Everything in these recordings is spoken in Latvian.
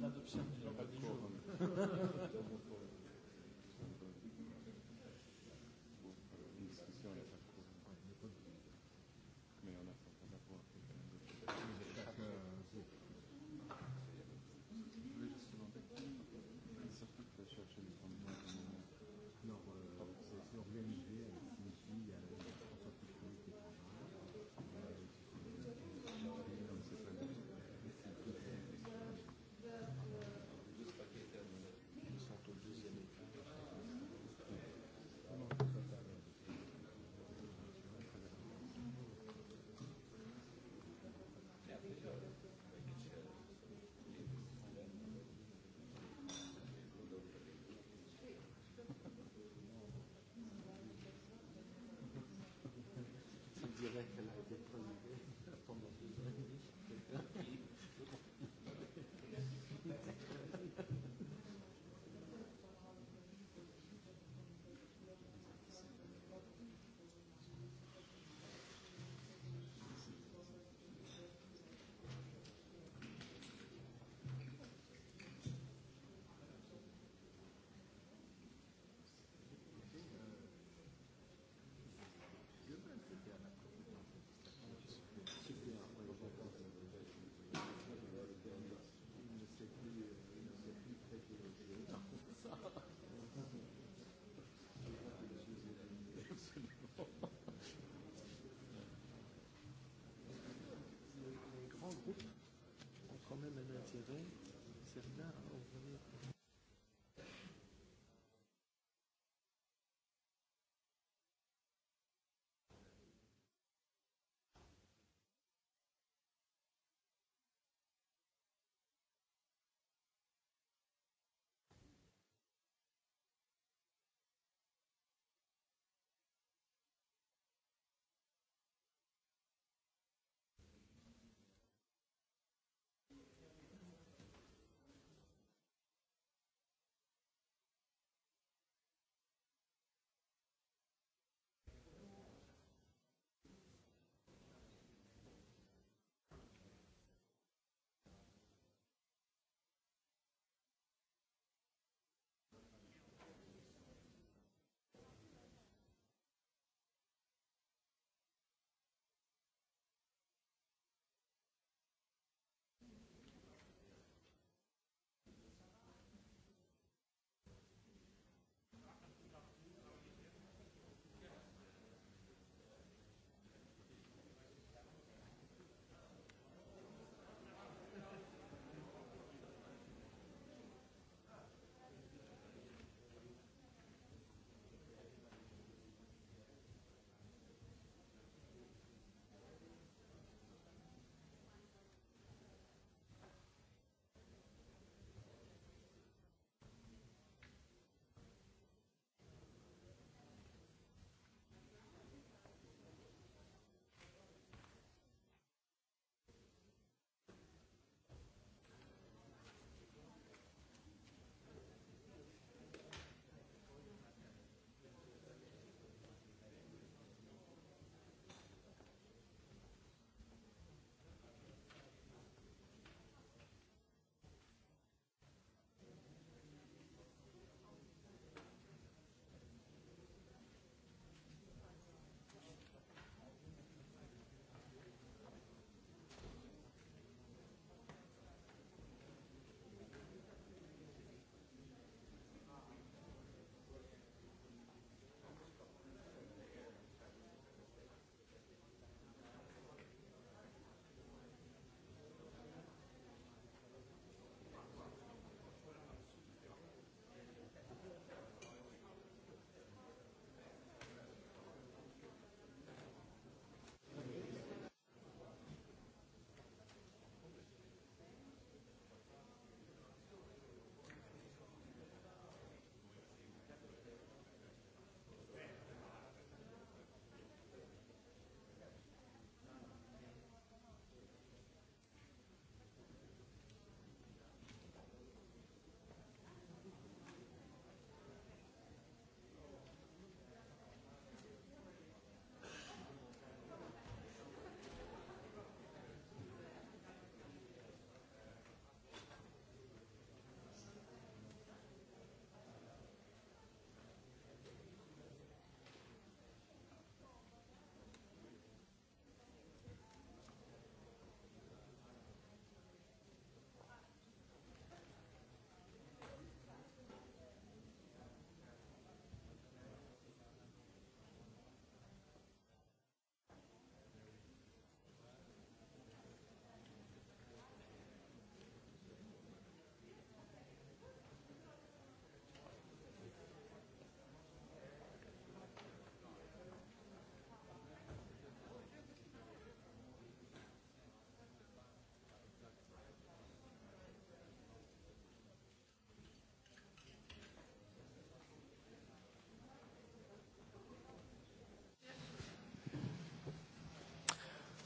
L'adoption du jour. direct la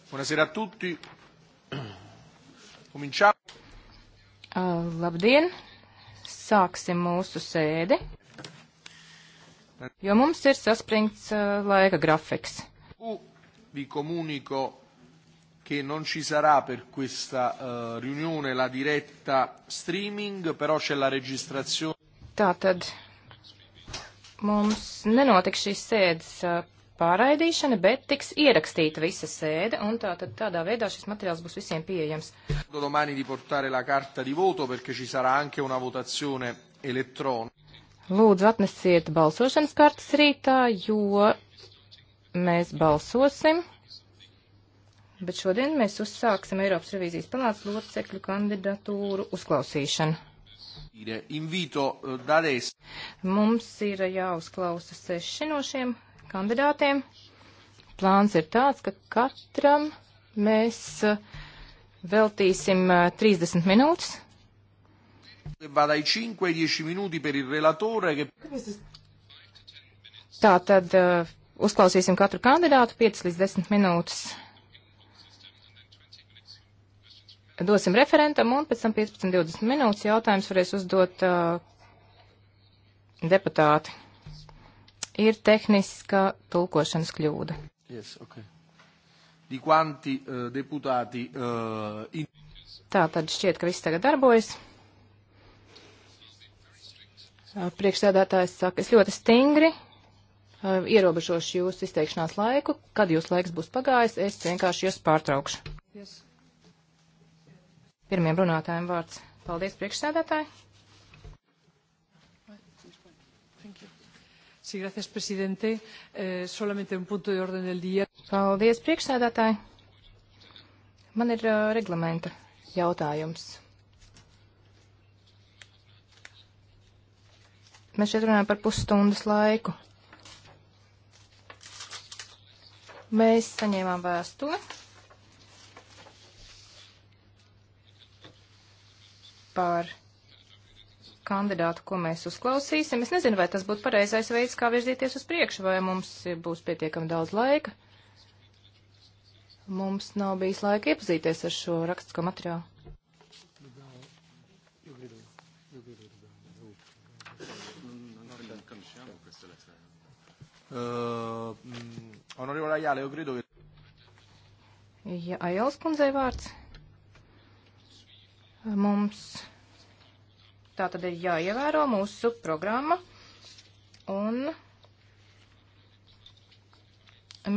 Buonasera a tutti. Cominciamo. Uh, labdien! Sāksim mūsu sēdi, jo mums ir saspringts uh, laika grafiks. U, vi comunico che non ci sarà per questa uh, riunione la diretta streaming, però c'è la registrazione. Tātad mums nenotiks šīs sēdes uh, pārraidīšana, bet tiks ierakstīta visa sēde, un tā, tad tādā veidā šis materiāls būs visiem pieejams. Domani di portare la carta di voto, perché ci sarà anche una votazione elettronica. Lūdzu, atnesiet balsošanas kartas rītā, jo mēs balsosim, bet šodien mēs uzsāksim Eiropas revīzijas palātas locekļu kandidatūru uzklausīšanu. Invito, eh, Mums ir jāuzklausa seši no šiem kandidātiem. Plāns ir tāds, ka katram mēs uh, veltīsim 30 uh, minūtes. Tā tad uh, uzklausīsim katru kandidātu 5 līdz 10 minūtes. Dosim referentam un pēc tam 15-20 minūtes jautājums varēs uzdot uh, deputāti ir tehniska tulkošanas kļūda. Yes, okay. Di quanti uh, eh, deputāti. Uh, eh, in... Tā tad šķiet, ka viss tagad darbojas. Eh, priekšsēdētājs saka, es ļoti stingri uh, ierobežošu jūsu izteikšanās laiku. Kad jūs laiks būs pagājis, es vienkārši jūs pārtraukšu. Yes. Pirmiem runātājiem vārds. Paldies, priekšsēdētāji! Señor sí, presidente, eh, solamente un punto de orden del día. Paldies, priekšsēdētāji. Man ir uh, reglamenta jautājums. Mēs šeit runājam par pusstundas laiku. Mēs saņēmām vēstuli par kandidātu, ko mēs uzklausīsim. Es nezinu, vai tas būtu pareizais veids, kā virzīties uz priekšu, vai mums būs pietiekami daudz laika. Mums nav bijis laika iepazīties ar šo rakstisko materiālu. Uh, Honorevole Ajāle, eu credo que... Ja Ajāls kundzei vārds. Mums Tā tad ir jāievēro mūsu programma un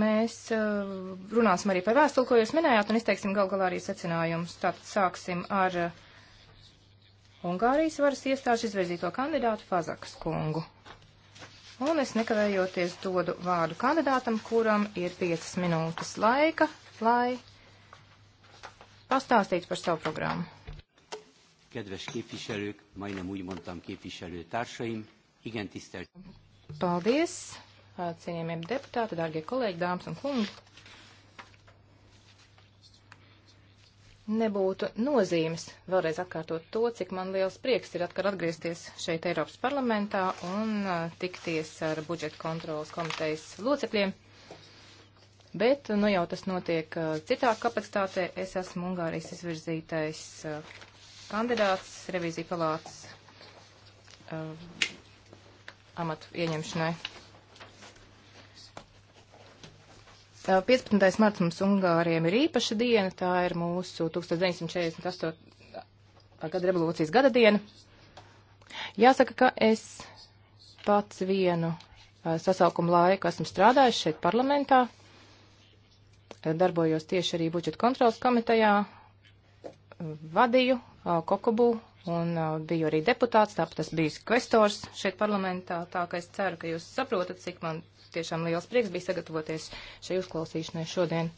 mēs uh, runāsim arī par vēstuli, ko jūs minējāt, un izteiksim gal galā arī secinājumus. Tātad sāksim ar uh, Ungārijas varas iestāžu izvirzīto kandidātu Fazakas kungu. Un es nekavējoties dodu vārdu kandidātam, kuram ir 5 minūtes laika, lai pastāstītu par savu programmu. Kedves képviselők, majdnem úgy mondtam képviselőtársaim, igen tisztelt. Paldies, cienījamie deputāti, dārgie kolēģi, dāmas un kungi. Nebūtu nozīmes vēlreiz atkārtot to, cik man liels prieks ir atkal atgriezties šeit Eiropas parlamentā un uh, tikties ar budžeta kontrolas komitejas locekļiem. Bet, nu jau tas notiek uh, citā kapacitātē, es esmu Ungārijas izvirzītais uh, kandidāts revīzija palātas uh, amatu ieņemšanai. 15. marts mums Ungāriem ir īpaša diena, tā ir mūsu 1948. gada revolūcijas gada diena. Jāsaka, ka es pats vienu uh, sasaukumu laiku esmu strādājis šeit parlamentā, darbojos tieši arī budžeta kontrolas komitejā vadīju Kokobu un biju arī deputāts, tāpat es biju kvestors šeit parlamentā, tā ka es ceru, ka jūs saprotat, cik man tiešām liels prieks bija sagatavoties šai uzklausīšanai šodien.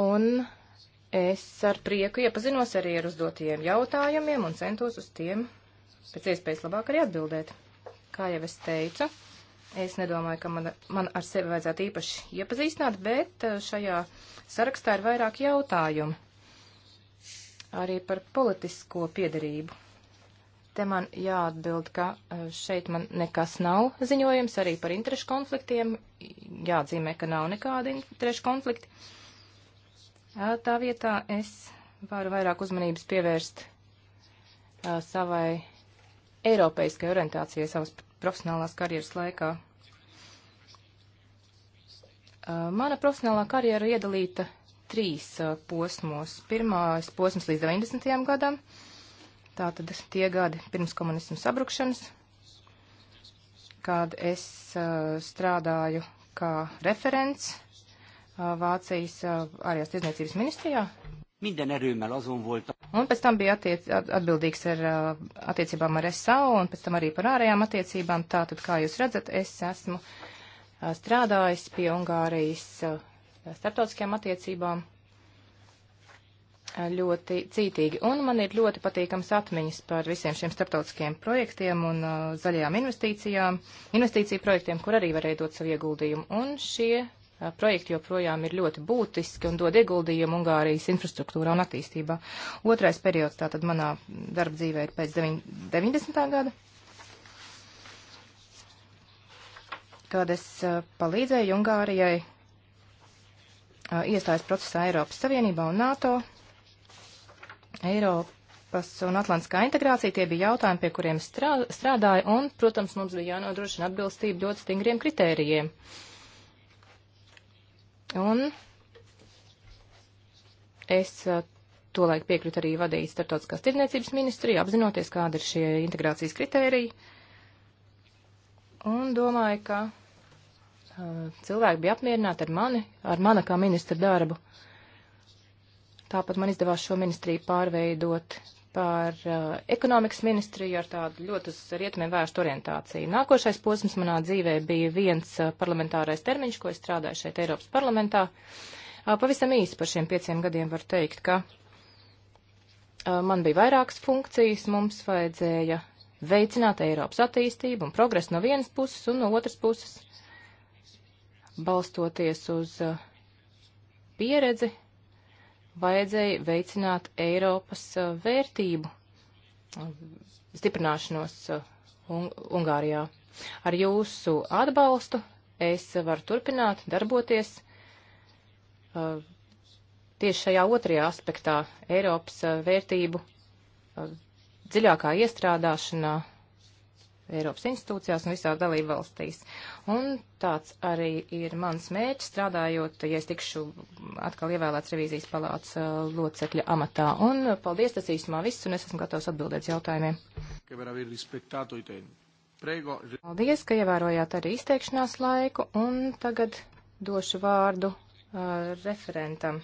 Un es ar prieku iepazinos arī ar uzdotajiem jautājumiem un centos uz tiem pēc iespējas labāk arī atbildēt. Kā jau es teicu, Es nedomāju, ka man, man ar sevi vajadzētu īpaši iepazīstināt, bet eh, šajā sarakstā ir vairāk jautājumu arī par politisko piedarību. Te man jāatbild, ka eh, šeit man nekas nav ziņojums arī par interešu konfliktiem. Jāatzīmē, ka nav nekāda interešu konflikta. Eh, tā vietā es varu vairāk uzmanības pievērst savai eiropeiskajai orientācijai savas profesionālās karjeras laikā. Uh, mana profesionālā karjera iedalīta trīs uh, posmos. Pirmais posms līdz 90. gadam, tātad tie gadi pirms komunismu sabrukšanas, kad es uh, strādāju kā referents Vācijas ārējās tirdzniecības ministrijā. Minden erőmmel azon volt. Un pēc tam bija attiec, atbildīgs ar attiecībām ar SAO un pēc tam arī par ārējām attiecībām. Tātad, kā jūs redzat, es esmu uh, strādājis pie Ungārijas starptautiskajām attiecībām ļoti cītīgi. Un man ir ļoti patīkams atmiņas par visiem šiem starptautiskajiem projektiem un uh, zaļajām investīcijām, investīciju projektiem, kur arī varēja dot savu ieguldījumu. Un šie uh, projekti joprojām ir ļoti būtiski un dod ieguldījumu Ungārijas infrastruktūrā un attīstībā. Otrais periods tātad manā darba dzīvē ir pēc 90. gada. kad es palīdzēju Ungārijai iestājas procesā Eiropas Savienībā un NATO. Eiropas un Atlantiskā integrācija tie bija jautājumi, pie kuriem strādāja, un, protams, mums bija jānodrošina atbilstība ļoti stingriem kritērijiem. Un es tolaik piekritu arī vadīt starptautiskās tirdzniecības ministriju, apzinoties, kāda ir šie integrācijas kritēriji un domāju, ka uh, cilvēki bija apmierināti ar mani, ar mana kā ministra darbu. Tāpat man izdevās šo ministriju pārveidot par uh, ekonomikas ministriju ar tādu ļoti uz rietumiem vērstu orientāciju. Nākošais posms manā dzīvē bija viens uh, parlamentārais termiņš, ko es strādāju šeit Eiropas parlamentā. Uh, pavisam īsi par šiem pieciem gadiem var teikt, ka uh, man bija vairākas funkcijas, mums vajadzēja uh, veicināt Eiropas attīstību un progresu no vienas puses un no otras puses, balstoties uz uh, pieredzi, vajadzēja veicināt Eiropas uh, vērtību uh, stiprināšanos uh, un Ungārijā. Ar jūsu atbalstu es varu turpināt darboties uh, tieši šajā otrajā aspektā Eiropas uh, vērtību dziļākā iestrādāšanā Eiropas institūcijās un visās dalību valstīs. Un tāds arī ir mans mērķis strādājot, ja es tikšu atkal ievēlēts revīzijas palāts uh, locekļa amatā. Un uh, paldies, tas īsumā viss, un es esmu gatavs atbildēt jautājumiem. Paldies, ka ievērojāt arī izteikšanās laiku, un tagad došu vārdu uh, referentam.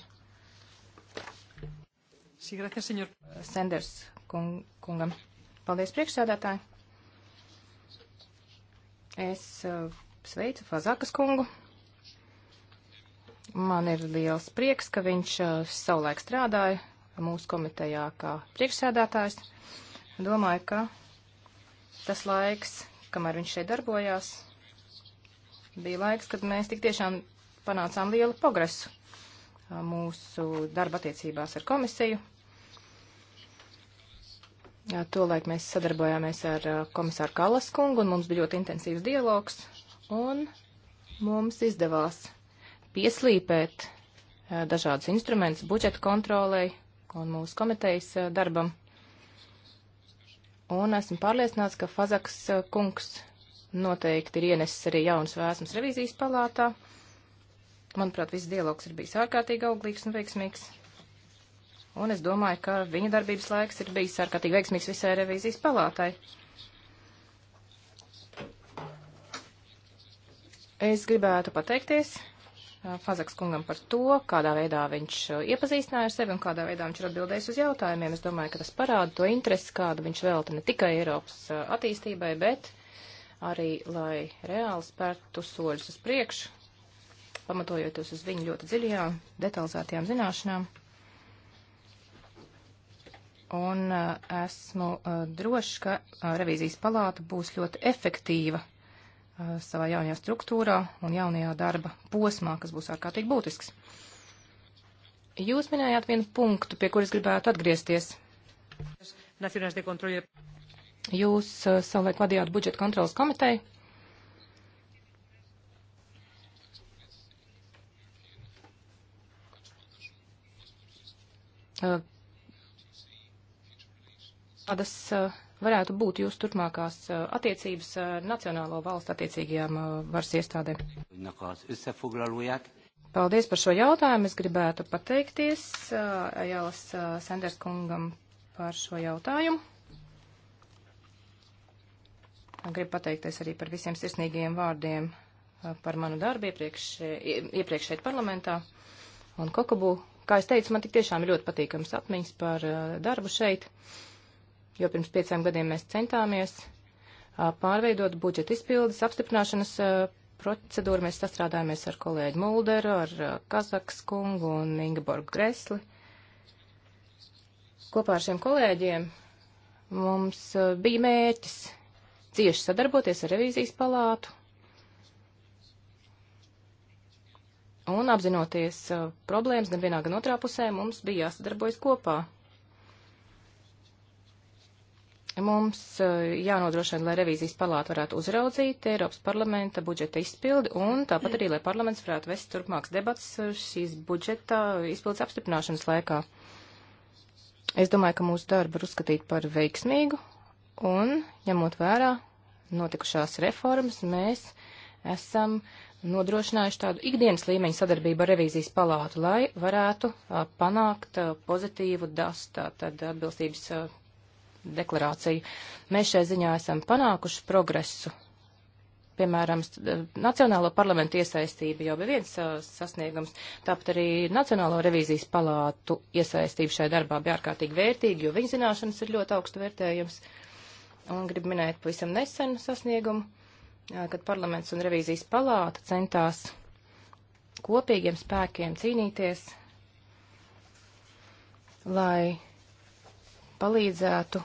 Senders kung, kungam. Paldies priekšsēdētāji. Es uh, sveicu Fazakas kungu. Man ir liels prieks, ka viņš uh, savulaik strādāja mūsu komitejā kā priekšsēdētājs. Domāju, ka tas laiks, kamēr viņš šeit darbojās, bija laiks, kad mēs tik tiešām panācām lielu progresu uh, mūsu darba attiecībās ar komisiju. Tolaik mēs sadarbojāmies ar uh, komisāru Kalas kungu, un mums bija ļoti intensīvs dialogs, un mums izdevās pieslīpēt uh, dažādus instrumentus budžeta kontrolei un mūsu komitejas uh, darbam. Un esmu pārliecināts, ka Fazaks kungs noteikti ir ienesis arī jaunas vēsmas revīzijas palātā. Manuprāt, viss dialogs ir bijis ārkārtīgi auglīgs un veiksmīgs un es domāju, ka viņa darbības laiks ir bijis ārkārtīgi veiksmīgs visai revīzijas palātai. Es gribētu pateikties Fazaks kungam par to, kādā veidā viņš iepazīstināja ar sevi un kādā veidā viņš ir atbildējis uz jautājumiem. Es domāju, ka tas parāda to interesi, kādu viņš velta ne tikai Eiropas attīstībai, bet arī, lai reāli spērtu soļus uz priekšu, pamatojoties uz viņu ļoti dziļajām, detalizētajām zināšanām un uh, esmu uh, drošs, ka uh, revīzijas palāta būs ļoti efektīva savā jaunajā struktūrā un jaunajā darba posmā, kas būs ārkārtīgi būtisks. Jūs minējāt vienu punktu, pie kuras gribētu atgriezties. Jūs savulaik vadījāt budžeta kontrolas komiteju kādas eh, varētu būt jūsu turpmākās eh, attiecības ar eh, Nacionālo valstu attiecīgajām varas iestādēm? Paldies par šo jautājumu. Es gribētu pateikties Jālas Sanders kungam par šo jautājumu. Gribu pateikties arī par visiem sirsnīgajiem vārdiem par manu darbu iepriekš, iepriekš šeit parlamentā un Kokobu. Kā es teicu, man tik tiešām ir ļoti patīkams atmiņas par darbu šeit. Uh, jo pirms pieciem gadiem mēs centāmies pārveidot budžeta izpildes apstiprināšanas procedūru. Mēs sastrādājāmies ar kolēģi Mulderu, ar Kazaks kungu un Ingeborgu Gresli. Kopā ar šiem kolēģiem mums bija mērķis cieši sadarboties ar revīzijas palātu un apzinoties uh, problēmas gan vienā, gan otrā pusē, mums bija jāsadarbojas kopā. Mums eh, jānodrošina, lai revīzijas palāta varētu uzraudzīt Eiropas parlamenta budžeta izpildi un tāpat arī, lai parlaments varētu vest turpmākas debats eh, šīs budžeta izpildes apstiprināšanas laikā. Es domāju, ka mūsu darbu var uzskatīt par veiksmīgu un, ņemot vērā notikušās reformas, mēs esam nodrošinājuši tādu ikdienas līmeņa sadarbību ar revīzijas palātu, lai varētu a, eh, panākt a, pozitīvu dastu, tātad atbilstības deklarāciju. Mēs šai ziņā esam panākuši progresu. Piemēram, eh, Nacionālo parlamentu iesaistība jau bija viens eh, sasniegums, tāpat arī Nacionālo revīzijas palātu iesaistība šai darbā bija ārkārtīgi vērtīga, jo viņa zināšanas ir ļoti augstu vērtējums. Un gribu minēt pavisam nesenu sasniegumu, eh, kad parlaments un revīzijas palāta centās kopīgiem spēkiem cīnīties, lai palīdzētu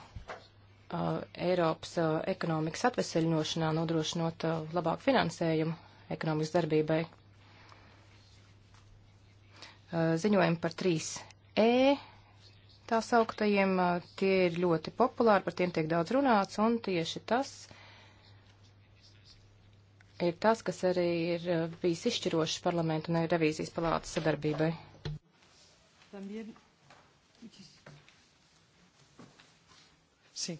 Uh, Eiropas uh, ekonomikas atveseļošanā, nodrošinot uh, labāku finansējumu ekonomikas darbībai. Ziņojumi par 3E tā sauktajiem, tie ir ļoti populāri, par tiem tiek daudz runāts, un tieši tas ir tas, kas arī ir bijis izšķirošs parlamentu un revīzijas palātas sadarbībai. También. Sí.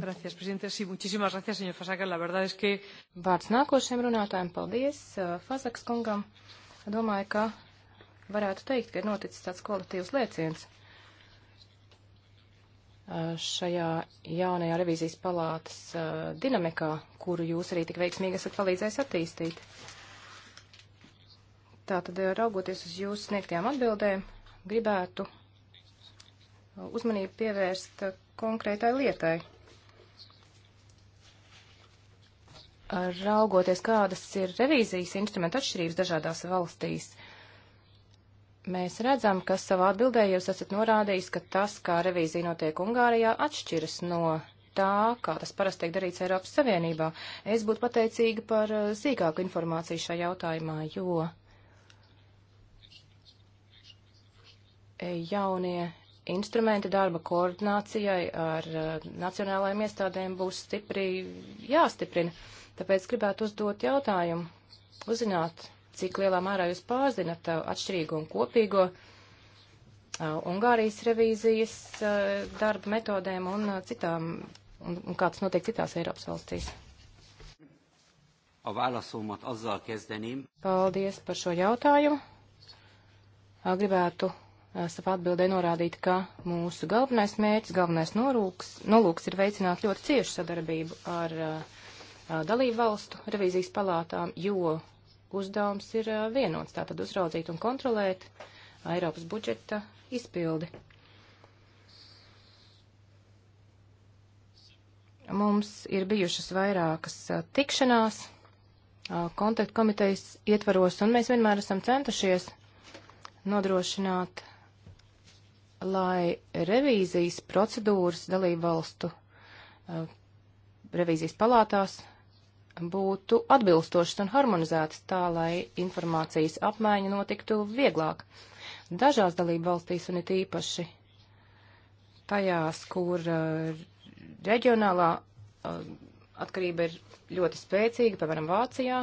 Gracias, presidente. Sí, muchísimas gracias, señor Fasakas. La verdad es que. Vārds nākošajam runātājam. Paldies uh, Fasakas kungam. Domāju, ka varētu teikt, ka ir noticis tāds kvalitatīvs lēciens uh, šajā jaunajā revīzijas palātas uh, dinamikā, kuru jūs arī tik veiksmīgi esat palīdzējis attīstīt. Tātad, raugoties uz jūsu sniegtajām atbildēm, gribētu uzmanību pievērst konkrētai lietai. raugoties, kādas ir revīzijas instrumentu atšķirības dažādās valstīs, mēs redzam, ka savā atbildē jūs esat norādījis, ka tas, kā revīzija notiek Ungārijā, atšķiras no tā, kā tas parasti tiek darīts Eiropas Savienībā. Es būtu pateicīga par eh, sīkāku informāciju šajā jautājumā, jo jaunie instrumenti darba koordinācijai ar eh, nacionālajiem iestādēm būs stipri jāstiprina. Tāpēc gribētu uzdot jautājumu, uzzināt, cik lielā mērā jūs pārzinat uh, atšķirīgo un kopīgo uh, Ungārijas revīzijas uh, darba metodēm un uh, citām, un, un kā tas notiek citās Eiropas valstīs. A válaszomat azzal kezdeném. Paldies par šo jautājumu. Uh, gribētu uh, savā atbildē norādīt, ka mūsu galvenais mērķis, galvenais norūks, nolūks ir veicināt ļoti ciešu sadarbību ar uh, dalību valstu revīzijas palātām, jo uzdevums ir vienots, tātad uzraudzīt un kontrolēt Eiropas budžeta izpildi. Mums ir bijušas vairākas tikšanās kontaktkomitejas ietvaros, un mēs vienmēr esam centušies nodrošināt, lai revīzijas procedūras dalību valstu revīzijas palātās būtu atbilstošas un harmonizētas tā, lai informācijas apmaiņa notiktu vieglāk. Dažās dalību valstīs un it īpaši tajās, kur uh, reģionālā uh, atkarība ir ļoti spēcīga, piemēram, Vācijā.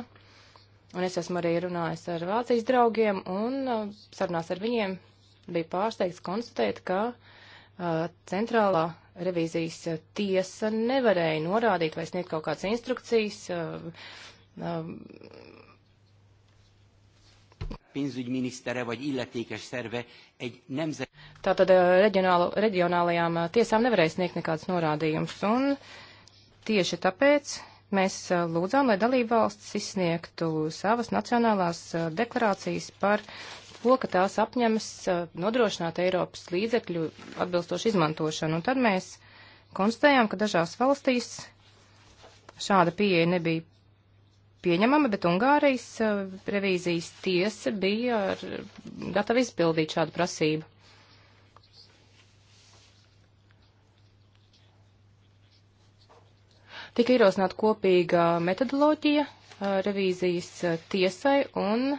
Un es esmu arī runājis ar Vācijas draugiem un uh, sarunās ar viņiem bija pārsteigts konstatēt, ka centrālā revīzijas eh, tiesa nevarēja norādīt vai sniegt kaut kādas instrukcijas. Eh, eh, pénzügyminisztere vagy illetékes szerve egy nemzet... Tātad reģionālajām tiesām nevarēja sniegt nekādas norādījumus, un tieši tāpēc mēs lūdzām, lai dalībvalsts izsniegtu savas nacionālās deklarācijas par uh, to, ka tās apņemas uh, nodrošināt Eiropas līdzekļu atbilstošu izmantošanu. Un tad mēs konstatējām, ka dažās valstīs šāda pieeja nebija pieņemama, bet Ungārijas uh, revīzijas tiesa bija ar, gatava izpildīt šādu prasību. Tika ierosināta kopīga metodoloģija uh, revīzijas tiesai un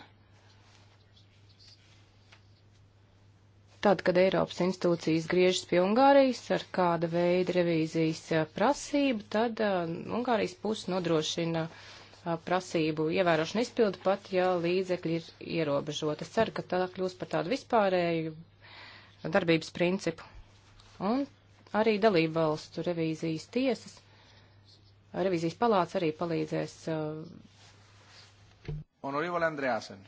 tad, kad Eiropas institūcijas griežas pie Ungārijas ar kāda veida revīzijas prasību, tad uh, Ungārijas puses nodrošina uh, prasību ievērošanu izpildu pat, ja līdzekļi ir ierobežoti. Es ceru, ka tā kļūs par tādu vispārēju darbības principu. Un arī dalību valstu revīzijas tiesas, revīzijas palāca arī palīdzēs. Uh... Honorīvola Andreasen.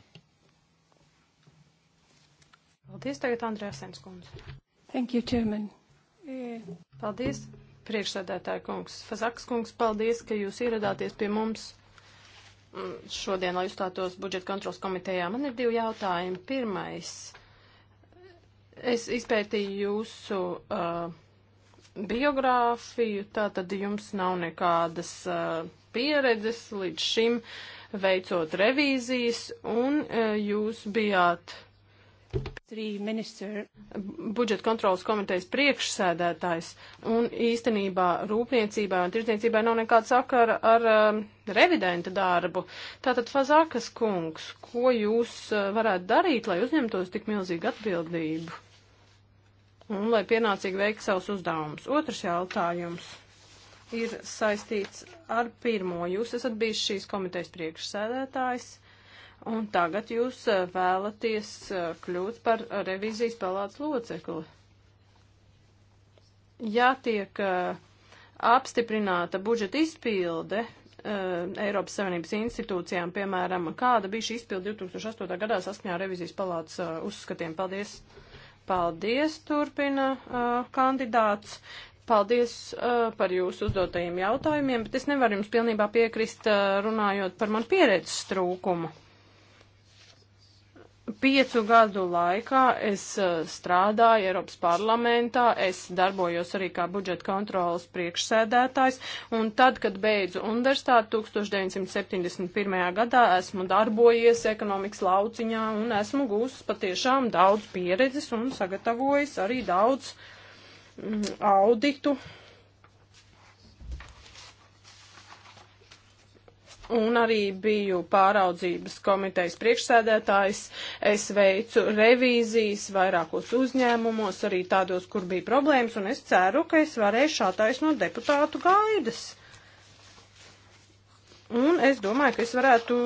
Paldies tagad, Andrēs Senskundze. Thank you, Chairman. Eh, paldies, priekšsēdētāja kungs. Fazaks kungs, paldies, ka jūs ieradāties pie mums mm, šodien, lai uzstātos budžeta kontrols komitejā. Man ir divi jautājumi. Pirmais. Es izpētīju jūsu uh, biogrāfiju, tātad jums nav nekādas uh, pieredzes līdz šim veicot revīzijas, un uh, jūs bijāt uh, budžeta kontrolas komitejas priekšsēdētājs, un īstenībā rūpniecībā un tirdzniecībā nav nekāda sakara ar um, revidenta darbu. Tātad, Fazākas kungs, ko jūs uh, varētu darīt, lai uzņemtos tik milzīgu atbildību un lai pienācīgi veiktu savus uzdevumus? Otrs jautājums ir saistīts ar pirmo. Jūs esat bijis šīs komitejas priekšsēdētājs. Uh, un tagad jūs eh, vēlaties eh, kļūt par eh, revīzijas palātas locekli. Ja tiek apstiprināta budžeta izpilde Eiropas Savienības institūcijām, piemēram, kāda bija šī izpilde 2008. gadā saskaņā ar revīzijas palātas uzskatiem. Paldies! Paldies, turpina kandidāts. Paldies uh, par jūsu uzdotajiem jautājumiem, bet es nevaru jums pilnībā piekrist uh, runājot par man pieredzes trūkumu. Piecu gadu laikā es strādāju Eiropas parlamentā, es darbojos arī kā budžeta kontrolas priekšsēdētājs, un tad, kad beidzu universitāti 1971. gadā, esmu darbojies ekonomikas lauciņā un esmu gūstis patiešām daudz pieredzes un sagatavojis arī daudz mm, auditu un arī biju pāraudzības komitejas priekšsēdētājs. Es veicu revīzijas vairākos uzņēmumos, arī tādos, kur bija problēmas, un es ceru, ka es varēšu attaisnot deputātu gaidas. Un es domāju, ka es varētu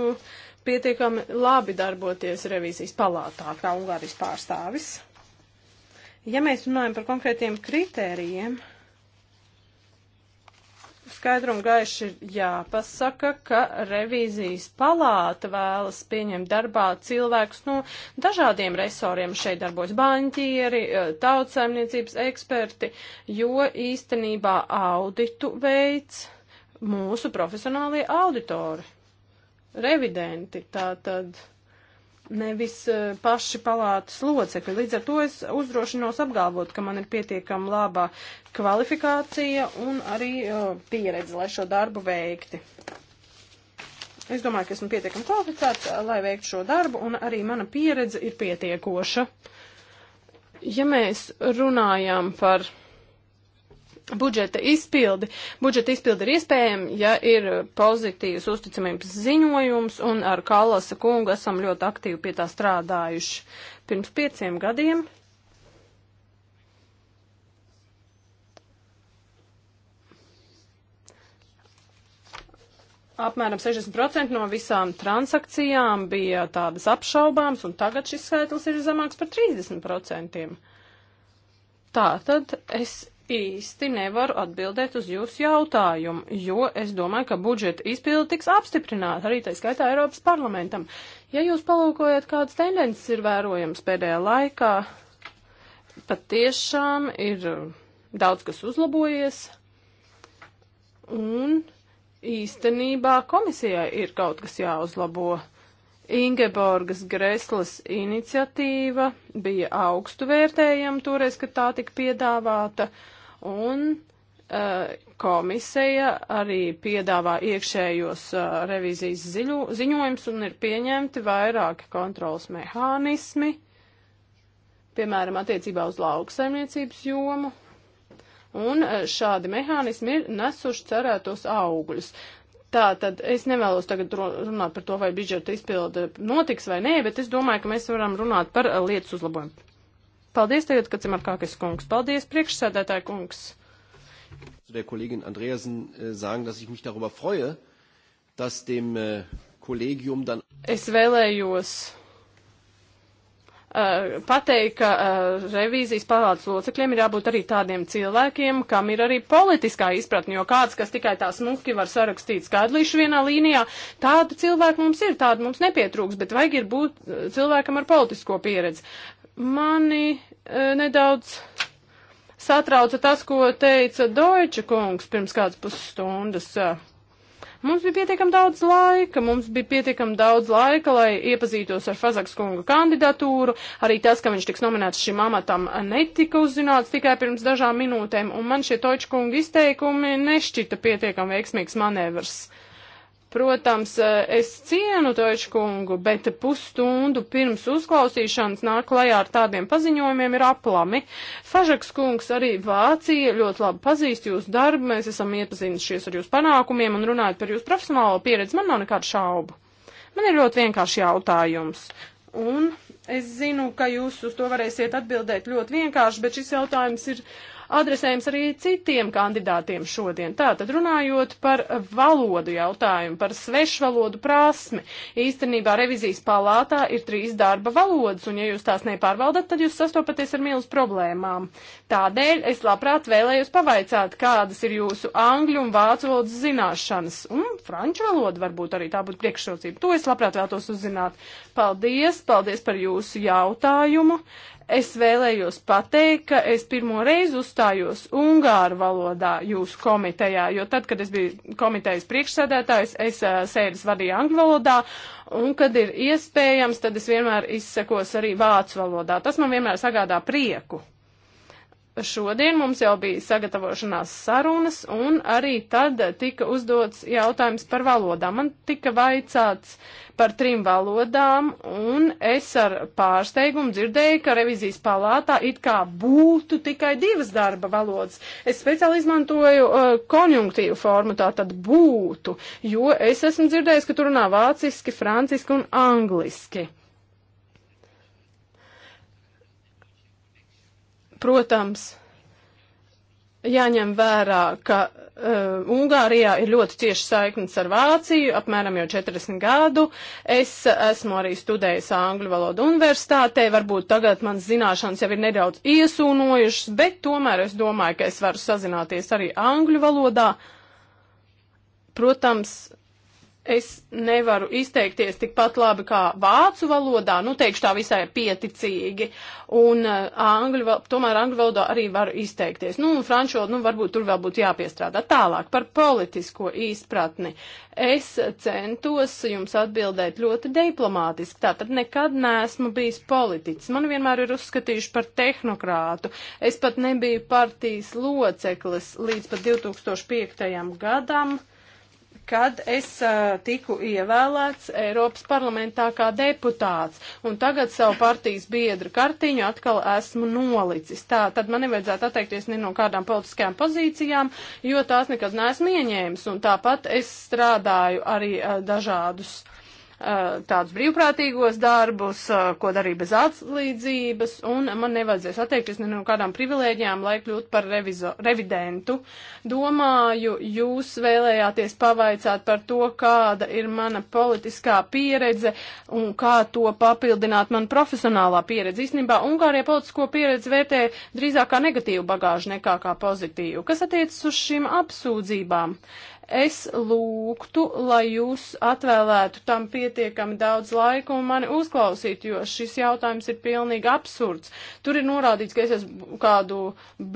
pietiekami labi darboties revīzijas palātā, kā Ungārijas pārstāvis. Ja mēs runājam par konkrētiem kritērijiem, skaidru un gaišu ir jāpasaka, ka revīzijas palāta vēlas pieņemt darbā cilvēkus no dažādiem resoriem. Šeit darbojas baņķieri, e, tautsēmniecības eksperti, jo īstenībā auditu veids mūsu profesionālie auditori, revidenti. Tātad nevis e, paši palātas locekļi. Līdz ar to es uzdrošinos apgalvot, ka man ir pietiekama labā kvalifikācija un arī e, pieredze, lai šo darbu veikti. Es domāju, ka esmu pietiekami kvalificēts, e, lai veiktu šo darbu, un arī mana pieredze ir pietiekoša. Ja mēs runājam par budžeta izpildi. Budžeta izpildi ir iespējama, ja ir pozitīvs uzticamības ziņojums, un ar Kalasa kungu esam ļoti aktīvi pie tā strādājuši pirms pieciem gadiem. Apmēram 60% no visām transakcijām bija tādas apšaubāmas, un tagad šis skaitlis ir zemāks par 30%. Tā tad es īsti nevaru atbildēt uz jūsu jautājumu, jo es domāju, ka budžeta izpildi tiks apstiprināta arī tā skaitā Eiropas parlamentam. Ja jūs palūkojat, kādas tendences ir vērojamas pēdējā laikā, pat tiešām ir uh, daudz kas uzlabojies. Un īstenībā komisijai ir kaut kas jāuzlabo. Ingeborgas Greslas iniciatīva bija augstu vērtējama toreiz, kad tā tika piedāvāta, un uh, komisija arī piedāvā iekšējos uh, revizijas ziļu, ziņojums un ir pieņemti vairāki kontrols mehānismi, piemēram, attiecībā uz lauksaimniecības jomu, un uh, šādi mehānismi ir nesuši cerētos augļus. Tā tad es nevēlos tagad runāt par to, vai budžeta izpilde notiks vai nē, bet es domāju, ka mēs varam runāt par eh, lietas uzlabojumu. Paldies tagad, kad ir Markākis kungs. Paldies, priekšsēdētāji kungs. Der Kollegin Andreasen äh, sagen, dass ich mich darüber freue, dass dem äh, Kollegium dann. Es vēlējos Eh, pateikt, ka uh, revīzijas palātas locekļiem ir jābūt arī tādiem cilvēkiem, kam ir arī politiskā izpratne, jo kāds, kas tikai tā smuki var sarakstīt skaidrīšu vienā līnijā, tāda cilvēka mums ir, tāda mums nepietrūks, bet vajag ir būt eh, cilvēkam ar politisko pieredzi. Mani uh, nedaudz satrauca tas, ko teica Deutsche kungs pirms kādas pusstundas. Uh, Mums bija pietiekam daudz laika, mums bija pietiekam daudz laika, lai iepazītos ar Fazaks kunga kandidatūru. Arī tas, ka viņš tiks nominēts šim amatam, netika uzzināts tikai pirms dažām minūtēm, un man šie točkunga izteikumi nešķita pietiekam veiksmīgs manevrs. Uh, Protams, eh, es cienu Toiču kungu, bet pusstundu pirms uzklausīšanas nāk klajā ar tādiem paziņojumiem ir aplami. Fažaks kungs arī Vācija ļoti labi pazīst jūsu darbu, mēs esam iepazinušies ar jūsu panākumiem un runājot par jūsu profesionālo pieredzi, man nav nekādu šaubu. Man ir ļoti vienkārši jautājums. Un es zinu, ka jūs uz to varēsiet atbildēt ļoti vienkārši, bet šis jautājums ir adresējams arī citiem kandidātiem šodien. Tātad runājot par valodu jautājumu, par svešvalodu prasmi, īstenībā revizijas palātā ir trīs darba valodas, un ja jūs tās nepārvaldat, tad jūs sastopaties ar milz problēmām. Tādēļ es labprāt vēlējos pavaicāt, kādas ir jūsu angļu un vācu valodas zināšanas, un franču valoda varbūt arī tā būtu priekšrocība. To es labprāt vēlētos uzzināt. Paldies, paldies par jūsu jautājumu. Es vēlējos pateikt, ka es pirmo reizi uzstājos ungāru valodā jūsu komitejā, jo tad, kad es biju komitejas priekšsēdētājs, es uh, sēdes vadīju angļu valodā, un kad ir iespējams, tad es vienmēr izsakos arī vācu valodā. Tas man vienmēr sagādā prieku šodien mums jau bija sagatavošanās sarunas, un arī tad tika uzdots jautājums par valodām. Man tika vaicāts par trim valodām, un es ar pārsteigumu dzirdēju, ka revizijas palātā it kā būtu tikai divas darba valodas. Es speciāli izmantoju uh, konjunktīvu formu, tā tad būtu, jo es esmu dzirdējis, ka tur runā vāciski, franciski un angliski. Protams, jāņem vērā, ka uh, Ungārijā ir ļoti cieši saiknes ar Vāciju, apmēram jau 40 gadu. Es esmu arī studējis Angļu valodu universitātē, varbūt tagad mans zināšanas jau ir nedaudz iesūnojušas, bet tomēr es domāju, ka es varu sazināties arī Angļu valodā. Protams, es nevaru izteikties tikpat labi kā vācu valodā, nu teikšu tā visai pieticīgi, un uh, angļu, tomēr angļu valodā arī varu izteikties. Nu, un franču valodu, nu, varbūt tur vēl būtu jāpiestrādā. Tālāk par politisko izpratni. Es centos jums atbildēt ļoti diplomātiski, tātad nekad neesmu bijis politiķis. Man vienmēr ir uzskatījuši par tehnokrātu. Es pat nebiju partijas loceklis līdz pat 2005. gadam kad es uh, tiku ievēlēts Eiropas parlamentā kā deputāts, un tagad savu partijas biedru kartiņu atkal esmu nolicis. Tā, tad man nevajadzētu atteikties ne no kādām politiskajām pozīcijām, jo tās nekad neesmu ieņēmis, un tāpat es strādāju arī uh, dažādus Uh, tādus brīvprātīgos darbus, uh, ko darīju bez atlīdzības, un man nevajadzēs atteikties ne no kādām privilēģijām, lai kļūtu par revizo, revidentu. Domāju, jūs vēlējāties pavaicāt par to, kāda ir mana politiskā pieredze un kā to papildināt man profesionālā pieredze. Īstenībā Ungārija politisko pieredzi vērtē drīzāk kā negatīvu bagāžu nekā kā pozitīvu. Kas attiecas uz šīm apsūdzībām? Uh, Es lūgtu, lai jūs atvēlētu tam pietiekami daudz laika un mani uzklausītu, jo šis jautājums ir pilnīgi absurds. Tur ir norādīts, ka es esmu kādu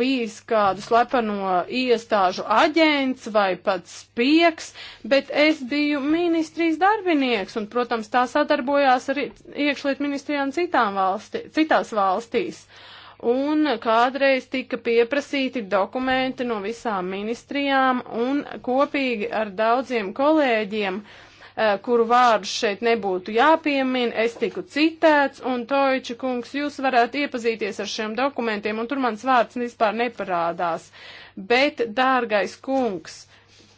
bijis kādu slepeno iestāžu aģents vai pat spieks, bet es biju ministrijas darbinieks un, protams, tā sadarbojās arī iekšliet ministrijām citām valsti, citās valstīs. Uh, un kādreiz tika pieprasīti dokumenti no visām ministrijām un kopīgi ar daudziem kolēģiem eh, kuru vārdus šeit nebūtu jāpiemina, es tiku citēts, un Toiča kungs, jūs varētu iepazīties ar šiem dokumentiem, un tur mans vārds vispār neparādās. Bet, dārgais kungs,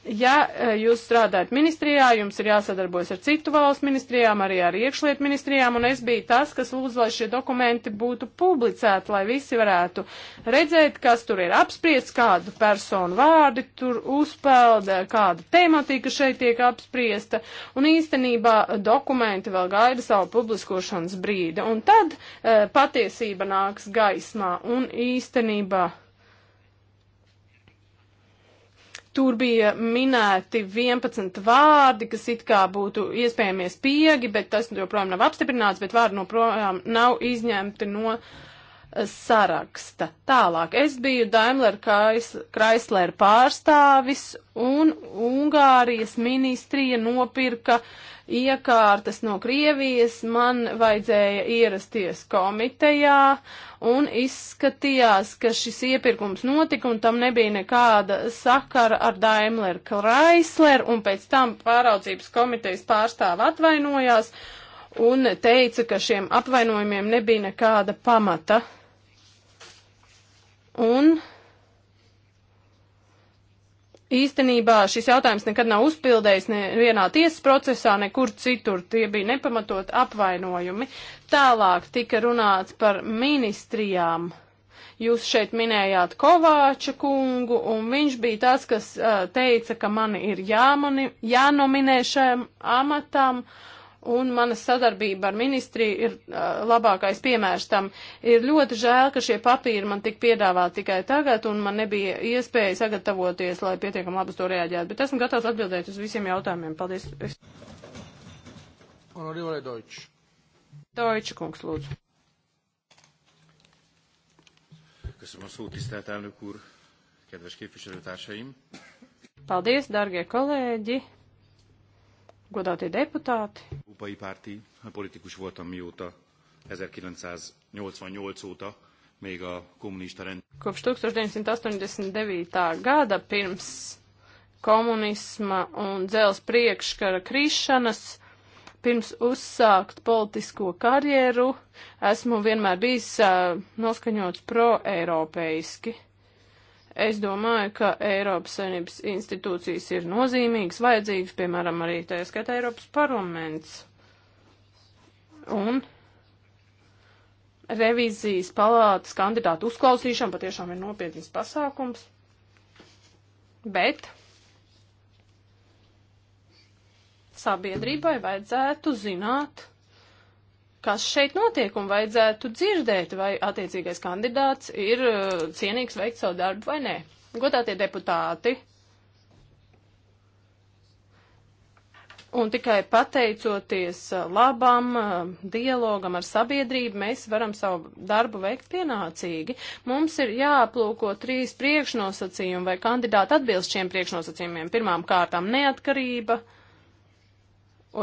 ja e, jūs strādājat ministrijā, jums ir jāsadarbojas ar citu valstu ministrijām, arī ar iekšlietu ministrijām, un es biju tas, kas lūdzu, lai šie dokumenti būtu publicēti, lai visi varētu redzēt, kas tur ir apspriests, kādu personu vārdi tur uzpelda, kāda tematika šeit tiek apspriesta, un īstenībā dokumenti vēl gaida savu publiskošanas brīdi, un tad e, patiesība nāks gaismā, un īstenībā. Tur bija minēti 11 vārdi, kas it kā būtu iespējamies piegi, bet tas joprojām nav apstiprināts, bet vārdi joprojām nav izņemti no uh, saraksta. Tālāk, es biju Daimler Chrysler pārstāvis un Ungārijas ministrija nopirka uh, iekārtas no Krievijas, man vajadzēja ierasties komitejā un izskatījās, ka šis iepirkums notika un tam nebija nekāda sakara ar Daimler Chrysler un pēc tam pāraudzības komitejas pārstāv atvainojās un teica, ka šiem apvainojumiem nebija nekāda pamata. Un Īstenībā šis jautājums nekad nav uzpildējis nevienā tiesas procesā, nekur citur. Tie bija nepamatot apvainojumi. Tālāk tika runāts par ministrijām. Jūs šeit minējāt Kovāča kungu, un viņš bija tas, kas uh, teica, ka mani ir jāmoni, jānominē šajam amatam. Uh, un mana sadarbība ar ministriju ir uh, labākais piemērs tam. Ir ļoti žēl, ka šie papīri man tik piedāvāti tikai tagad, un man nebija iespēja sagatavoties, lai pietiekam labi uz to reaģētu, bet esmu gatavs atbildēt uz visiem jautājumiem. Paldies. Honorīvai Deutsch. Deutsch, kungs, lūdzu. Köszönöm a szót, tisztelt elnök úr, kedves képviselőtársaim! Paldies, dārgie kolēģi, godātie deputāti! európai párti politikus voltam mióta 1988 óta, még a kommunista rend. Kopš 1989. gada pirms komunisma un dzels priekškara krišanas, pirms uzsākt politisko karjeru, esmu vienmēr bijis uh, noskaņots pro-eiropeiski. Es domāju, ka Eiropas Savienības institūcijas ir nozīmīgas, vajadzīgas, piemēram, arī tā skatā Eiropas parlaments. Un revizijas palātas kandidātu uzklausīšana patiešām ir nopietnas pasākums. Bet sabiedrībai vajadzētu zināt, kas šeit notiek un vajadzētu dzirdēt, vai attiecīgais kandidāts ir eh, cienīgs veikt savu darbu vai nē. Godātie deputāti, Un tikai pateicoties eh, labam eh, dialogam ar sabiedrību, mēs varam savu darbu veikt pienācīgi. Mums ir jāaplūko trīs priekšnosacījumi, vai kandidāti atbilst šiem priekšnosacījumiem. Pirmām kārtām neatkarība,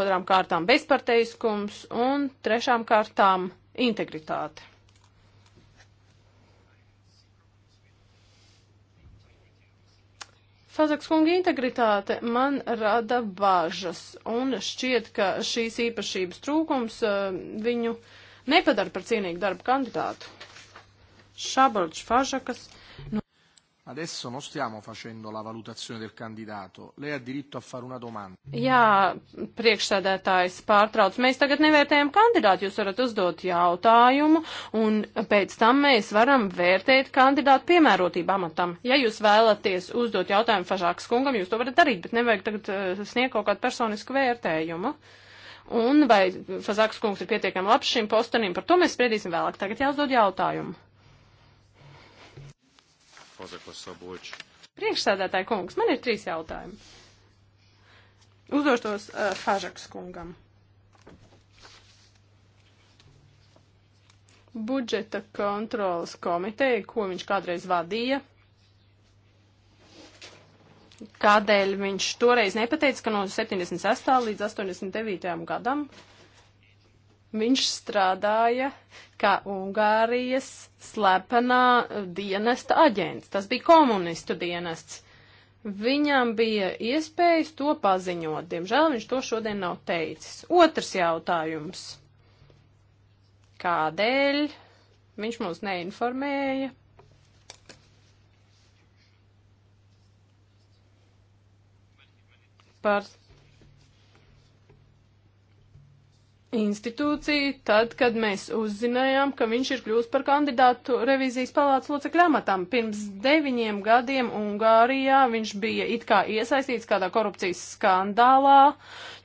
otrām kārtām bezparteiskums un trešām kārtām integritāte. Fazaks kunga integritāte man rada bāžas, un šķiet, ka šīs īpašības trūkums eh, viņu nepadara par cienīgu darbu kandidātu. Šabalč Fažakas Adesso non stiamo facendo la valutazione del candidato. Lei ha diritto a fare una domanda. Jā, priekšsēdētājs pārtrauc. Mēs tagad nevērtējam kandidātu. Jūs varat uzdot jautājumu, un pēc tam mēs varam vērtēt kandidātu piemērotību amatam. Ja jūs vēlaties uzdot jautājumu Fažākas kungam, jūs to varat darīt, bet nevajag tagad uh, sniegt kaut kādu personisku vērtējumu. Un vai Fažākas kungs ir pietiekami labs šim postenim, par to mēs spriedīsim vēlāk. Tagad jāuzdod jautājumu. Fazekos Saboč. Priekšsēdētāji kungs, man ir trīs jautājumi. Uzdošos uh, Fažaks kungam. Budžeta kontrolas komiteja, ko viņš kādreiz vadīja, kādēļ viņš toreiz nepateica, ka no 78. līdz 89. gadam Viņš strādāja kā Ungārijas slepenā dienesta aģents. Tas bija komunistu dienests. Viņam bija iespējas to paziņot. Diemžēl viņš to šodien nav teicis. Otrs jautājums. Kādēļ viņš mūs neinformēja? Par institūciju, tad, kad mēs uzzinājām, ka viņš ir kļūst par kandidātu revīzijas palātas locekļu amatam. Pirms deviņiem gadiem Ungārijā viņš bija it kā iesaistīts kādā korupcijas skandālā,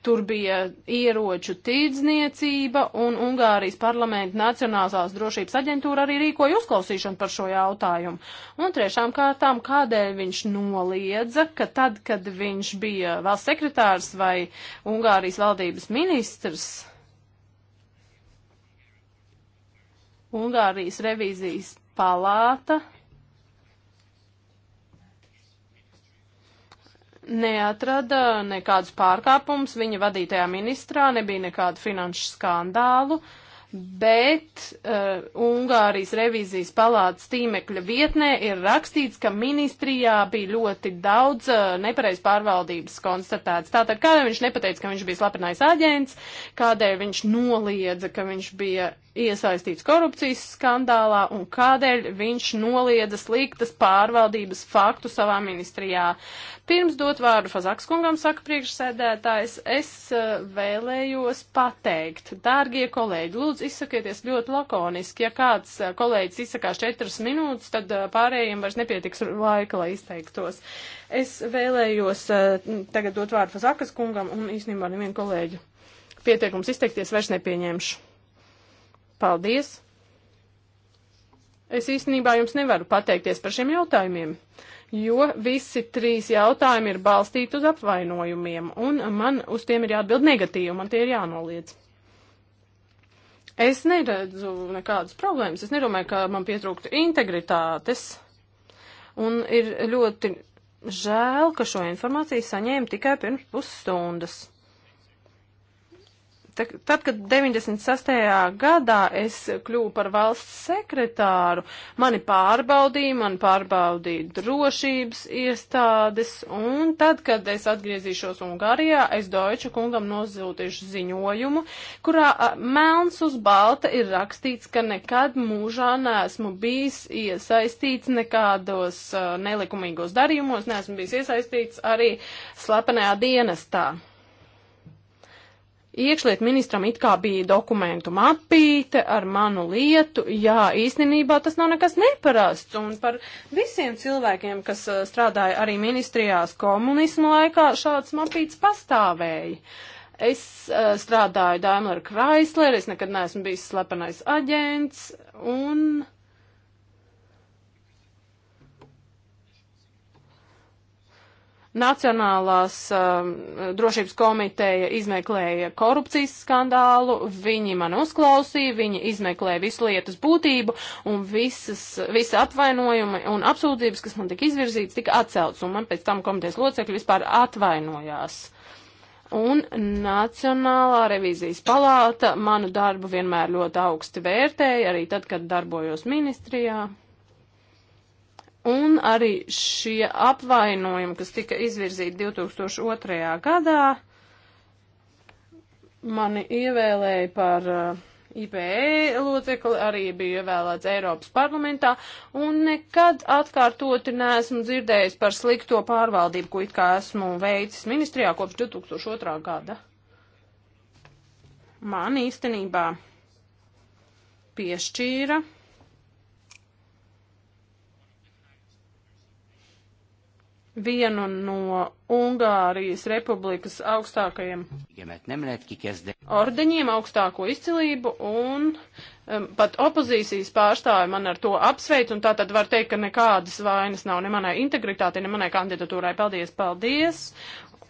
tur bija ieroču tīdzniecība, un Ungārijas parlamenta Nacionālās drošības aģentūra arī rīkoja uzklausīšanu par šo jautājumu. Un trešām kārtām, kādēļ viņš noliedza, ka tad, kad viņš bija valsts sekretārs vai Ungārijas valdības ministrs, Ungārijas revīzijas palāta neatrada nekādus pārkāpumus viņa vadītajā ministrā, nebija nekādu finanšu skandālu, bet uh, Ungārijas revīzijas palātas tīmekļa vietnē ir rakstīts, ka ministrijā bija ļoti daudz uh, nepareiz pārvaldības konstatēts. Tātad kādēļ viņš nepateica, ka viņš bija slepenais aģents, kādēļ viņš noliedza, ka viņš bija iesaistīts korupcijas skandālā un kādēļ viņš noliedza sliktas pārvaldības faktu savā ministrijā. Pirms dot vārdu Fazakskungam, saka priekšsēdētājs, es eh, vēlējos pateikt, dārgie kolēģi, lūdzu izsakieties ļoti lakoniski. Ja kāds eh, kolēģis izsakās četras minūtes, tad eh, pārējiem vairs nepietiks laika, lai izteiktos. Es vēlējos tagad dot vārdu Fazakskungam un īstenībā nevienu kolēģu pieteikums izteikties vairs nepieņemšu. Paldies! Es īstenībā jums nevaru pateikties par šiem jautājumiem, jo visi trīs jautājumi ir balstīti uz apvainojumiem, un man uz tiem ir jāatbild negatīvi, man tie ir jānoliedz. Es neredzu nekādas problēmas, es nedomāju, ka man pietrūktu integritātes, un ir ļoti žēl, ka šo informāciju saņēmu tikai pirms pusstundas. Tad, kad 96. gadā es kļuvu par valsts sekretāru, mani pārbaudīja, man pārbaudīja drošības iestādes, un tad, kad es atgriezīšos Ungārijā, es Deutsche kungam nozūtīšu ziņojumu, kurā melns uz balta ir rakstīts, ka nekad mūžā neesmu bijis iesaistīts nekādos uh, nelikumīgos darījumos, neesmu bijis iesaistīts arī slepenajā dienestā. Iekšliet ministram it kā bija dokumentu mapīte ar manu lietu. Jā, īstenībā tas nav nekas neparasts. Un par visiem cilvēkiem, kas strādāja arī ministrijās komunismu laikā, šāds mapīts pastāvēja. Es uh, strādāju Daimler Chrysler, es nekad neesmu bijis slepenais aģents un. Uh, Nacionālās um, drošības komiteja izmeklēja korupcijas skandālu, viņi man uzklausīja, viņi izmeklēja visu lietas būtību un visas, visi atvainojumi un apsūdzības, kas man tika izvirzītas, tika atcelts un man pēc tam komitejas locekļi vispār atvainojās. Un Nacionālā revīzijas palāta manu darbu vienmēr ļoti augsti vērtēja, arī tad, kad darbojos ministrijā. Un arī šie apvainojumi, kas tika izvirzīti 2002. gadā, mani ievēlēja par uh, IPE locekli, arī biju ievēlēts Eiropas parlamentā, un nekad atkārtoti neesmu dzirdējis par slikto pārvaldību, ko it kā esmu veicis ministrijā kopš 2002. gada. Man īstenībā piešķīra vienu no Ungārijas republikas augstākajiem ordeņiem, augstāko izcilību, un um, pat opozīcijas pārstāvi man ar to apsveic, un tā tad var teikt, ka nekādas vainas nav ne manai integritātei, ne manai kandidatūrai. Paldies, paldies!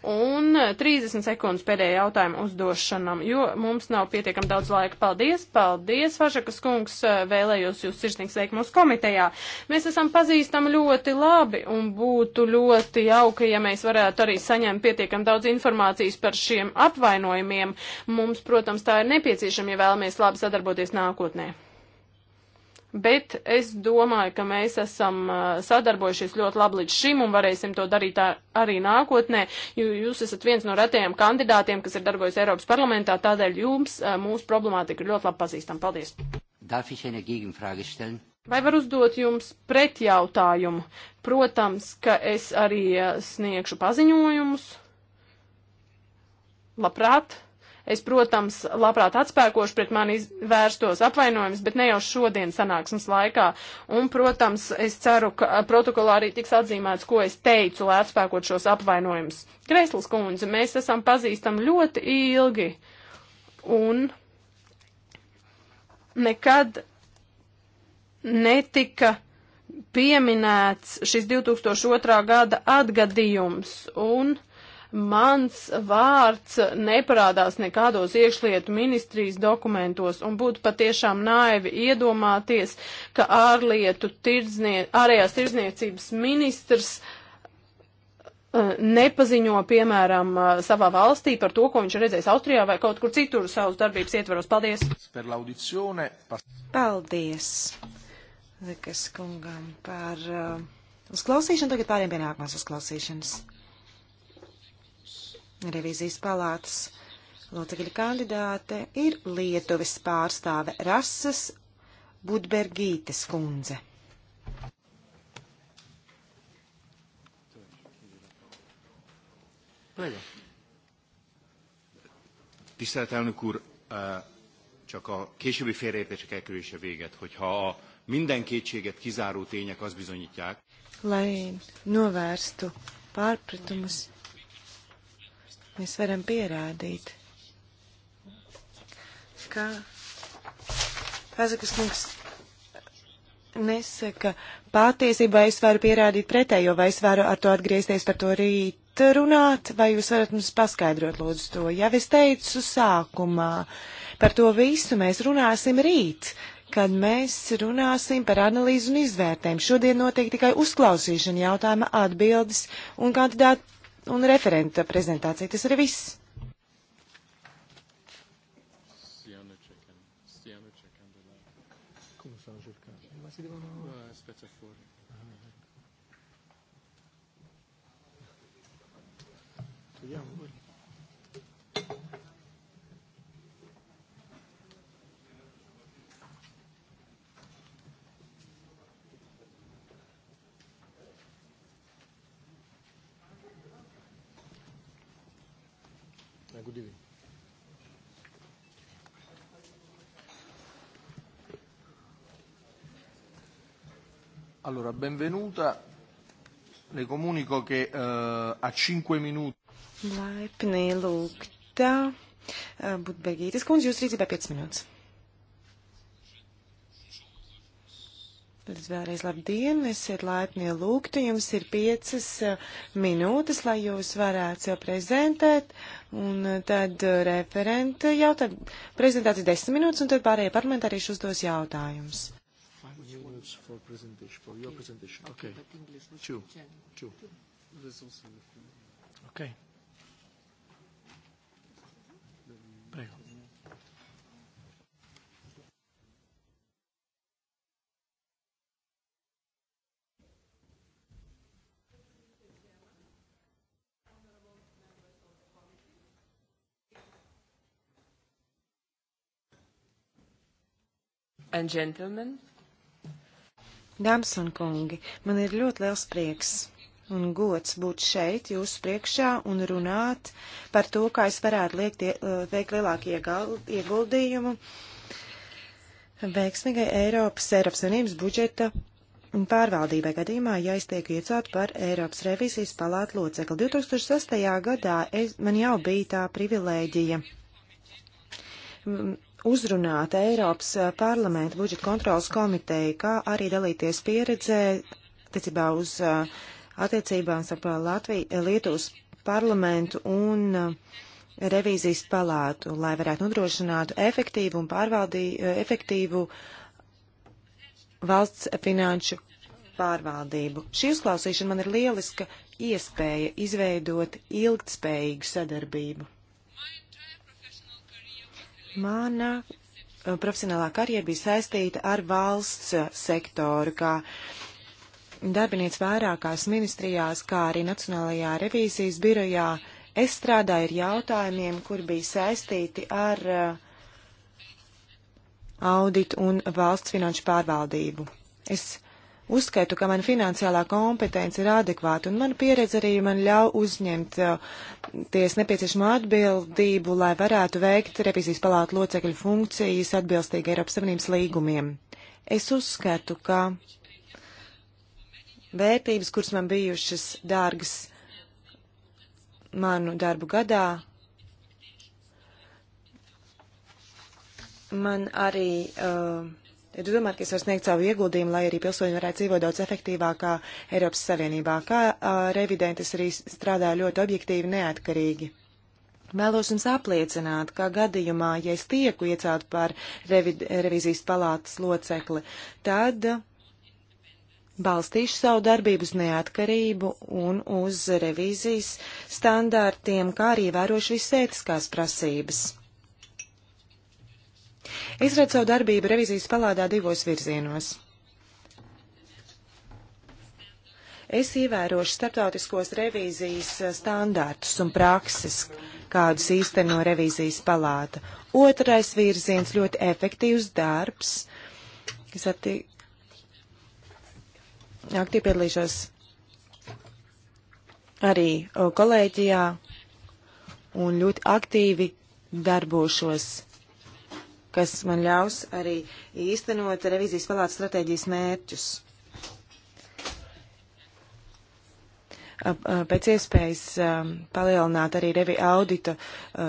Un 30 sekundes pēdējā jautājuma uzdošanam, jo mums nav pietiekam daudz laika. Paldies, paldies, Važakas kungs, vēlējos jūs sirsnīgi sveikt mūsu komitejā. Mēs esam pazīstami ļoti labi un būtu ļoti jauka, ja mēs varētu arī saņemt pietiekam daudz informācijas par šiem apvainojumiem. Mums, protams, tā ir nepieciešama, ja vēlamies labi sadarboties nākotnē. Bet es domāju, ka mēs esam uh, sadarbojušies ļoti labi līdz šim un varēsim to darīt arī nākotnē. Jūs esat viens no retajiem kandidātiem, kas ir darbojies Eiropas parlamentā, tādēļ jums uh, mūsu problemātika ir ļoti labi pazīstama. Paldies! Vai var uzdot jums pretjautājumu? Protams, ka es arī uh, sniegšu paziņojumus. Labprāt! Es, protams, labprāt atspēkošu pret mani vērstos apvainojumus, bet ne jau šodien sanāksmes laikā. Un, protams, es ceru, ka protokolā arī tiks atzīmēts, ko es teicu, lai atspēkot šos apvainojumus. Kresls kundze, mēs esam pazīstami ļoti ilgi. Un nekad netika pieminēts šis 2002. gada atgadījums. Un, uh, mans vārds neparādās nekādos iekšlietu ministrijas dokumentos un būtu patiešām naivi iedomāties, ka ārlietu tirdznie, ārējās tirdzniecības ministrs eh, nepaziņo, piemēram, eh, savā valstī par to, ko viņš ir redzējis Austrijā vai kaut kur citur savas darbības ietvaros. Paldies! Paldies! Zekas kungam par uh, uzklausīšanu. Tagad pāriem pie nākamās uzklausīšanas revizijas palātas locekļa kandidāte ir Lietuvis pārstāve Rasas Budbergītes kundze. Tisztelt elnök úr, csak a későbbi félreértések elkerülése véget, hogyha a minden kétséget kizáró tények azt bizonyítják. Lai novērstu pārpratumus, mēs varam pierādīt, ka Kazakas kungs nesaka, patiesībā es varu pierādīt pretējo, vai es varu ar to atgriezties par to rīt runāt, vai jūs varat mums paskaidrot, lūdzu, to. Jau es teicu sākumā, par to visu mēs runāsim rīt, kad mēs runāsim par analīzu un izvērtēm. Šodien notiek tikai uzklausīšana jautājuma atbildes un kandidātu un referenta prezentācija. Tas arī viss. Allora, benvenuta. Le comunico che uh, a 5 minūtes. Laipni lūgta. Uh, eh, Budbergītis kundze, jūs rīcībā 5 minūtes. Tad vēlreiz labdien, esiet laipni lūgti, jums ir piecas eh, minūtes, lai jūs varētu sev prezentēt, un tad referenti jau tad prezentācija desmit minūtes, un tad pārējie parlamentārieši uzdos jautājumus questions for presentation, for okay. your presentation. Okay. okay. But English was Two. Two. Two. There's also Okay. Prego. and gentlemen, Dāmas un kungi, man ir ļoti liels prieks un gods būt šeit jūsu priekšā un runāt par to, kā es varētu liekt, uh, veikt lielāku ieguldījumu veiksmīgai Eiropas, Eiropas Savienības budžeta pārvaldībai gadījumā, ja es tieku iecelt par Eiropas revīzijas palātu locekli. 2006. gadā es, man jau bija tā privilēģija uzrunāt Eiropas eh, parlamenta budžeta kontrolas komiteju, kā arī dalīties pieredzē attiecībā uz eh, attiecībām starp eh, Latviju, Lietuvas parlamentu un revīzijas palātu, lai varētu nodrošināt efektīvu un pārvaldī, efektīvu valsts finanšu pārvaldību. Šī uzklausīšana man ir lieliska iespēja izveidot ilgtspējīgu sadarbību. Mana eh, profesionālā karjera bija saistīta ar valsts eh, sektoru, kā darbinīts vairākās ministrijās, kā arī Nacionālajā revīzijas birojā. Es strādāju ar jautājumiem, kur bija saistīti ar uh, eh, auditu un valsts finanšu pārvaldību. Es uzskatu, ka man finansiālā kompetence ir adekvāta, un mana pieredze arī man ļauj uzņemt uh, ties nepieciešamo atbildību, lai varētu veikt revizijas palātu locekļu funkcijas atbilstīgi Eiropas Savienības līgumiem. Es uzskatu, ka vērtības, kuras man bijušas dārgas manu darbu gadā, man arī uh, Ir domāt, ka es varu sniegt savu ieguldījumu, lai arī pilsoņi varētu dzīvot daudz efektīvākā Eiropas Savienībā, kā a, revidentes arī strādā ļoti objektīvi neatkarīgi. Vēlos jums apliecināt, ka gadījumā, ja es tieku iecelt par revid, revizijas palātas locekli, tad balstīšu savu darbību uz neatkarību un uz revīzijas standārtiem, kā arī vērošu visētiskās prasības. Es redzu savu darbību revizijas palādā divos virzienos. Es ievērošu starptautiskos revīzijas standārtus un prakses, kādus īsteno revīzijas palāta. Otrais virziens - ļoti efektīvs darbs, kas aktīvi aktīv piedalīšos arī kolēģijā un ļoti aktīvi darbošos kas man ļaus arī īstenot revizijas palātas stratēģijas mērķus. pēc iespējas palielināt arī revi audita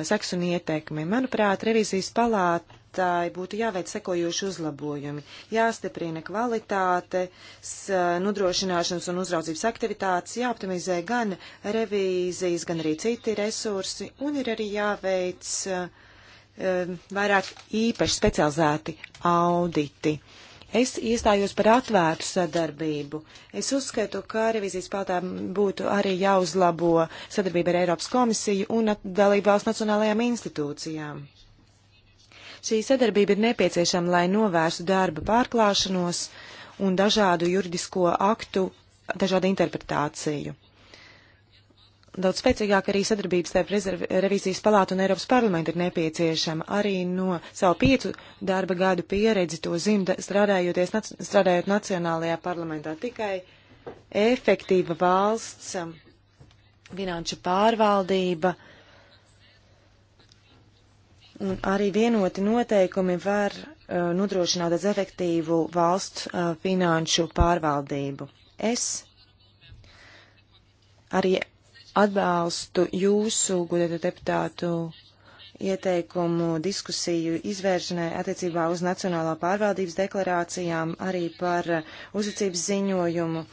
seksu un ietekmi. Manuprāt, revizijas palātai būtu jāveic sekojoši uzlabojumi. Jāstiprina kvalitātes, nodrošināšanas un uzraudzības aktivitātes, jāoptimizē gan revīzijas, gan arī citi resursi, un ir arī jāveic uh, Um, vairāk īpaši specializēti auditi. Es iestājos par atvērtu sadarbību. Es uzskatu, ka revizijas paltā būtu arī jāuzlabo sadarbība ar Eiropas komisiju un dalību valsts nacionālajām institūcijām. Šī sadarbība ir nepieciešama, lai novērstu darba pārklāšanos un dažādu juridisko aktu, dažādu interpretāciju daudz spēcīgāk arī sadarbības starp revīzijas palātu un Eiropas parlamentu ir nepieciešama. Arī no savu piecu darba gadu pieredzi to zinu, strādājot, strādājot nacionālajā parlamentā. Tikai efektīva valsts, finanšu pārvaldība un arī vienoti noteikumi var uh, nodrošināt tāds efektīvu valsts uh, finanšu pārvaldību. Es arī atbalstu jūsu, gudētu deputātu, ieteikumu diskusiju izvēršanai attiecībā uz Nacionālā pārvaldības deklarācijām, arī par uh, uzticības ziņojumu,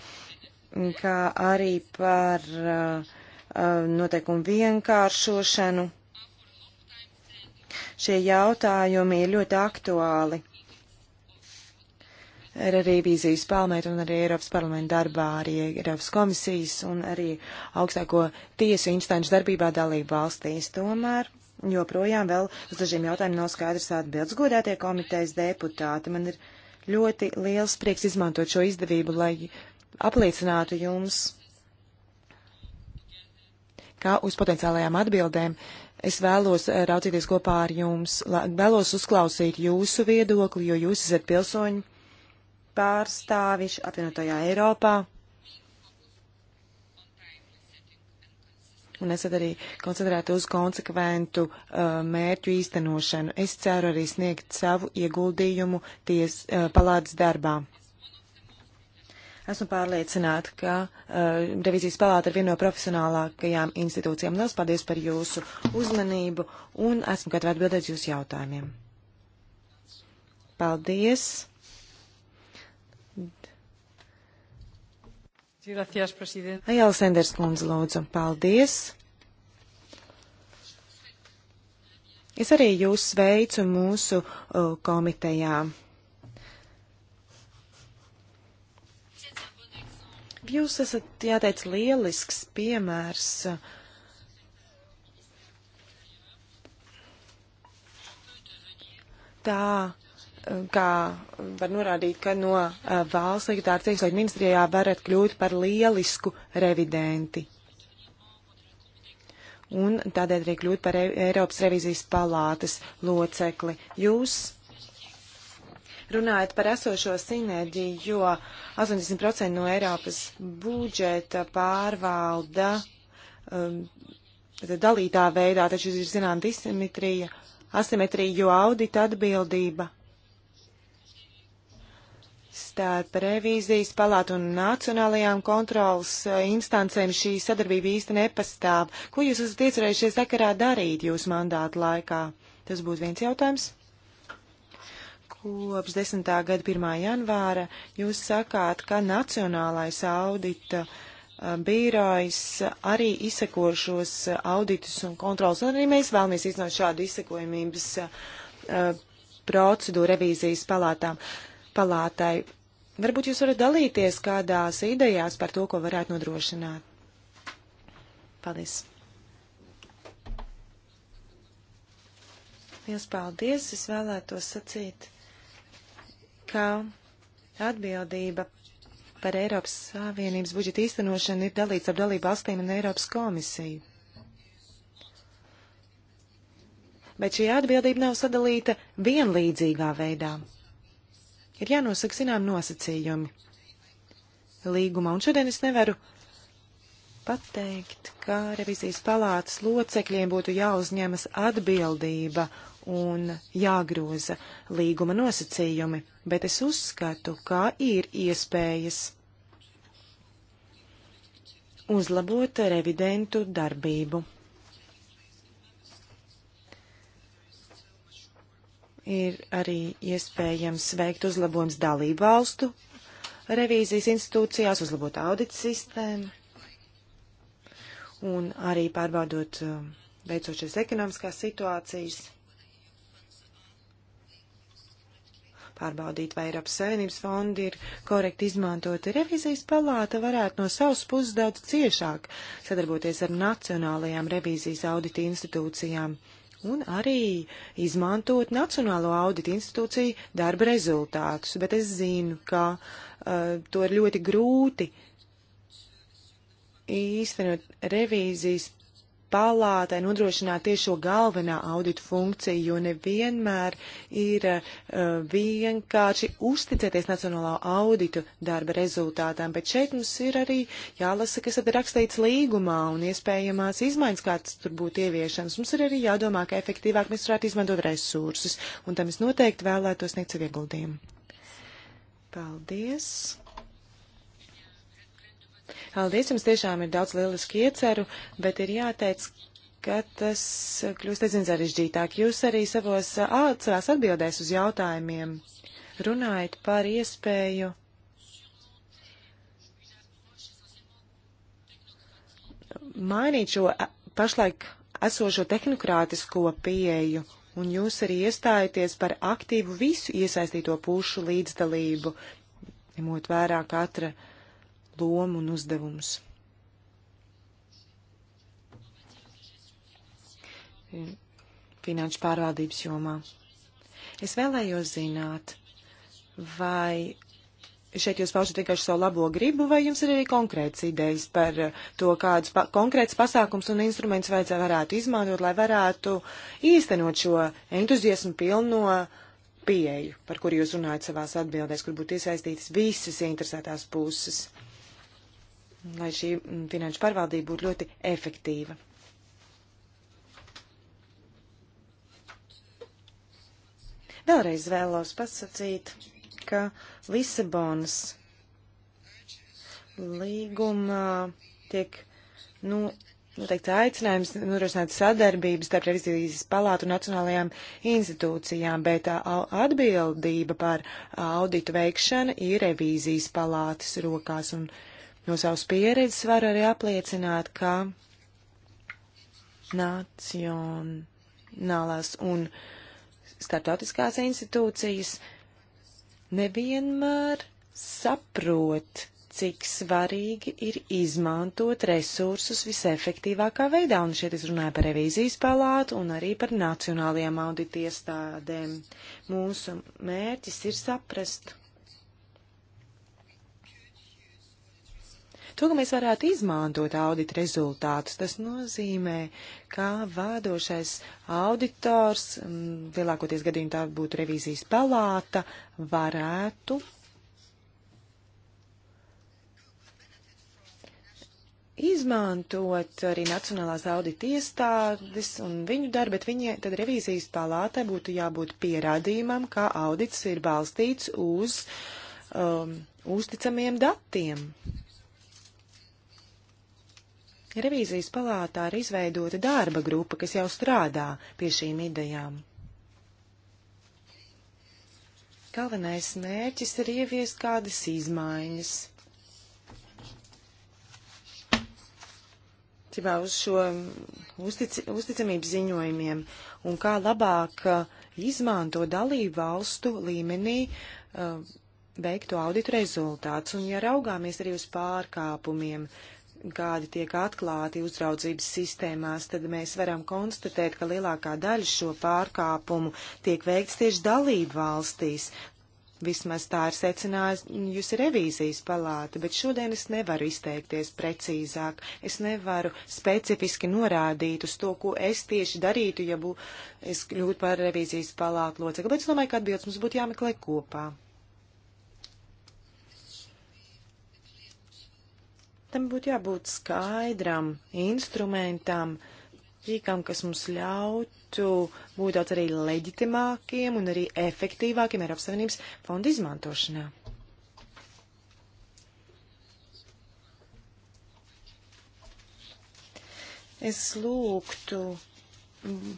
kā arī par uh, uh, noteikumu vienkāršošanu. Šie jautājumi ir ļoti aktuāli ir arī vīzijas palmēt un arī Eiropas parlamenta darbā, arī Eiropas komisijas un arī augstāko tiesu instanču darbībā dalību valstīs. Tomēr joprojām vēl uz dažiem jautājumiem nav skaidrs atbildes. Godētie komitejas deputāti, man ir ļoti liels prieks izmantot šo izdevību, lai apliecinātu jums, kā uz potenciālajām atbildēm Es vēlos eh, raudzīties kopā ar jums, vēlos uzklausīt jūsu viedokli, jo jūs esat pilsoņi, pārstāvis apvienotajā Eiropā. un esat arī koncentrēti uz konsekventu uh, mērķu īstenošanu. Es ceru arī sniegt savu ieguldījumu ties uh, palādes darbā. Esmu pārliecināta, ka uh, revizijas palāta ir viena no profesionālākajām institūcijām. Lielas paldies par jūsu uzmanību un esmu gatava atbildēt jūsu jautājumiem. Paldies! Ajala Senders kundze, lūdzu, paldies. Es arī jūs sveicu mūsu uh, komitejā. Jūs esat, jāteic, lielisks piemērs. Tā, kā var norādīt, ka no valsts sekretāra tieslietu ministrijā varat kļūt par lielisku revidenti. Un tādēļ arī kļūt par e- Eiropas revizijas palātas locekli. Jūs runājat par esošo sinerģiju, jo 80% no Eiropas budžeta pārvalda um, dalītā veidā, taču ir zinām disimetrija, asimetrija, jo audita atbildība starp revīzijas palātu un nacionālajām kontrolas eh, instancēm šī sadarbība īsti nepastāv. Ko jūs esat iecerējušies sakarā darīt jūsu mandātu laikā? Tas būtu viens jautājums. Kopš 10. gada 1. janvāra jūs sakāt, ka Nacionālais audita eh, bīrājs arī izsekošos eh, auditus un kontrols, un arī mēs vēlamies iznot šādu izsekojumības procedūru revīzijas palātām. Uh, palātai. Varbūt jūs varat dalīties kādās idejās par to, ko varētu nodrošināt. Paldies! Liels paldies! Es vēlētos sacīt, ka atbildība par Eiropas Savienības budžeta īstenošanu ir dalīts ar dalību valstīm un Eiropas komisiju. Bet šī atbildība nav sadalīta vienlīdzīgā veidā ir jānosaka zinām nosacījumi līgumā, un šodien es nevaru pateikt, ka revizijas palātas locekļiem būtu jāuzņemas atbildība un jāgroza līguma nosacījumi, bet es uzskatu, kā ir iespējas uzlabot revidentu darbību. ir arī iespējams veikt uzlabojums dalību valstu revīzijas institūcijās, uzlabot audita sistēmu un arī pārbaudot um, veicošies ekonomiskās situācijas, pārbaudīt, vai Eiropas Savienības fondi ir korekti izmantoti. Revīzijas palāta varētu no savas puses daudz ciešāk sadarboties ar nacionālajām revīzijas audita institūcijām un arī izmantot Nacionālo auditu institūciju darba rezultātus. Bet es zinu, ka uh, to ir ļoti grūti īstenot revīzijas palātai nodrošināt tiešo galvenā audita funkciju, jo nevienmēr ir uh, vienkārši uzticēties nacionālā auditu darba rezultātām, bet šeit mums ir arī jālasa, kas tad rakstīts līgumā un iespējamās izmaiņas, kāds tur būtu ieviešanas. Mums ir arī jādomā, ka efektīvāk mēs varētu izmantot resursus, un tam es noteikti vēlētos sniegt savu ieguldījumu. Paldies! Paldies, jums tiešām ir daudz lielisku ieceru, bet ir jāteic, ka tas kļūst aizvien sarežģītāk. Jūs arī savos savās atbildēs uz jautājumiem runājat par iespēju mainīt šo pašlaik esošo tehnokrātisko pieeju, un jūs arī iestājaties par aktīvu visu iesaistīto pušu līdzdalību, ņemot vērā katra uh, lomu un uzdevumus. Finanšu pārvaldības jomā. Es vēlējos zināt, vai šeit jūs paušat vienkārši savu labo gribu, vai jums ir arī konkrēts idejas par to, kādus pa konkrēts pasākums un instruments vajadzētu varētu izmantot, lai varētu īstenot šo entuziasmu pilno pieeju, par kuru jūs runājat savās atbildēs, kur būtu iesaistītas visas interesētās puses lai šī finanšu pārvaldība būtu ļoti efektīva. Vēlreiz vēlos pasakīt, ka Lisabonas līgumā tiek nu, noteikti aicinājums nodrošināt sadarbības starp revizijas palātu nacionālajām institūcijām, bet tā uh, atbildība par auditu veikšanu ir revīzijas palātas rokās un rokās No savas pieredzes var arī apliecināt, ka nacionālās un starptautiskās institūcijas nevienmēr saprot, cik svarīgi ir izmantot resursus visefektīvākā veidā, un šeit es runāju par revīzijas palātu un arī par nacionālajām auditiestādēm. Mūsu mērķis ir saprast, to, ka mēs varētu izmantot audita rezultātus. Tas nozīmē, ka vādošais auditors, mm, lielākoties gadījumā tā būtu revīzijas palāta, varētu izmantot arī Nacionālās audita iestādes un viņu darbu, bet viņi, tad revīzijas palātai būtu jābūt pierādījumam, ka audits ir balstīts uz um, uzticamiem datiem. Revīzijas palātā ir izveidota darba grupa, kas jau strādā pie šīm idejām. Galvenais mērķis ir ieviest kādas izmaiņas. Cībā uz šo uztic, uzticamību ziņojumiem un kā labāk uh, izmanto dalību valstu līmenī uh, veikto auditu rezultāts. Un ja raugāmies arī uz pārkāpumiem, uh, kādi tiek atklāti uzraudzības sistēmās, tad mēs varam konstatēt, ka lielākā daļa šo pārkāpumu tiek veikts tieši dalību valstīs. Vismaz tā ir secinājusi revīzijas palāta, bet šodien es nevaru izteikties precīzāk. Es nevaru specifiski norādīt uz to, ko es tieši darītu, ja bū, es kļūtu par revīzijas palātu locekli, bet es domāju, ka atbildes mums būtu jāmeklē kopā. Tam būtu jābūt skaidram instrumentam, rīkam, kas mums ļautu būt daudz arī leģitimākiem un arī efektīvākiem Eiropas Savienības fonda izmantošanā. Es lūgtu mm,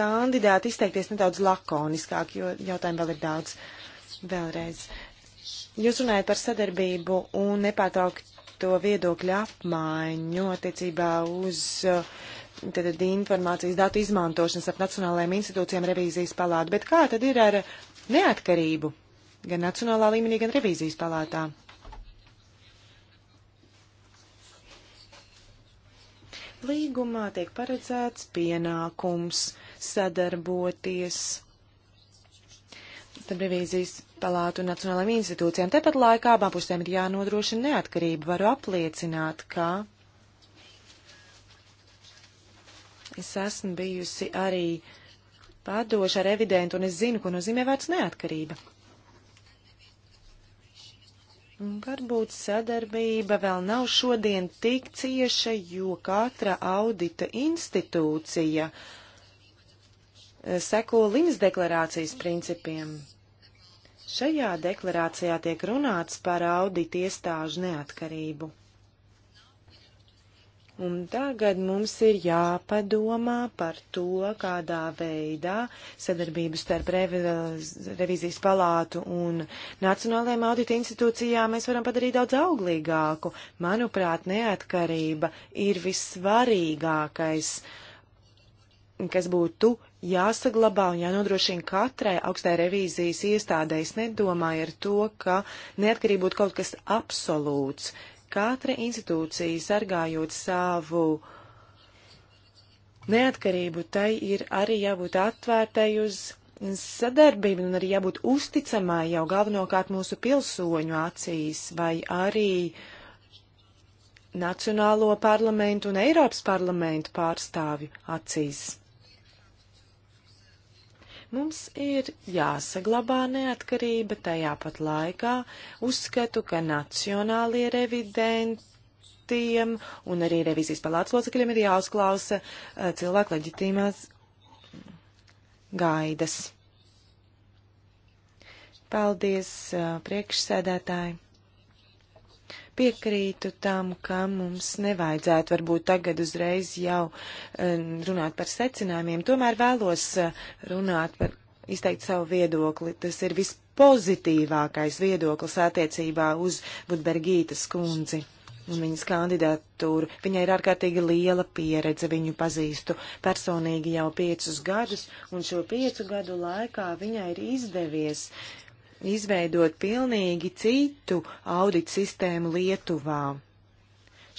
kandidāti izteikties nedaudz lakoniskāk, jo jautājumu vēl ir daudz. Vēlreiz. Jūs runājat par sadarbību un nepārtraukt to viedokļu apmaiņu attiecībā uz uh, tad, informācijas datu izmantošanas ar nacionālajiem institūcijiem revīzijas palātu. Bet kā tad ir ar neatkarību gan nacionālā līmenī, gan revīzijas palātā? Līgumā tiek paredzēts pienākums sadarboties. Tad revīzijas palātu un nacionālajām institūcijām. Tepat laikā abām pusēm ir jānodrošina neatkarība. Varu apliecināt, ka es esmu bijusi arī pārdoša ar evidentu, un es zinu, ko nozīmē vārds neatkarība. Un varbūt sadarbība vēl nav šodien tik cieša, jo katra audita institūcija eh, seko liņas deklarācijas principiem. Šajā deklarācijā tiek runāts par audita iestāžu neatkarību. Un tagad mums ir jāpadomā par to, kādā veidā sadarbību starp revizijas palātu un nacionālajiem audita institūcijām mēs varam padarīt daudz auglīgāku. Manuprāt, neatkarība ir vissvarīgākais, kas būtu jāsaglabā un jānodrošina katrai augstai revīzijas iestādē. Es nedomāju ar to, ka neatkarība būtu kaut kas absolūts. Katra institūcija sargājot savu neatkarību, tai ir arī jābūt atvērtai uz sadarbību un arī jābūt uzticamai jau galvenokārt mūsu pilsoņu acīs vai arī Nacionālo parlamentu un Eiropas parlamentu pārstāvju acīs. Mums ir jāsaglabā neatkarība tajā pat laikā. Uzskatu, ka nacionālie revidentiem un arī revizijas palātas locekļiem ir jāuzklausa eh, cilvēku leģitīmās gaidas. Paldies, eh, priekšsēdētāji! Piekrītu tam, ka mums nevajadzētu varbūt tagad uzreiz jau eh, runāt par secinājumiem. Tomēr vēlos eh, runāt par izteikt savu viedokli. Tas ir vispozitīvākais viedoklis attiecībā uz Budbergītas kundzi un viņas kandidatūru. Viņai ir ārkārtīgi liela pieredze, viņu pazīstu personīgi jau piecus gadus, un šo piecu gadu laikā viņai ir izdevies uh, izveidot pilnīgi citu audit sistēmu Lietuvā.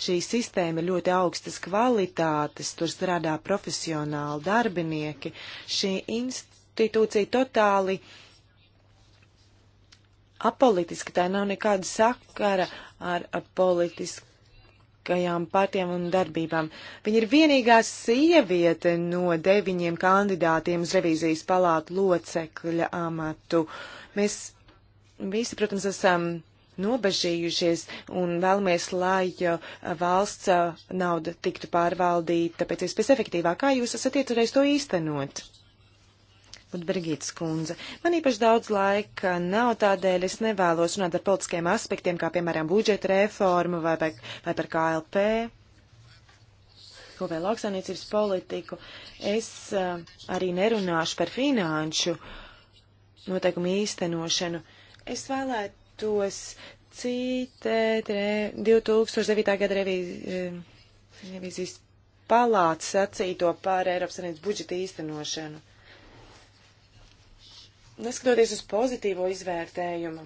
Šī sistēma ir ļoti augstas kvalitātes, tur strādā profesionāli darbinieki. Šī institūcija totāli apolitiska, tā nav nekāda sakara ar politiskajām partijām un darbībām. Viņa ir vienīgā sieviete no deviņiem kandidātiem uz revīzijas palātu locekļa amatu. Uh, Mēs visi, protams, esam nobežījušies un vēlamies, lai valsts nauda tiktu pārvaldīta pēc iespējas efektīvāk. Kā jūs esat iecerējis to īstenot? Un Brigītas kundze, man īpaši daudz laika nav, tādēļ es nevēlos runāt ar politiskiem aspektiem, kā piemēram budžeta reforma vai, vai, vai par KLP, ko vēl lauksainiecības politiku. Es uh, arī nerunāšu par finanšu uh, noteikumu īstenošanu. Es vēlētos citēt 2009. gada eh, revīzijas palāts sacīto par Eiropas Savienības budžeta īstenošanu. Neskatoties uz pozitīvo izvērtējumu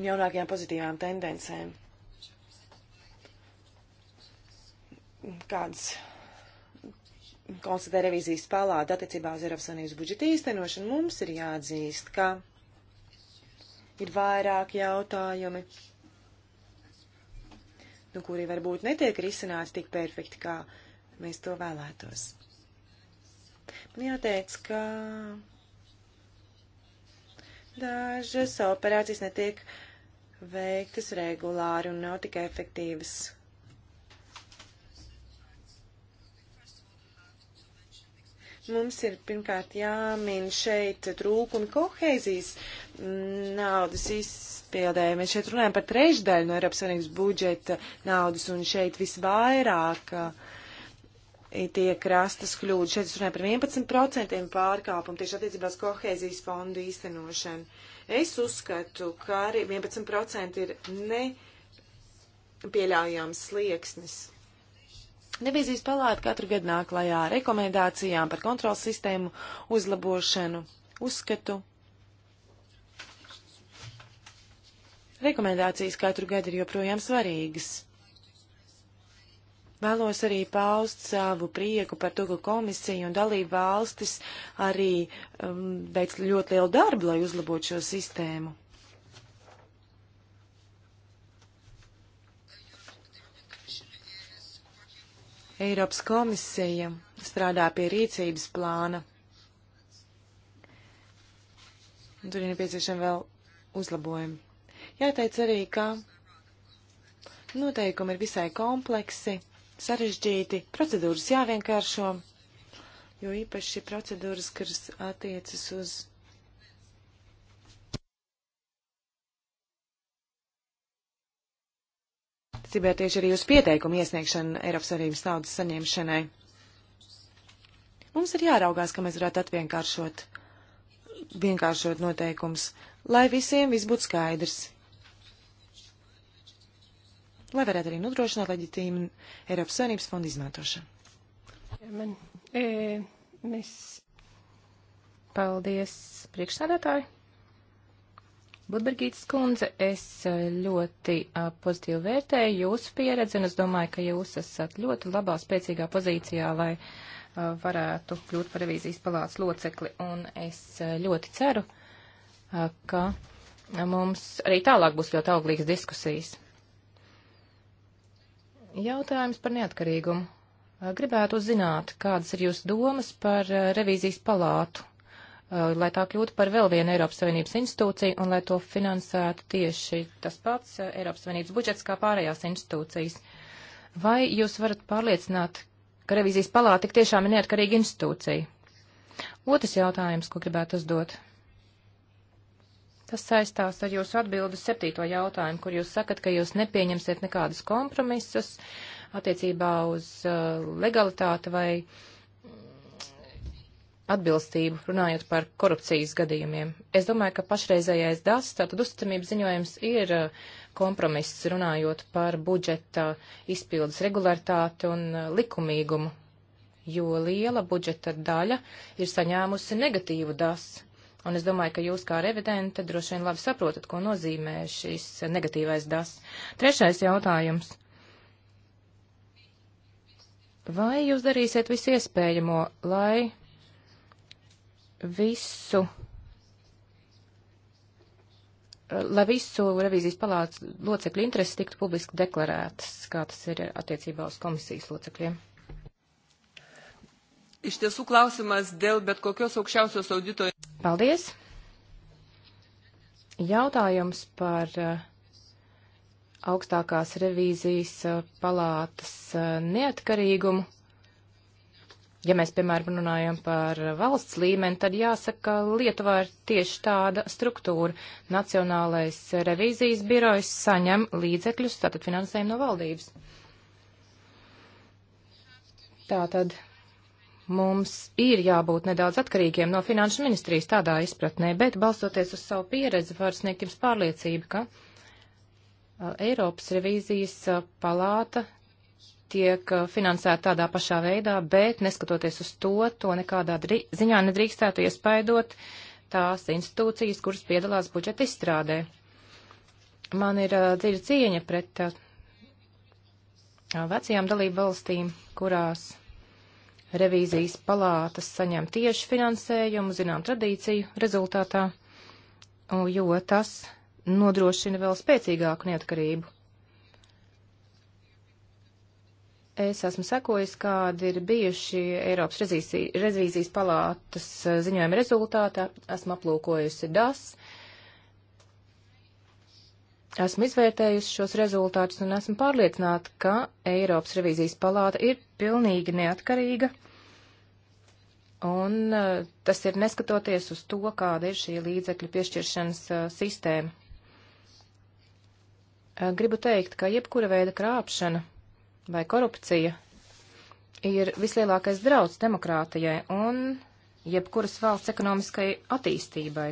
un jaunākajām pozitīvām tendencēm, kādas konstatē revīzijas palāta attiecībā uz Eiropas Savienības budžeta īstenošanu, mums ir jāatzīst, ka ir vairāk jautājumi, nu, kuri varbūt netiek risināti tik perfekti, kā mēs to vēlētos. Man jāteic, ka dažas operācijas netiek veiktas regulāri un nav tik efektīvas Mums ir pirmkārt jāmin šeit trūkumi koheizijas naudas izpildē. Mēs šeit runājam par trešdaļu no Eiropas Savienības budžeta naudas un šeit visvairāk e, tiek rastas kļūdas. Šeit es runāju par 11% pārkāpumu tieši attiecībās koheizijas fondu īstenošanu. Es uzskatu, ka arī 11% ir nepieļaujams slieksnis Revizijas palāta katru gadu nāk klajā rekomendācijām par kontrolas sistēmu uzlabošanu, uzskatu. Rekomendācijas katru gadu ir joprojām svarīgas. Vēlos arī paust savu prieku par to, ka komisija un dalība valstis arī um, veic ļoti lielu darbu, lai uzlabotu šo sistēmu. Eiropas komisija strādā pie rīcības plāna. Un tur ir nepieciešami vēl uzlabojumi. Jāteic arī, ka noteikumi ir visai kompleksi, sarežģīti, procedūras jāvienkāršo, jo īpaši procedūras, kas attiecas uz attiecībā tieši arī uz pieteikumu iesniegšanu Eiropas Savienības naudas saņemšanai. Mums ir jāraugās, ka mēs varētu atvienkāršot vienkāršot noteikums, lai visiem viss būtu skaidrs. Lai varētu arī nodrošināt leģitīmu Eiropas Savienības fondu izmantošanu. Man, e, eh, mēs... Paldies, priekšsādātāji. Budbergītas kundze, es eh, ļoti a, eh, pozitīvi vērtēju jūsu pieredzi, un es domāju, ka jūs esat ļoti labā, spēcīgā pozīcijā, lai a, eh, varētu kļūt par revīzijas palātas locekli, un es a, ļoti ceru, ka mums arī tālāk būs ļoti auglīgas diskusijas. Jautājums par neatkarīgumu. Gribētu uzzināt, kādas ir jūsu domas par revīzijas palātu Uh, lai tā kļūtu par vēl vienu Eiropas Savienības institūciju un lai to finansētu tieši tas pats uh, Eiropas Savienības budžets kā pārējās institūcijas. Vai jūs varat pārliecināt, ka revīzijas palāta tik tiešām ir neatkarīga institūcija? Otrs jautājums, ko gribētu uzdot. Tas saistās ar jūsu atbildu septīto jautājumu, kur jūs sakat, ka jūs nepieņemsiet nekādus kompromisus attiecībā uz uh, legalitāti vai uh, atbilstību, runājot par korupcijas gadījumiem. Es domāju, ka pašreizējais DAS, tātad uzticamības ziņojums, ir uh, kompromiss runājot par budžeta izpildes regularitāti un uh, likumīgumu, jo liela budžeta daļa ir saņēmusi negatīvu DAS. Un es domāju, ka jūs kā revidente droši vien labi saprotat, ko nozīmē šis negatīvais DAS. Trešais jautājums. Vai jūs darīsiet visu iespējamo, lai visu, lai visu revīzijas palātas locekļu intereses tiktu publiski deklarētas, kā tas ir attiecībā uz komisijas locekļiem? Iš tiesų klausimas dėl bet kokios aukščiausios audito. Paldies. Jautājums par eh, augstākās revīzijas eh, palātas eh, neatkarīgumu Ja mēs, piemēram, runājam par valsts līmeni, tad jāsaka, ka Lietuvā ir tieši tāda struktūra. Nacionālais revīzijas birojs saņem līdzekļus, tātad finansējumu no valdības. Tātad mums ir jābūt nedaudz atkarīgiem no finanšu ministrijas tādā izpratnē, bet balstoties uz savu pieredzi var sniegt jums pārliecību, ka uh, Eiropas revīzijas uh, palāta tiek uh, finansēta tādā pašā veidā, bet neskatoties uz to, to nekādā ziņā nedrīkstētu iespaidot tās institūcijas, kuras piedalās budžeta izstrādē. Man ir uh, dziļa cieņa pret uh, vecajām dalību valstīm, kurās revīzijas palātas saņem tieši finansējumu, zinām, tradīciju rezultātā, jo tas nodrošina vēl spēcīgāku neatkarību Es esmu sekojis, kādi ir bijuši Eiropas revīzijas palātas eh, ziņojuma rezultātā. Esmu aplūkojusi DAS. Esmu izvērtējusi šos rezultātus un esmu pārliecināta, ka Eiropas revīzijas palāta ir pilnīgi neatkarīga. Un eh, tas ir neskatoties uz to, kāda ir šī līdzekļu piešķiršanas eh, sistēma. Gribu teikt, ka jebkura veida krāpšana vai korupcija ir vislielākais draudz demokrātijai un jebkuras valsts ekonomiskai attīstībai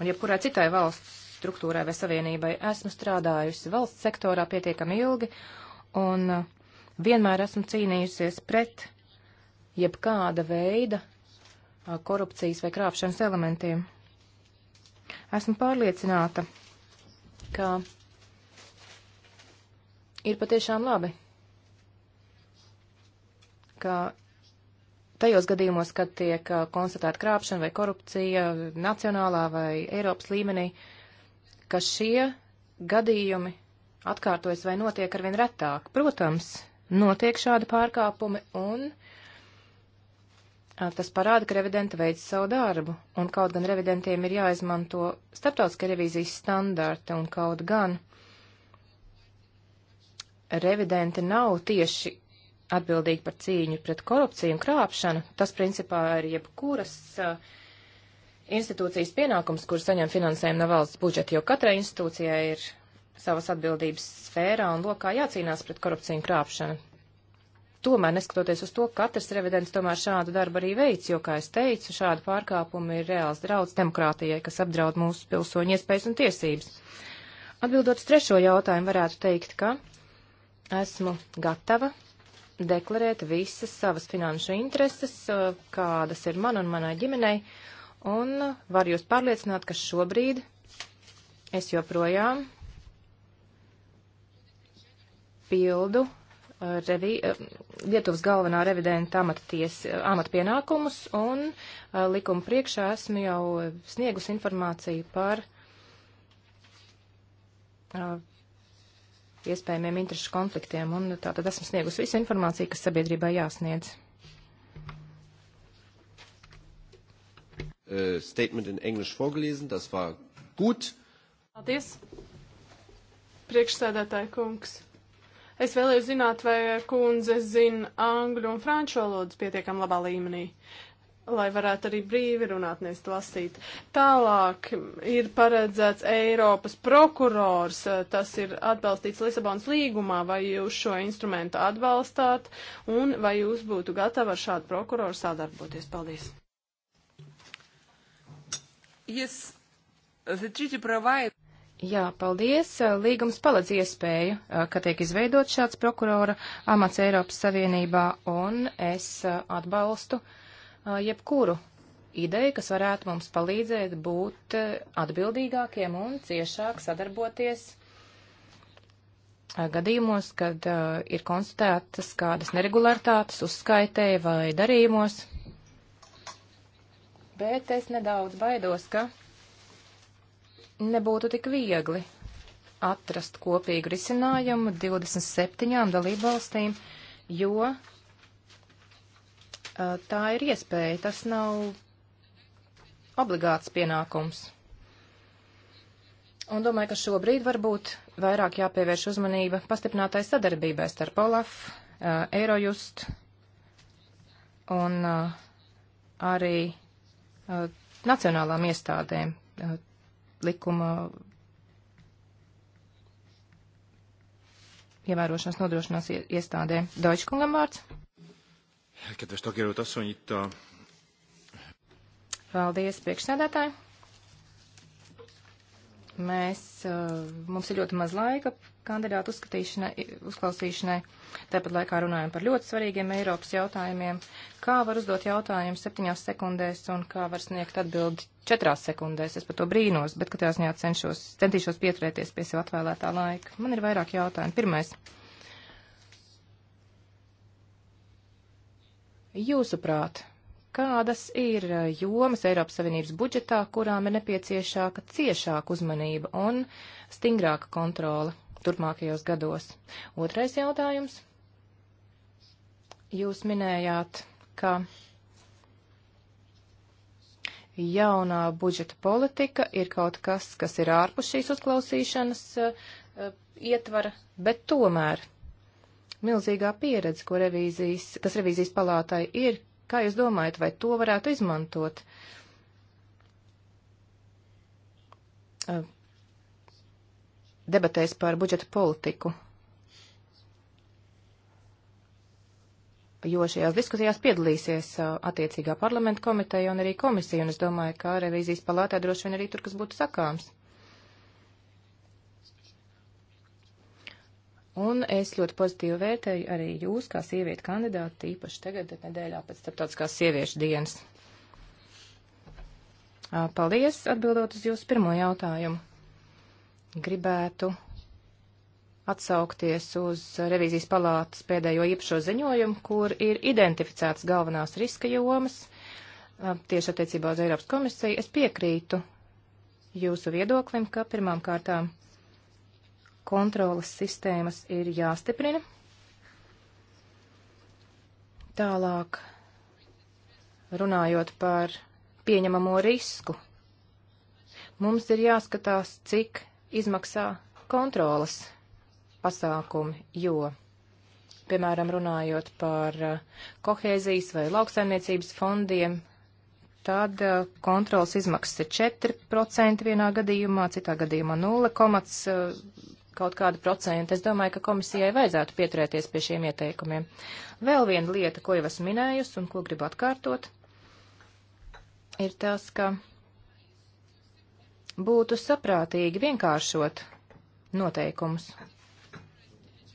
un jebkurai citai valsts struktūrai vai savienībai. Esmu strādājusi valsts sektorā pietiekami ilgi un vienmēr esmu cīnījusies pret jebkāda veida korupcijas vai krāpšanas elementiem. Esmu pārliecināta, ka ir patiešām labi ka tajos gadījumos, kad tiek uh, konstatēta krāpšana vai korupcija nacionālā vai Eiropas līmenī, ka šie gadījumi atkārtojas vai notiek arvien retāk. Protams, notiek šādi pārkāpumi un uh, tas parāda, ka revidenta veids savu darbu, un kaut gan revidentiem ir jāizmanto starptautiskie revīzijas standarti, un kaut gan revidenti nav tieši atbildīgi par cīņu pret korupciju un krāpšanu, tas principā ir jebkuras uh, institūcijas pienākums, kur saņem finansējumu no valsts budžeta, jo katrai institūcijai ir savas atbildības sfērā un lokā jācīnās pret korupciju un krāpšanu. Tomēr, neskatoties uz to, katrs revidents tomēr šādu darbu arī veids, jo, kā es teicu, šāda pārkāpuma ir reāls draudz demokrātijai, kas apdraud mūsu pilsoņu iespējas un tiesības. Atbildot uz trešo jautājumu, varētu teikt, ka esmu gatava deklarēt visas savas finanšu intereses, eh, kādas ir man un manai ģimenei, un var jūs pārliecināt, ka šobrīd es joprojām pildu eh, revi, eh, Lietuvas galvenā revidenta amata, ties, amata pienākumus, un likuma priekšā esmu jau sniegus informāciju par iespējamiem interešu konfliktiem, un tātad esmu sniegus visu informāciju, kas sabiedrībā jāsniedz. Uh, statement in English vorgelesen, das war gut. Paldies. Priekšsēdētāji kungs. Es vēlēju zināt, vai kundze zina angļu un franču valodas pietiekam labā līmenī lai varētu arī brīvi runāt, nevis lasīt. Tālāk ir paredzēts Eiropas prokurors, tas ir atbalstīts Lisabonas līgumā, vai jūs šo instrumentu atbalstāt, un vai jūs būtu gatavi ar šādu prokuroru sadarboties. Paldies! Yes, provide... Jā, paldies. Līgums paredz iespēju, ka tiek izveidot šāds prokurora amats Eiropas Savienībā, un es atbalstu uh, jebkuru ideju, kas varētu mums palīdzēt būt e, atbildīgākiem un ciešāk sadarboties e, gadījumos, kad uh, ir konstatētas kādas neregulārtātas uzskaitē vai darījumos. Bet es nedaudz baidos, ka nebūtu tik viegli atrast kopīgu risinājumu 27 dalībvalstīm, jo Eh, tā ir iespēja, tas nav obligāts pienākums. Un domāju, ka šobrīd varbūt vairāk jāpievērš uzmanība pastiprinātai sadarbībai starp Olaf, Eirojust eh, un eh, arī nacionālām iestādēm likuma ievērošanas nodrošinās iestādēm. Deutschkungam vārds. Kedves tagjelölt asszony, itt a... Paldies, priekšsēdētāji. Mēs, mums ir ļoti maz laika kandidātu uzklausīšanai. Tāpat laikā runājam par ļoti svarīgiem Eiropas jautājumiem. Kā var uzdot jautājumu septiņās sekundēs un kā var sniegt atbildi četrās sekundēs? Es par to brīnos, bet katrā ziņā cenšos, centīšos pieturēties pie sev atvēlētā laika. Man ir vairāk jautājumu. Pirmais. Jūsuprāt, kādas ir eh, jomas Eiropas Savienības budžetā, kurām ir nepieciešāka ciešāka uzmanība un stingrāka kontrola turpmākajos gados? Otrais jautājums. Jūs minējāt, ka jaunā budžeta politika ir kaut kas, kas ir ārpus šīs uzklausīšanas uh, ietvara, bet tomēr milzīgā pieredze, ko revīzijas, kas revīzijas palātai ir. Kā jūs domājat, vai to varētu izmantot? Debatēs par budžeta politiku. Jo šajās diskusijās piedalīsies attiecīgā parlamenta komiteja un arī komisija, un es domāju, ka revīzijas palātē droši vien arī tur, kas būtu sakāms. Un es ļoti pozitīvi vērtēju arī jūs, kā sievieti kandidāti, īpaši tagad, nedēļā pēc starptautiskās sieviešu dienas. Paldies, atbildot uz jūsu pirmo jautājumu. Gribētu atsaukties uz revīzijas palātas pēdējo īpašo ziņojumu, kur ir identificētas galvenās riska jomas tieši attiecībā uz Eiropas komisiju. Es piekrītu jūsu viedoklim, ka pirmām kārtām kontrolas sistēmas ir jāstiprina. Tālāk, runājot par pieņemamo risku, mums ir jāskatās, cik izmaksā kontrolas pasākumi, jo, piemēram, runājot par uh, kohēzijas vai lauksaimniecības fondiem, tad uh, kontrolas izmaksas ir 4% vienā gadījumā, citā gadījumā 0, kaut kādu procentu. Es domāju, ka komisijai vajadzētu pieturēties pie šiem ieteikumiem. Vēl viena lieta, ko jau esmu minējusi un ko gribu atkārtot, ir tas, ka būtu saprātīgi vienkāršot noteikumus.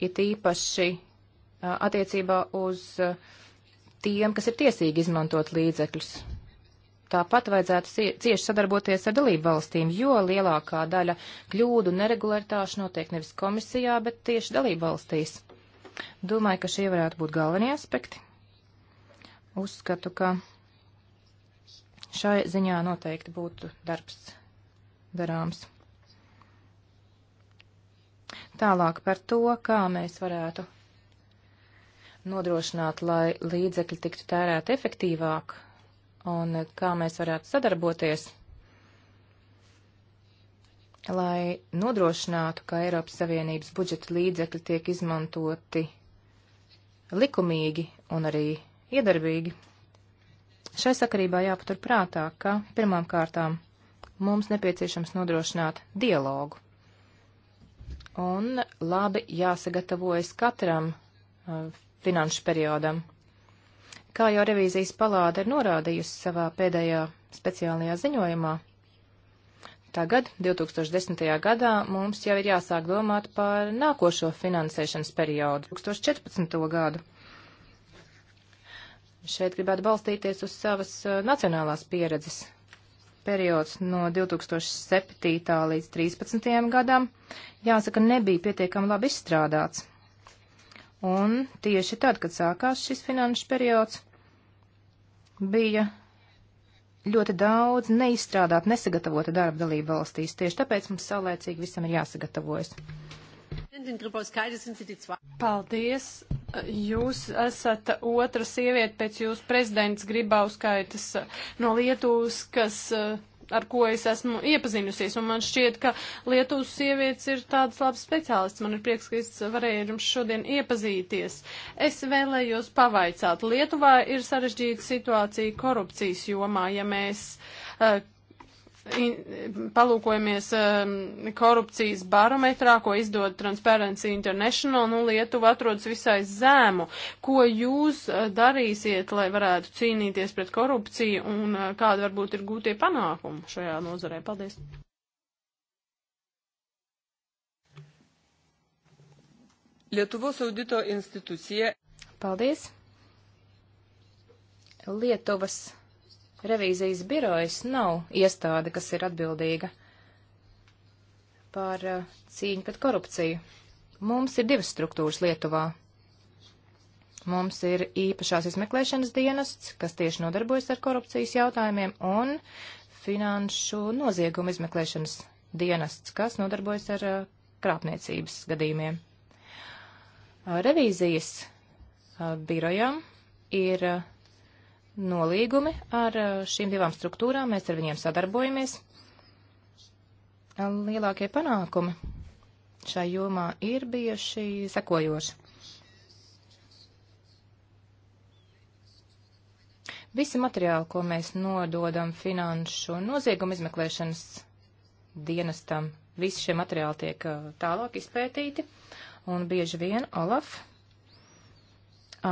It īpaši attiecībā uz tiem, kas ir tiesīgi izmantot līdzekļus. Tāpat vajadzētu cieši sadarboties ar dalību valstīm, jo lielākā daļa kļūdu neregularitāšu notiek nevis komisijā, bet tieši dalību valstīs. Domāju, ka šie varētu būt galvenie aspekti. Uzskatu, ka šai ziņā noteikti būtu darbs darāms. Tālāk par to, kā mēs varētu nodrošināt, lai līdzekļi tiktu tērēti efektīvāk un eh, kā mēs varētu sadarboties, lai nodrošinātu, ka Eiropas Savienības budžeta līdzekļi tiek izmantoti likumīgi un arī iedarbīgi. Šai sakarībā jāpatur prātā, ka pirmām kārtām mums nepieciešams nodrošināt dialogu. Un labi jāsagatavojas katram uh, finanšu periodam. Kā jau revīzijas palāda ir norādījusi savā pēdējā speciālajā ziņojumā, tagad, 2010. gadā, mums jau ir jāsāk domāt par nākošo finansēšanas periodu, 2014. gadu. Šeit gribētu balstīties uz savas uh, nacionālās pieredzes. Periods no 2007. līdz 2013. gadam, jāsaka, nebija pietiekami labi izstrādāts Un tieši tad, kad sākās šis finanšu periods, bija ļoti daudz neizstrādāt, nesagatavota darba dalība valstīs. Tieši tāpēc mums saulēcīgi visam ir jāsagatavojas. Paldies! Jūs esat otra sieviete pēc jūsu prezidents Gribauskaitas no Lietuvas, kas uh, ar ko es esmu iepazinusies, un man šķiet, ka Lietuvas sievietes ir tādas labas speciālistas. Man ir prieks, ka es varēju jums šodien iepazīties. Es vēlējos pavaicāt. Lietuvā ir sarežģīta situācija korupcijas jomā, ja mēs uh, in, palūkojamies um, korupcijas barometrā, ko izdod Transparency International, nu Lietuva atrodas visai zēmu. Ko jūs uh, darīsiet, lai varētu cīnīties pret korupciju un uh, kāda varbūt ir gūtie panākumi šajā nozarē? Paldies! Lietuvos audito institūcija. Paldies! Lietuvas Revīzijas birojas nav iestāde, kas ir atbildīga par eh, cīņu pret korupciju. Mums ir divas struktūras Lietuvā. Mums ir īpašās izmeklēšanas dienests, kas tieši nodarbojas ar korupcijas jautājumiem, un finanšu noziegumu izmeklēšanas dienests, kas nodarbojas ar eh, krāpniecības gadījumiem. Eh, revīzijas birojam ir nolīgumi ar uh, šīm divām struktūrām, mēs ar viņiem sadarbojamies. Lielākie panākumi šai jomā ir bijuši sekojoši. Visi materiāli, ko mēs nododam finanšu noziegumu izmeklēšanas dienestam, visi šie materiāli tiek uh, tālāk izpētīti, un bieži vien Olaf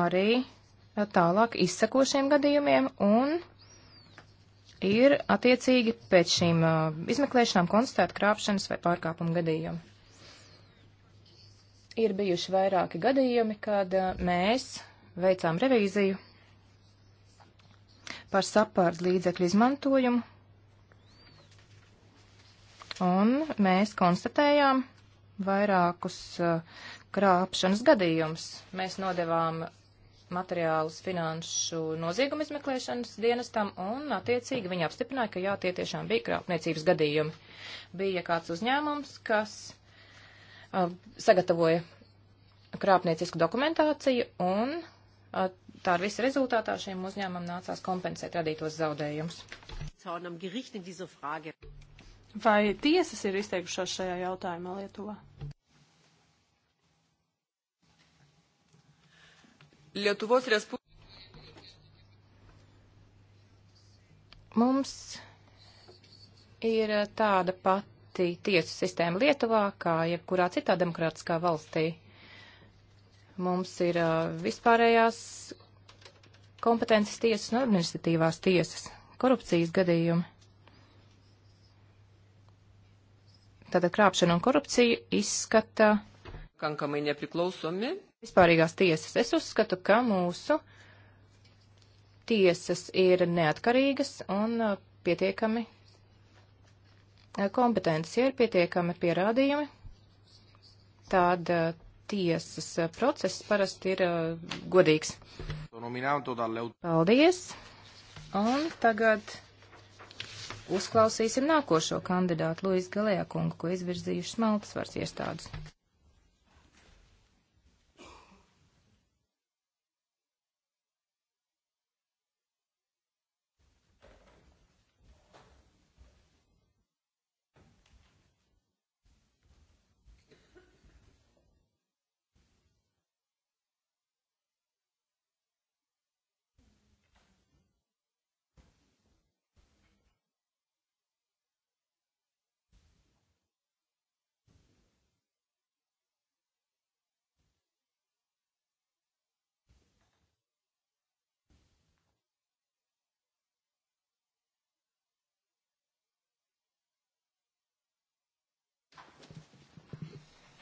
arī tālāk izsako šiem gadījumiem un ir attiecīgi pēc šīm uh, izmeklēšanām konstatēt krāpšanas vai pārkāpumu gadījumu. Ir bijuši vairāki gadījumi, kad uh, mēs veicām revīziju par sapārdu līdzekļu izmantojumu, un mēs konstatējām vairākus uh, krāpšanas gadījumus. Mēs nodevām materiālus finanšu noziegumu izmeklēšanas dienestam, un attiecīgi viņi apstiprināja, ka jā, tie tiešām bija krāpniecības gadījumi. Bija kāds uzņēmums, kas uh, sagatavoja krāpniecisku dokumentāciju, un uh, tā ar visu rezultātā šiem uzņēmumam nācās kompensēt radītos zaudējumus. Vai tiesas ir izteikušās šajā jautājumā Lietuvā? Lietuvos Respublikos. Mums ir eh, tāda pati tiesu sistēma Lietuvā, kā jebkurā citā demokrātiskā valstī. Mums ir eh, vispārējās kompetences tiesas un administratīvās tiesas, korupcijas gadījumi. Tātad krāpšana un korupcija izskata. Kankamai nepriklausomi vispārīgās tiesas. Es uzskatu, ka mūsu tiesas ir neatkarīgas un uh, pietiekami uh, kompetentas. Ja ir pietiekami pierādījumi, tad uh, tiesas process parasti ir godīgs. Paldies! Un tagad uzklausīsim nākošo kandidātu Luisu Galējā kungu, ko izvirzījuši smaltas varas iestādes.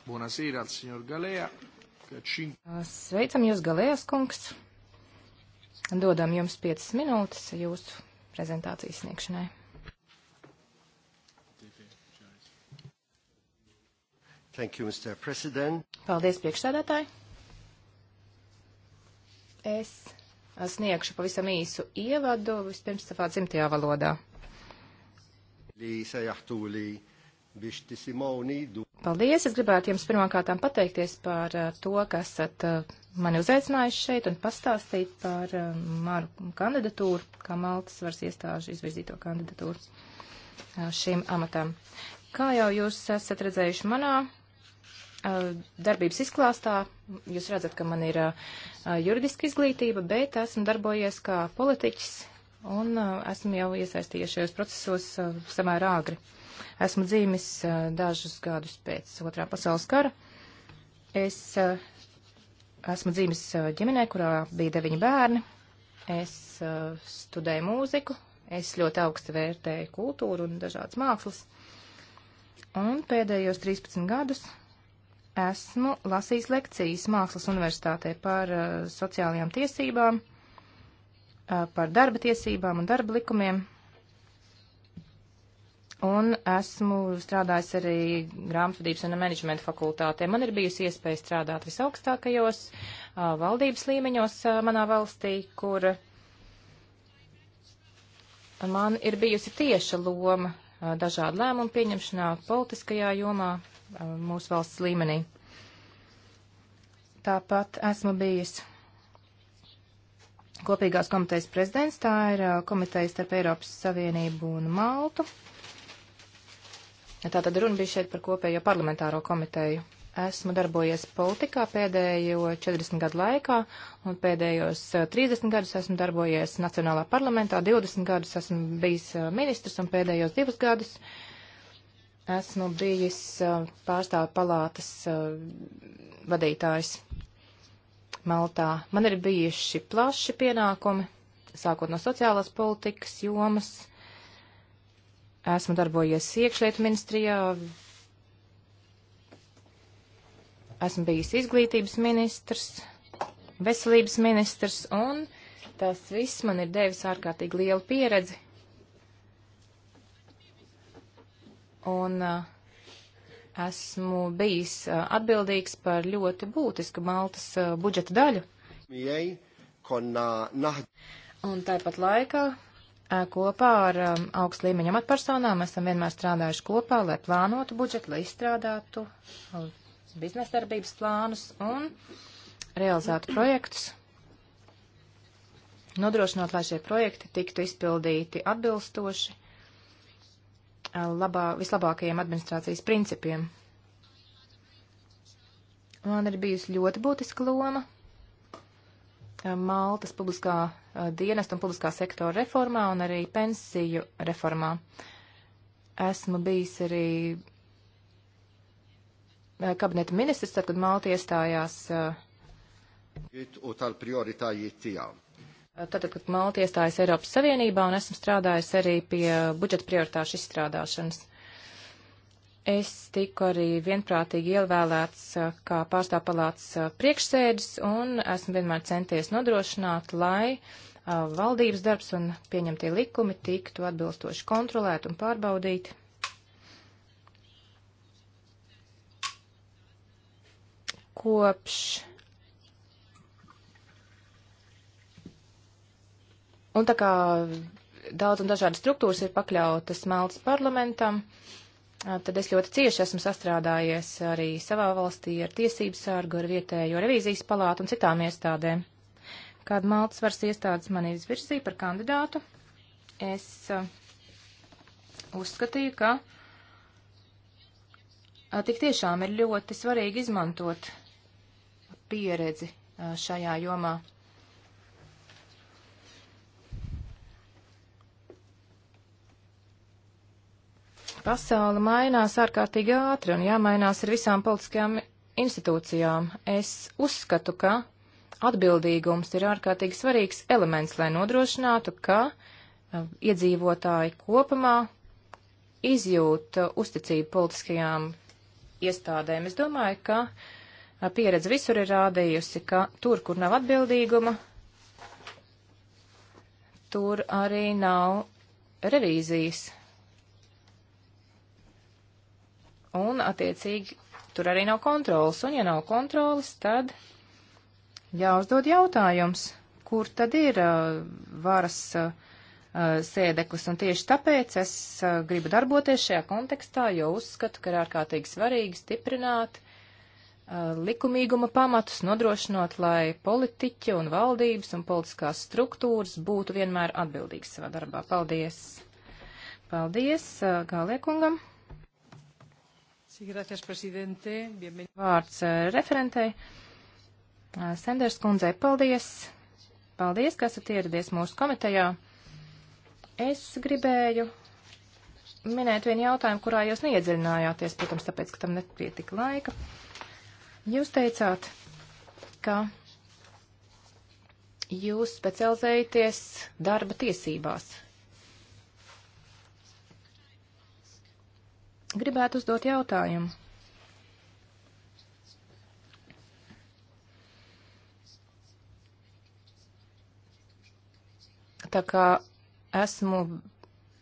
Buonasera al signor Galea. Sveicam jūs, Galējas kungs. Dodam jums 5 minūtes jūsu prezentācijas sniegšanai. Thank you, Mr. President. Paldies, priekšsēdētāji. Es sniegšu pavisam īsu ievadu vispirms savā dzimtajā valodā. Lī sajahtu lī bišti Simoni du. Paldies! Es gribētu jums pirmkārtām pateikties par eh, to, ka esat eh, mani uzaicinājuši šeit un pastāstīt par eh, manu kandidatūru, kā Maltas varas iestāžu izvirzīto kandidatūru šīm amatām. Kā jau jūs esat redzējuši manā darbības izklāstā, jūs redzat, ka man ir juridiska izglītība, bet esmu darbojies kā politiķis un esmu jau iesaistījies šajos procesos samērā āgri. Esmu dzīvis dažus gadus pēc otrā pasaules kara. Es esmu dzīvis ģimenē, kurā bija deviņi bērni. Es studēju mūziku, es ļoti augstu vērtēju kultūru un dažādas mākslas. Un pēdējos 13 gadus esmu lasījis lekcijas Mākslas universitātē par uh, sociālajām tiesībām, uh, par darba tiesībām un darba likumiem. Un esmu strādājis arī grāmatvedības un menedžmenta fakultātē. Man ir bijusi iespēja strādāt visaugstākajos a, valdības līmeņos a, manā valstī, kur man ir bijusi tieša loma a, dažādu lēmumu pieņemšanā politiskajā jomā mūsu valsts līmenī. Tāpat esmu bijis kopīgās komitejas prezidents, tā ir komitejas starp Eiropas Savienību un Maltu. Uh, Tātad runa bija šeit par kopējo parlamentāro komiteju. Esmu darbojies politikā pēdējo 40 gadu laikā, un pēdējos 30 eh, gadus esmu darbojies Nacionālā parlamentā, 20 gadus esmu bijis eh, ministrs, un pēdējos divus gadus esmu bijis eh, pārstāvu palātas vadītājs Maltā. Man ir bijuši plaši pienākumi, sākot no sociālās politikas jomas Esmu darbojies iekšlietu ministrijā, esmu bijis izglītības ministrs, veselības ministrs, un tas viss man ir devis ārkārtīgi lielu pieredzi. Un uh, esmu bijis uh, atbildīgs par ļoti būtisku Maltas uh, budžeta daļu. Un tāpat laikā kopā ar um, augstu līmeņa amatpersonām esam vienmēr strādājuši kopā, lai plānotu budžetu, lai izstrādātu um, uh, biznesa darbības plānus un realizētu projektus, nodrošinot, lai šie projekti tiktu izpildīti atbilstoši labā, vislabākajiem administrācijas principiem. Man ir bijusi ļoti būtiska loma Eh, Maltas publiskā eh, dienesta un publiskā sektora reformā un arī pensiju reformā. Esmu bijis arī eh, kabineta ministrs, tad, kad Malta iestājās. Tātad, kad Malta iestājas Eiropas Savienībā un esmu strādājis arī pie budžeta prioritāšu izstrādāšanas. Es tiku arī vienprātīgi ievēlēts kā pārstāvpalāts priekšsēdis un esmu vienmēr centies nodrošināt, lai a, valdības darbs un pieņemtie likumi tiktu atbilstoši kontrolēt un pārbaudīt. Kopš Un tā kā daudz un dažādas struktūras ir pakļautas Maltas parlamentam, uh, tad es ļoti cieši esmu sastrādājies arī savā valstī ar tiesību sārgu, ar vietējo revīzijas palātu un citām iestādēm. Kad Maltas varas iestādes mani izvirzīja par kandidātu, es uh, uzskatīju, ka uh, tik tiešām ir ļoti svarīgi izmantot pieredzi uh, šajā jomā. Pasaula mainās ārkārtīgi ātri un jāmainās ar visām politiskajām institūcijām. Es uzskatu, ka atbildīgums ir ārkārtīgi svarīgs elements, lai nodrošinātu, ka uh, iedzīvotāji kopumā izjūt uh, uzticību politiskajām iestādēm. Es domāju, ka uh, pieredze visur ir rādījusi, ka tur, kur nav atbildīguma, tur arī nav revīzijas un attiecīgi tur arī nav kontrolas, un ja nav kontrolas, tad jāuzdod jautājums, kur tad ir uh, varas uh, uh, sēdeklis, un tieši tāpēc es uh, gribu darboties šajā kontekstā, jo uzskatu, ka ir ārkārtīgi svarīgi stiprināt uh, likumīguma pamatus, nodrošinot, lai politiķi un valdības un politiskās struktūras būtu vienmēr atbildīgas savā darbā. Paldies! Paldies uh, Gāliekungam! Vārds eh, referentei. Eh, Senders kundzei, paldies! Paldies, ka esat ieradies mūsu komitejā. Es gribēju minēt vienu jautājumu, kurā jūs neiedziļinājāties, protams, tāpēc, ka tam nepietika laika. Jūs teicāt, ka jūs specializējaties darba tiesībās. Gribētu uzdot jautājumu. Tā kā esmu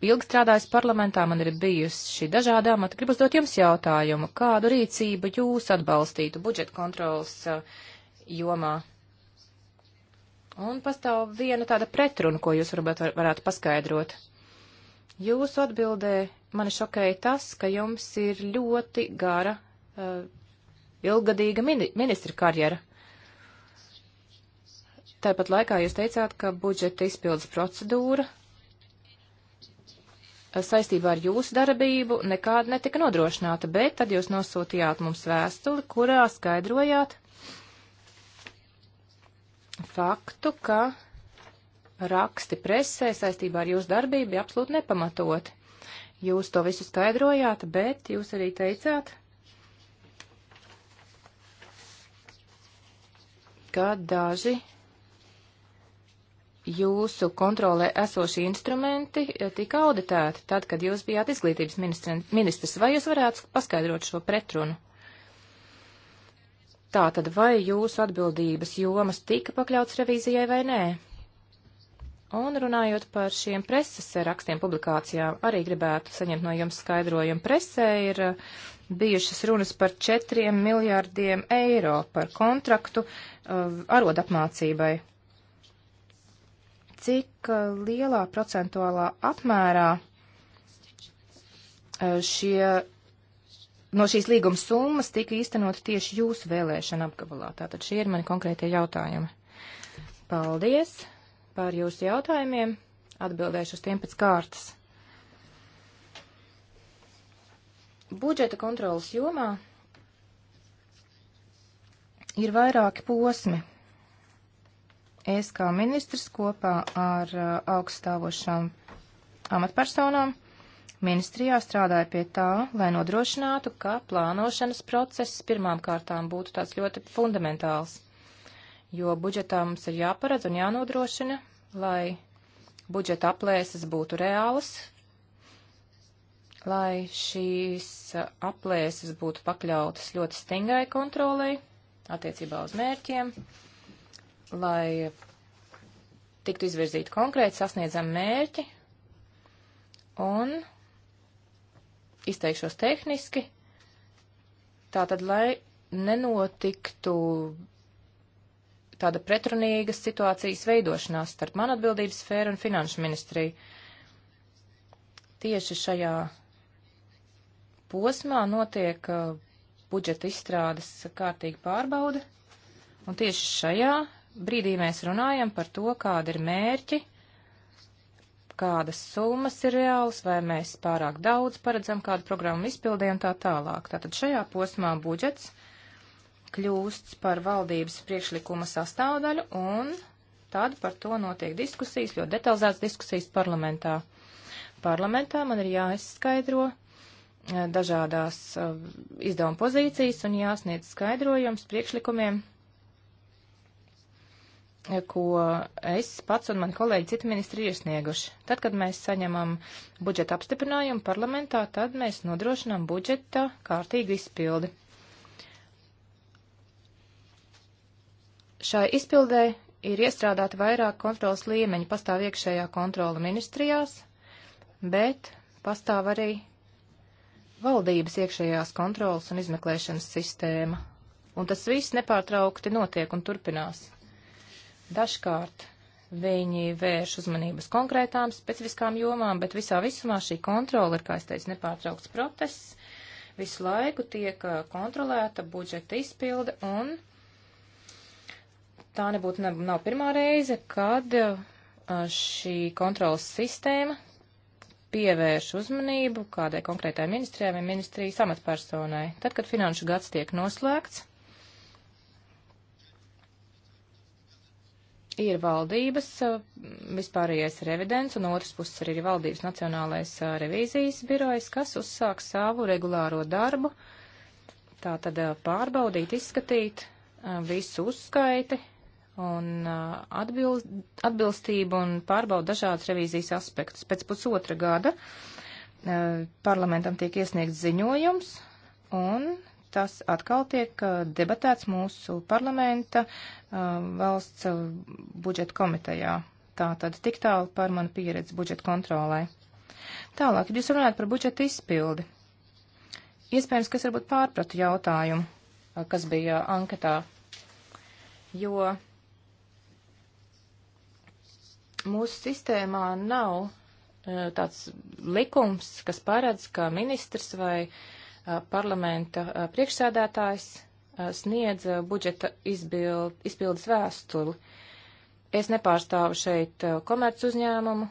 ilgi strādājis parlamentā, man ir bijusi dažādi amati, gribu uzdot jums jautājumu, kādu rīcību jūs atbalstītu budžeta kontrolas uh, jomā? Un pastāv viena tāda pretruna, ko jūs varbūt var, varētu paskaidrot. Jūsu atbildē mani šokēja tas, ka jums ir ļoti gara, uh, ilgadīga mini ministra karjera. Tāpat laikā jūs teicāt, ka budžeta izpildes procedūra eh, saistībā ar jūsu darbību nekāda netika nodrošināta, bet tad jūs nosūtījāt mums vēstuli, kurā skaidrojāt faktu, ka raksti presē saistībā ar jūsu darbību bija absolūti nepamatot. Jūs to visu skaidrojāt, bet jūs arī teicāt, ka daži jūsu kontrolē esošie instrumenti eh, tika auditēti tad, kad jūs bijāt izglītības ministrs. Vai jūs varētu paskaidrot šo pretrunu? Tātad, vai jūsu atbildības jomas tika pakļauts revīzijai vai nē? Un runājot par šiem preses rakstiem publikācijām, arī gribētu saņemt no jums skaidrojumu. Presē ir eh, bijušas runas par 4 miljārdiem eiro par kontraktu uh, arodapmācībai. Cik uh, lielā procentuālā apmērā uh, šie, no šīs līguma summas tika īstenot tieši jūsu vēlēšana apgabalā? Tātad šie ir mani konkrētie jautājumi. Paldies! par jūsu jautājumiem. Atbildēšu uz tiem pēc kārtas. Budžeta kontrolas jomā ir vairāki posmi. Es kā ministrs kopā ar uh, augststāvošām amatpersonām ministrijā strādāju pie tā, lai nodrošinātu, ka plānošanas process pirmām kārtām būtu tāds ļoti fundamentāls jo budžetā mums ir jāparedz un jānodrošina, lai budžeta aplēses būtu reālas, lai šīs aplēses būtu pakļautas ļoti stingrai kontrolei attiecībā uz mērķiem, lai tiktu izvirzīti konkrēti sasniedzami mērķi un izteikšos tehniski, tātad, lai nenotiktu tāda pretrunīgas situācijas veidošanās starp man atbildības sfēru un finanšu ministriju. Tieši šajā posmā notiek uh, budžeta izstrādes kārtīga pārbauda, un tieši šajā brīdī mēs runājam par to, kāda ir mērķi, kādas summas ir reāls, vai mēs pārāk daudz paredzam kādu programmu izpildē un tā tālāk. Tātad šajā posmā budžets uh, kļūsts par valdības priekšlikuma sastāvdaļu un tad par to notiek diskusijas, ļoti detalizētas diskusijas parlamentā. Parlamentā man ir jāizskaidro eh, dažādās eh, izdevuma pozīcijas un jāsniedz skaidrojums priekšlikumiem, eh, ko es pats un mani kolēģi citi ministri ir snieguši. Tad, kad mēs saņemam budžeta apstiprinājumu parlamentā, tad mēs nodrošinām budžeta kārtīgu izpildi. Šai izpildē ir iestrādāti vairāk kontrolas līmeņi. Pastāv iekšējā kontrola ministrijās, bet pastāv arī valdības iekšējās kontrolas un izmeklēšanas sistēma. Un tas viss nepārtraukti notiek un turpinās. Dažkārt viņi vērš uzmanības konkrētām specifiskām jomām, bet visā visumā šī kontrola ir, kā es teicu, nepārtraukts process. Visu laiku tiek kontrolēta budžeta izpilde un tā nebūtu ne, nav pirmā reize, kad šī kontrolas sistēma pievērš uzmanību kādai konkrētai ministrijai vai ministrijas amatpersonai. Tad, kad finanšu gads tiek noslēgts, ir valdības vispārējais revidents un otrs puses arī ir valdības nacionālais revīzijas birojs, kas uzsāk savu regulāro darbu, tā tad pārbaudīt, izskatīt visu uzskaiti un uh, atbilst, atbilstību un pārbauda dažādas revīzijas aspektus. Pēc pusotra gada uh, parlamentam tiek iesniegts ziņojums, un tas atkal tiek uh, debatēts mūsu parlamenta valsts budžeta komitejā. Tā tad tik tālu par manu pieredzi budžeta kontrolē. Tālāk, kad jūs runājat par budžeta izpildi, iespējams, ka es varbūt pārpratu jautājumu, kas bija anketā, jo Mūsu sistēmā nav e, tāds likums, kas paredz, ka ministrs vai e, parlamenta e, priekšsēdētājs sniedz budžeta izbild, izpildes vēstuli. Es nepārstāvu šeit komerc uzņēmumu,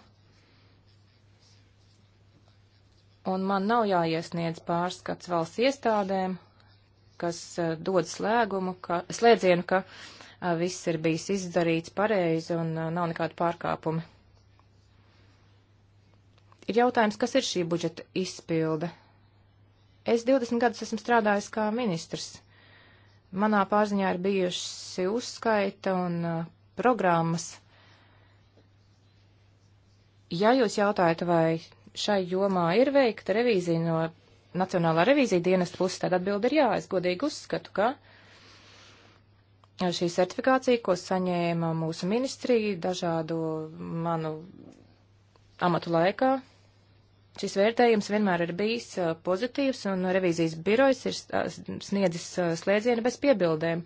un man nav jāiesniedz pārskats valsts iestādēm, kas dod slēgumu, ka, slēdzienu, ka uh, viss ir bijis izdarīts pareizi un nav nekāda pārkāpuma. Ir jautājums, kas ir šī budžeta izpilde? Es 20 gadus esmu strādājis kā ministrs. Manā pārziņā ir bijuši uzskaita un programmas. Ja jūs jautājat, vai šai jomā ir veikta revīzija no Nacionālā revīzija dienesta puses, tad atbildi ir jā. Es godīgi uzskatu, ka uh, šī certifikācija, ko saņēma mūsu ministrija dažādu manu amatu laikā. Šis vērtējums vienmēr ir bijis uh, pozitīvs, un revīzijas birojs ir uh, sniedzis uh, slēdzienu bez piebildēm.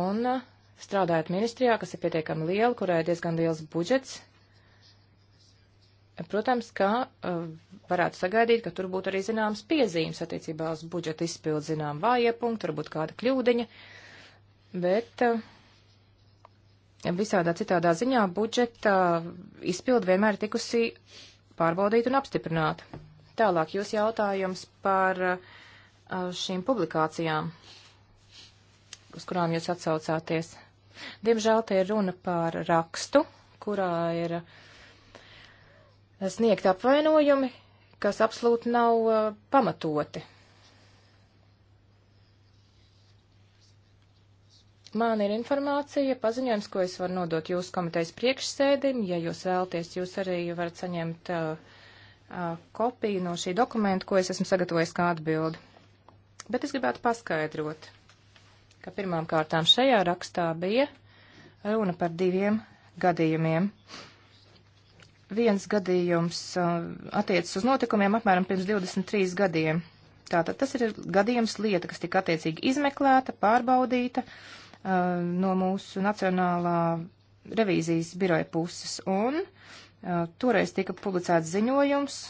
Un strādājot ministrijā, kas ir pietiekami liela, kurai ir diezgan liels budžets, Protams, ka uh, varētu sagaidīt, ka tur būtu arī zināmas piezīmes attiecībā uz budžeta izpildu zinām vājie punkti, varbūt kāda kļūdiņa, bet uh, visādā citādā ziņā budžeta eh, izpildu vienmēr tikusi pārbaudīta un apstiprināta. Tālāk jūs jautājums par uh, šīm publikācijām, uz kurām jūs atsaucāties. Diemžēl te ir runa par rakstu, kurā ir uh, sniegt apvainojumi, kas absolūti nav uh, pamatoti. Man ir informācija, paziņojums, ko es varu nodot jūsu komitejas priekšsēdim. Ja jūs vēlties, jūs arī varat saņemt uh, uh, kopiju no šī dokumenta, ko es esmu sagatavojis kā atbildi. Bet es gribētu paskaidrot, ka pirmām kārtām šajā rakstā bija runa par diviem gadījumiem. Uh, viens gadījums uh, attiecas uz notikumiem apmēram pirms 23 gadiem. Tātad tas ir gadījums lieta, kas tika attiecīgi izmeklēta, pārbaudīta uh, no mūsu Nacionālā revīzijas biroja puses. Un uh, toreiz tika publicēts ziņojums,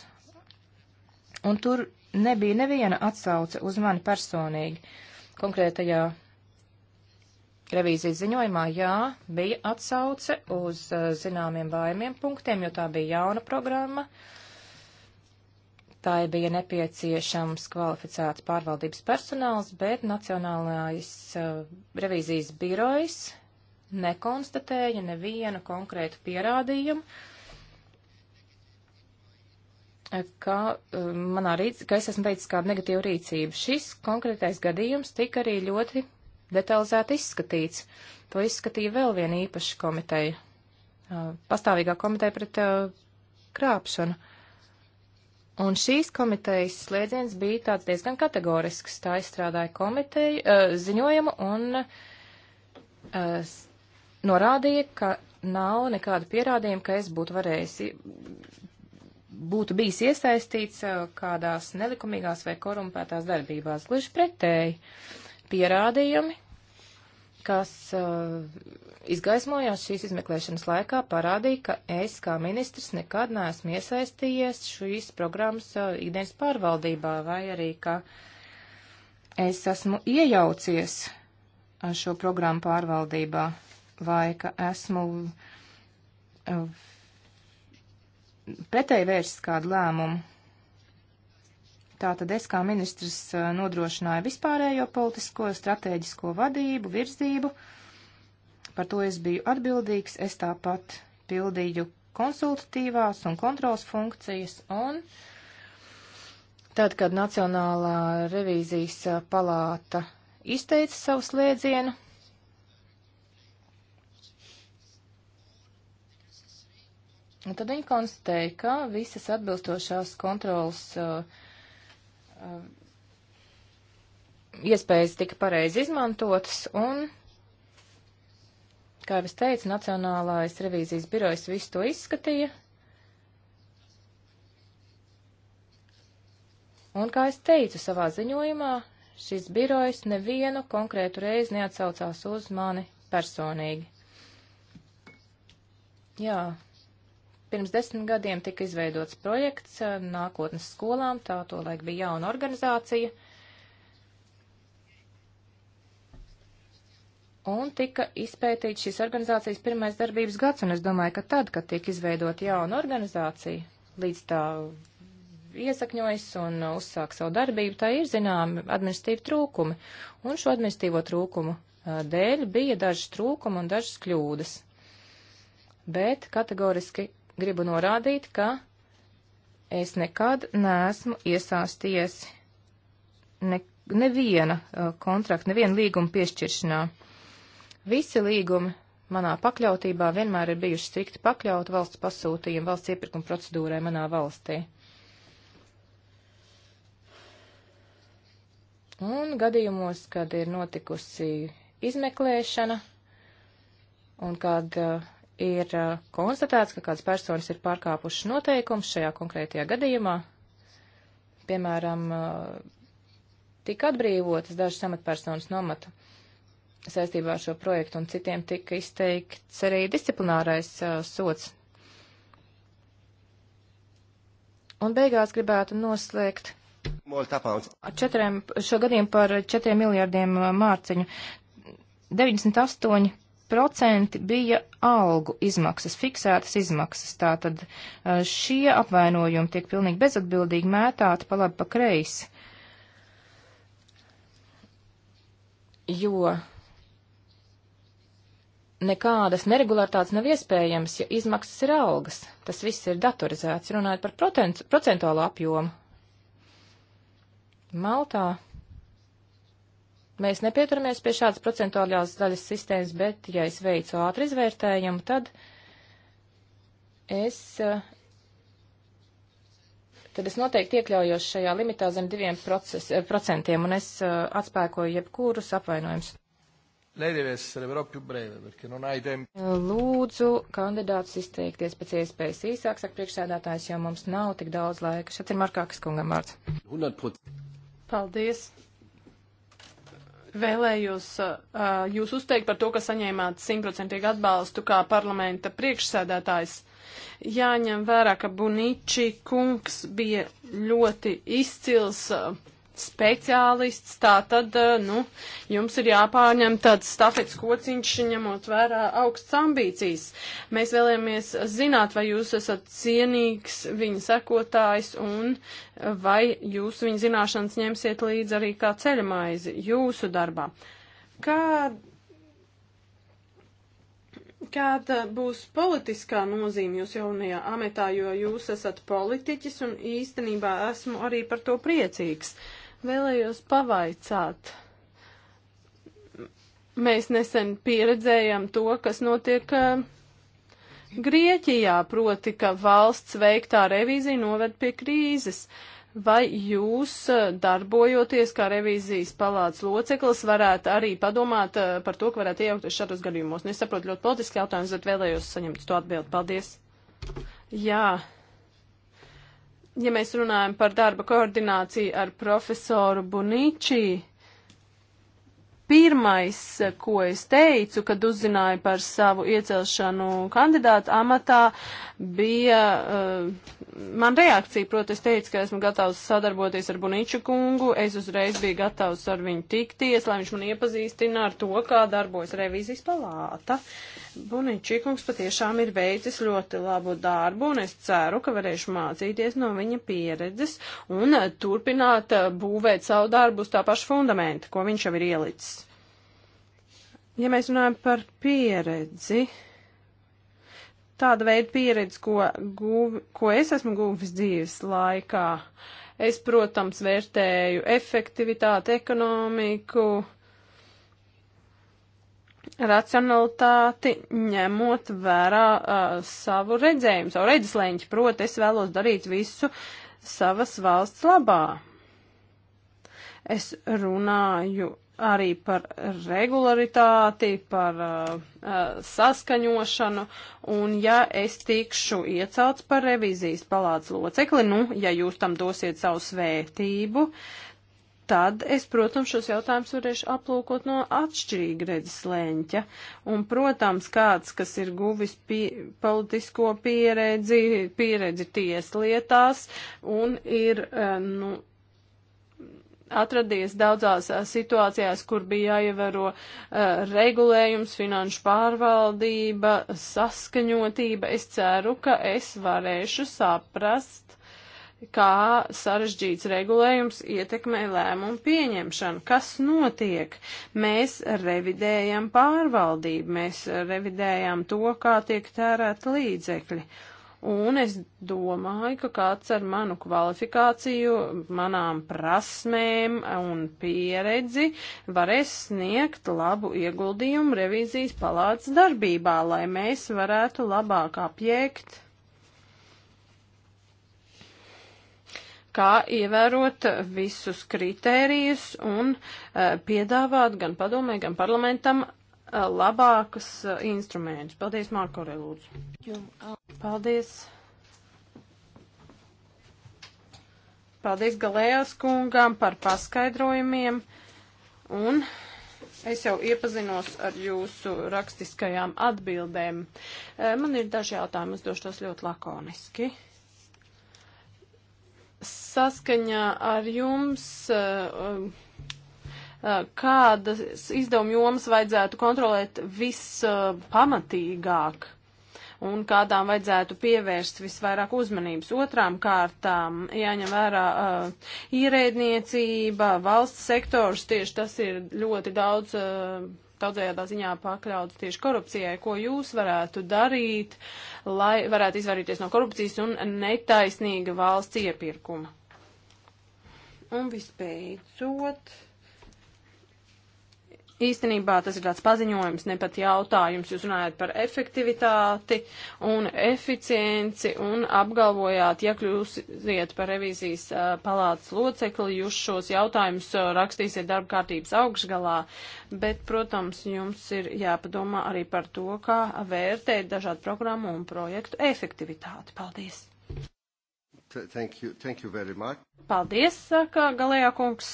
un tur nebija neviena atsauce uz mani personīgi konkrētajā Revīzijas ziņojumā, jā, bija atsauce uz zināmiem bājumiem punktiem, jo tā bija jauna programma. Tā bija nepieciešams kvalificēts pārvaldības personāls, bet Nacionālais uh, revīzijas birojs nekonstatēja nevienu konkrētu pierādījumu, ka, uh, manā rīc, ka es esmu veicis kādu negatīvu rīcību. Šis konkrētais gadījums tika arī ļoti detalizēti izskatīts. To izskatīja vēl viena īpaša komiteja, pastāvīgā komiteja pret krāpšanu. Un šīs komitejas slēdziens bija tāds diezgan kategorisks. Tā izstrādāja komiteju ziņojumu un norādīja, ka nav nekāda pierādījuma, ka es būtu varējis, būtu bijis iesaistīts kādās nelikumīgās vai korumpētās darbībās. Gluži pretēji. Uh, pierādījumi, kas uh, izgaismojās šīs izmeklēšanas laikā, parādīja, ka es kā ministrs nekad neesmu iesaistījies šīs programmas uh, ikdienas pārvaldībā, vai arī, ka es esmu iejaucies uh, šo programmu pārvaldībā, vai ka esmu uh, pretēji vērsts kādu lēmumu Tātad es kā ministrs nodrošināju vispārējo politisko, strateģisko vadību, virzību. Par to es biju atbildīgs. Es tāpat pildīju konsultatīvās un kontrols funkcijas. Un tad, kad Nacionālā revīzijas palāta izteica savu slēdzienu, Un tad viņi konstatēja, ka visas atbilstošās kontrolas uh, Uh, iespējas tika pareizi izmantotas un, kā jau es teicu, Nacionālais revīzijas birojs visu to izskatīja. Un, kā es teicu savā ziņojumā, šis birojs nevienu konkrētu reizi neatsaucās uz mani personīgi. Jā, Pirms desmit gadiem tika izveidots projekts eh, nākotnes skolām, tā to laik bija jauna organizācija. Un tika izpētīts šīs organizācijas pirmais darbības gads, un es domāju, ka tad, kad tiek izveidot jauna organizācija, līdz tā iesakņojas un uzsāk savu darbību, tā ir zināmi administratīvi trūkumi. Un šo administratīvo trūkumu eh, dēļ bija dažas trūkumi un dažas kļūdas. Bet kategoriski gribu norādīt, ka es nekad neesmu iesāsties ne, neviena uh, kontrakta, neviena līguma piešķiršanā. Visi līgumi manā pakļautībā vienmēr ir bijuši strikti pakļauti valsts pasūtījumu, valsts iepirkuma procedūrai manā valstī. Un gadījumos, kad ir notikusi izmeklēšana un kad uh, ir uh, konstatēts, ka kāds personas ir pārkāpušas noteikums šajā konkrētajā gadījumā, piemēram, uh, tika atbrīvotas dažas amatpersonas nomatu saistībā ar šo projektu, un citiem tika izteikts arī disciplinārais uh, sots. Un beigās gribētu noslēgt ar četriem, šo gadījumu par četriem miljārdiem uh, mārciņu. 98 procenti bija algu izmaksas, fiksētas izmaksas. Tātad eh, šie apvainojumi tiek pilnīgi bezatbildīgi mētāti pa labi pa kreisi. Jo nekādas neregulārtātes nav iespējams, ja izmaksas ir algas. Tas viss ir datorizēts, runājot par procentu, procentuālo apjomu. Maltā Mēs nepieturamies pie šādas procentuālās daļas sistēmas, bet, ja es veicu ātri izvērtējumu, tad es, eh, tad es noteikti iekļaujos šajā limitā zem diviem proces, eh, procentiem, un es eh, atspēkoju jebkurus apvainojumus. Nu Lūdzu, kandidātus izteikties pēc iespējas īsāk, saka priekšsēdētājs, jo mums nav tik daudz laika. Šeit ir Markākas kungam vārds. Paldies! vēlējos uh, jūs uzteikt par to, ka saņēmāt simtprocentīgu atbalstu kā parlamenta priekšsēdētājs. Jāņem vērā, ka Buniči kungs bija ļoti izcils uh, speciālists, tā tad, eh, nu, jums ir jāpārņem tāds stafets kociņš, ņemot vērā augsts ambīcijas. Mēs vēlamies zināt, vai jūs esat cienīgs viņa sekotājs un vai jūs viņa zināšanas ņemsiet līdzi arī kā ceļamaizi jūsu darbā. Kā, kāda būs politiskā nozīme jūs jaunajā ametā, jo jūs esat politiķis un īstenībā esmu arī par to priecīgs. Uh, Vēlējos pavaicāt. Mēs nesen pieredzējām to, kas notiek uh, Grieķijā, proti, ka valsts veiktā revīzija noved pie krīzes. Vai jūs, eh, darbojoties kā revīzijas palāts loceklis, varētu arī padomāt eh, par to, ka varētu iejaukties šādos gadījumos? Nu, es saprotu ļoti politiski jautājums, bet vēlējos saņemt to atbildi. Paldies! Jā, ja mēs runājam par darba koordināciju ar profesoru Buničī, pirmais, ko es teicu, kad uzzināju par savu iecelšanu kandidātu amatā, bija uh, man reakcija, proti, es teicu, ka esmu gatavs sadarboties ar Buniču kungu, es uzreiz biju gatavs ar viņu tikties, lai viņš man iepazīstina ar to, kā darbojas revīzijas palāta. Uh, Buničīkungs patiešām ir veicis ļoti labu darbu, un es ceru, ka varēšu mācīties no viņa pieredzes un turpināt būvēt savu darbu uz tā paša fundamenta, ko viņš jau ir ielicis. Ja mēs runājam par pieredzi, tāda veida pieredzi, ko, guvi, ko es esmu guvis dzīves laikā, es, protams, vērtēju efektivitāti, ekonomiku, uh, racionalitāti ņemot vērā uh, savu redzējumu, savu redzeslēņķi, proti es vēlos darīt visu savas valsts labā. Es runāju arī par regularitāti, par uh, saskaņošanu, un ja es tikšu iecelts par revizijas palāts locekli, nu, ja jūs tam dosiet savu svētību, uh, tad es, protams, šos jautājumus varēšu aplūkot no atšķirīga redzes lēņķa. Un, protams, kāds, kas ir guvis pie, politisko pieredzi, pieredzi tieslietās un ir, eh, nu, atradies daudzās eh, situācijās, kur bija jāievēro uh, regulējums, finanšu pārvaldība, saskaņotība. Es ceru, ka es varēšu saprast, kā sarežģīts regulējums ietekmē lēmumu pieņemšanu, kas notiek. Mēs revidējam pārvaldību, mēs revidējam to, kā tiek tērēta līdzekļi. Un es domāju, ka kāds ar manu kvalifikāciju, manām prasmēm un pieredzi varēs sniegt labu ieguldījumu revīzijas palātas darbībā, lai mēs varētu labāk apjēgt kā ievērot visus kritērijus un eh, piedāvāt gan padomē, gan parlamentam eh, labākus eh, instrumentus. Paldies, Mārko Relūdzu. Paldies. Paldies Galējās kungām par paskaidrojumiem. Un Es jau iepazinos ar jūsu rakstiskajām atbildēm. Man ir daži jautājumi, uzdošos ļoti lakoniski saskaņā ar jums, eh, eh, kādas izdevuma jomas vajadzētu kontrolēt vispamatīgāk un kādām vajadzētu pievērst visvairāk uzmanības. Otrām kārtām jāņem vērā uh, eh, īrēdniecība, valsts sektors, tieši tas ir ļoti daudz. Uh, daudzējādā ziņā pakļauts tieši korupcijai, ko jūs varētu darīt, lai varētu izvairīties no korupcijas un netaisnīga valsts iepirkuma. Un vispēcot, īstenībā tas ir tāds paziņojums, ne pat jautājums, jūs runājat par efektivitāti un eficienci un apgalvojāt, ja kļūsiet par revīzijas palātas locekli, jūs šos jautājumus rakstīsiet darba kārtības augšgalā, bet, protams, jums ir jāpadomā arī par to, kā vērtēt dažādu programmu un projektu efektivitāti. Paldies! Thank you, thank you very much. Paldies, saka Galējā kungs.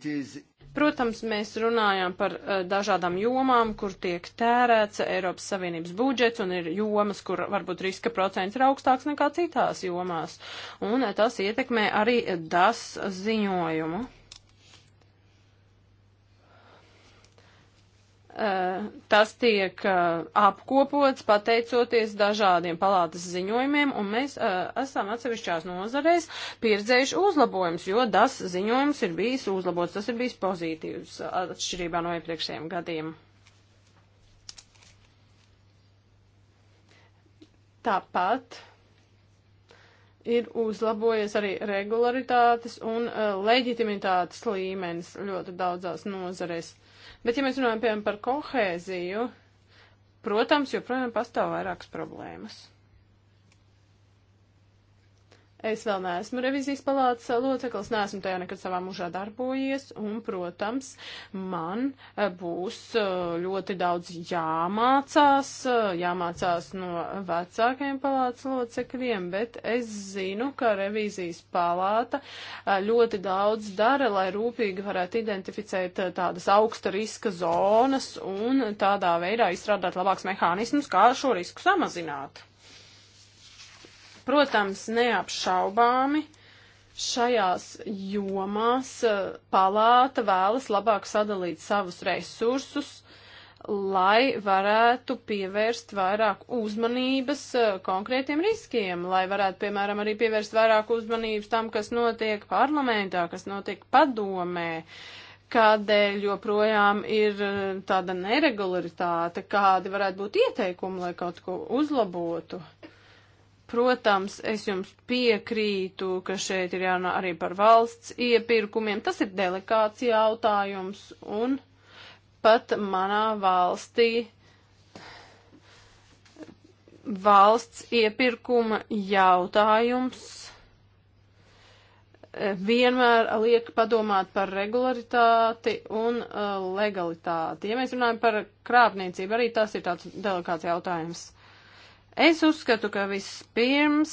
Is... Protams, mēs runājām par uh, dažādām jomām, kur tiek tērēts Eiropas Savienības budžets, un ir jomas, kur varbūt riska procents ir augstāks nekā citās jomās. Un uh, tas ietekmē arī eh, DAS ziņojumu. Eh, tas tiek eh, apkopots pateicoties dažādiem palātas ziņojumiem, un mēs eh, esam atsevišķās nozarēs pieredzējuši uzlabojums, jo tas ziņojums ir bijis uzlabots, tas ir bijis pozitīvs atšķirībā no iepriekšējiem gadiem. Tāpat ir uzlabojies arī regularitātes un uh, leģitimitātes līmenis ļoti daudzās nozarēs. Uh, Bet, ja mēs runājam, piemēram, par kohēziju, protams, joprojām pastāv vairākas problēmas. Es vēl neesmu revizijas palātas loceklis, neesmu tajā nekad savā mūžā darbojies, un, protams, man eh, būs eh, ļoti daudz jāmācās, eh, jāmācās no vecākajiem palātas locekļiem, bet es zinu, ka revizijas palāta ļoti daudz dara, lai rūpīgi varētu identificēt tādas augsta riska zonas un tādā veidā izstrādāt labāks mehānismus, kā šo risku samazināt. Protams, neapšaubāmi šajās jomās eh, palāta vēlas labāk sadalīt savus resursus, lai varētu pievērst vairāk uzmanības eh, konkrētiem riskiem, lai varētu, piemēram, arī pievērst vairāk uzmanības tam, kas notiek parlamentā, kas notiek padomē, kādēļ joprojām ir eh, tāda neregularitāte, kādi varētu būt ieteikumi, lai kaut ko uzlabotu. Uh, Protams, es jums piekrītu, ka šeit ir jārunā arī par valsts iepirkumiem. Tas ir delikāts jautājums un pat manā valstī valsts iepirkuma jautājums eh, vienmēr liek padomāt par regularitāti un uh, legalitāti. Ja mēs runājam par krāpniecību, arī tas ir tāds delikāts jautājums. Es uzskatu, ka vispirms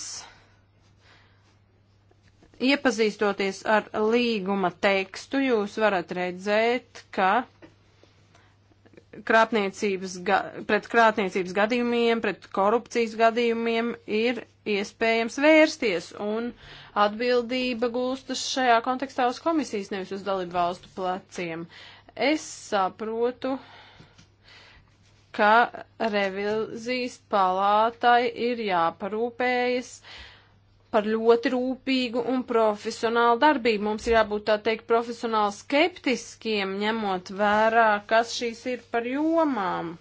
iepazīstoties ar līguma tekstu, jūs varat redzēt, ka krāpniecības, pret krāpniecības gadījumiem, pret korupcijas gadījumiem ir iespējams vērsties, un atbildība gūstas šajā kontekstā uz komisijas, nevis uz dalību valstu pleciem. Es saprotu, uh, ka revizijas palātai ir jāparūpējas par ļoti rūpīgu un profesionālu darbību. Mums ir jābūt tā teikt profesionāli skeptiskiem, ņemot vērā, kas šīs ir par jomām.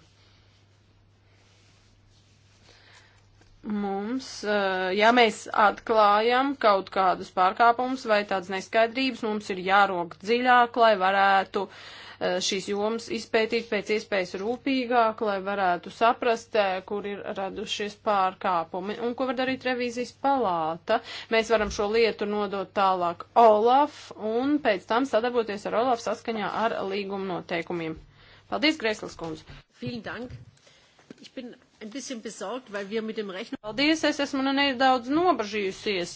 Mums, eh, ja mēs atklājam kaut kādus pārkāpumus vai tādas neskaidrības, mums ir jārok dziļāk, lai varētu uh, Eh, šīs jomas izpētīt pēc iespējas rūpīgāk, lai varētu saprast, eh, kur ir radušies pārkāpumi un ko var darīt revīzijas palāta. Mēs varam šo lietu nodot tālāk Olaf un pēc tam sadarboties ar Olaf saskaņā ar līguma noteikumiem. Paldies, Grēslis kundze! Vielen Dank! Ich bin Paldies, es esmu nu nedaudz nobažījusies,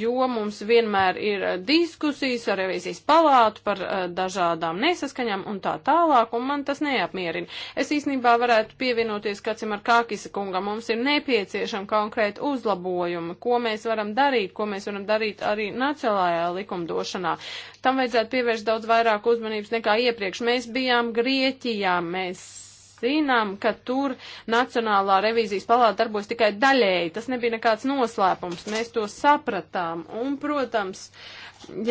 jo mums vienmēr ir eh, diskusijas ar revīzijas palātu par uh, dažādām nesaskaņām un tā tālāk, un man tas neapmierina. Es īstenībā varētu pievienoties kādam ar Kākisa kungam. Mums ir nepieciešama konkrēta uzlabojuma, ko mēs varam darīt, ko mēs varam darīt arī nacionālajā likumdošanā. Tam vajadzētu pievērst daudz vairāk uzmanības nekā iepriekš. Mēs bijām Grieķijā, mēs zinām, ka tur Nacionālā revīzijas palāta darbojas tikai daļēji. Tas nebija nekāds noslēpums. Mēs to sapratām. Un, protams,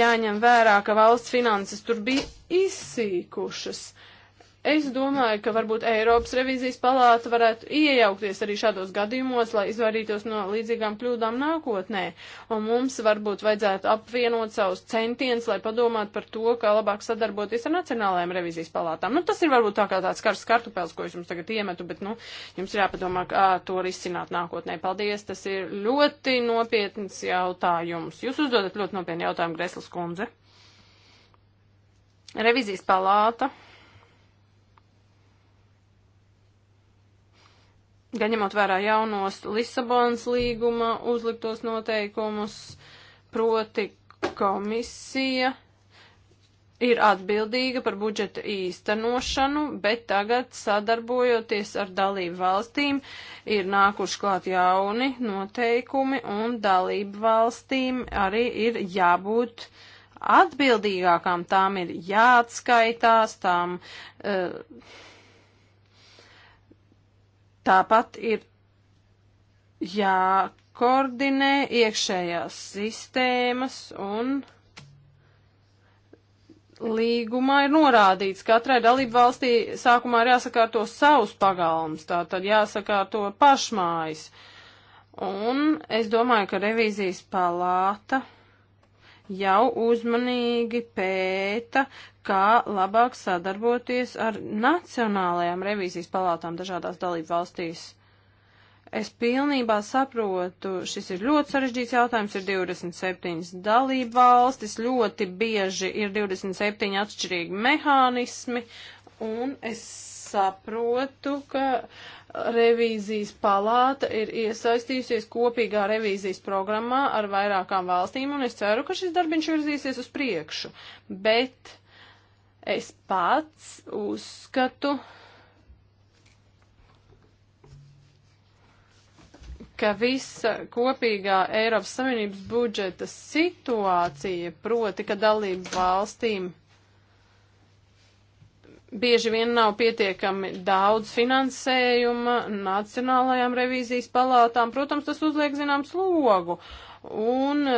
jāņem vērā, ka valsts finanses tur bija izsīkušas. Es domāju, ka varbūt Eiropas revīzijas palāta varētu iejaukties arī šādos gadījumos, lai izvairītos no līdzīgām kļūdām nākotnē. Un mums varbūt vajadzētu apvienot savus centienus, lai padomātu par to, kā labāk sadarboties ar nacionālajām revīzijas palātām. Nu, tas ir varbūt tā kā tāds karsts kartupēls, ko es jums tagad iemetu, bet, nu, jums ir jāpadomā, kā to risināt nākotnē. Paldies, tas ir ļoti nopietns jautājums. Jūs uzdodat ļoti nopietnu jautājumu, Greslas kundze. Revizijas palāta gan ņemot vērā jaunos Lisabonas līguma uzliktos noteikumus, proti komisija ir atbildīga par budžeta īstenošanu, bet tagad sadarbojoties ar dalību valstīm ir nākuši klāt jauni noteikumi un dalību valstīm arī ir jābūt atbildīgākām, tām ir jāatskaitās, tām. Uh, Tāpat ir jākoordinē iekšējās sistēmas un līgumā ir norādīts, ka katrai dalību valstī sākumā ir jāsakārto savus pagalms, tā tad jāsakārto pašmājas. Un es domāju, ka revīzijas palāta jau uzmanīgi pēta kā labāk sadarboties ar nacionālajām revīzijas palātām dažādās dalību valstīs. Es pilnībā saprotu, šis ir ļoti sarežģīts jautājums, ir 27 dalību valstis, ļoti bieži ir 27 atšķirīgi mehānismi, un es saprotu, ka revīzijas palāta ir iesaistījusies kopīgā revīzijas programmā ar vairākām valstīm, un es ceru, ka šis darbiņš virzīsies uz priekšu. Bet Es pats uzskatu, ka visa kopīgā Eiropas Savienības budžeta situācija, proti, ka dalību valstīm bieži vien nav pietiekami daudz finansējuma nacionālajām revīzijas palātām, protams, tas uzliek zināms logu un e,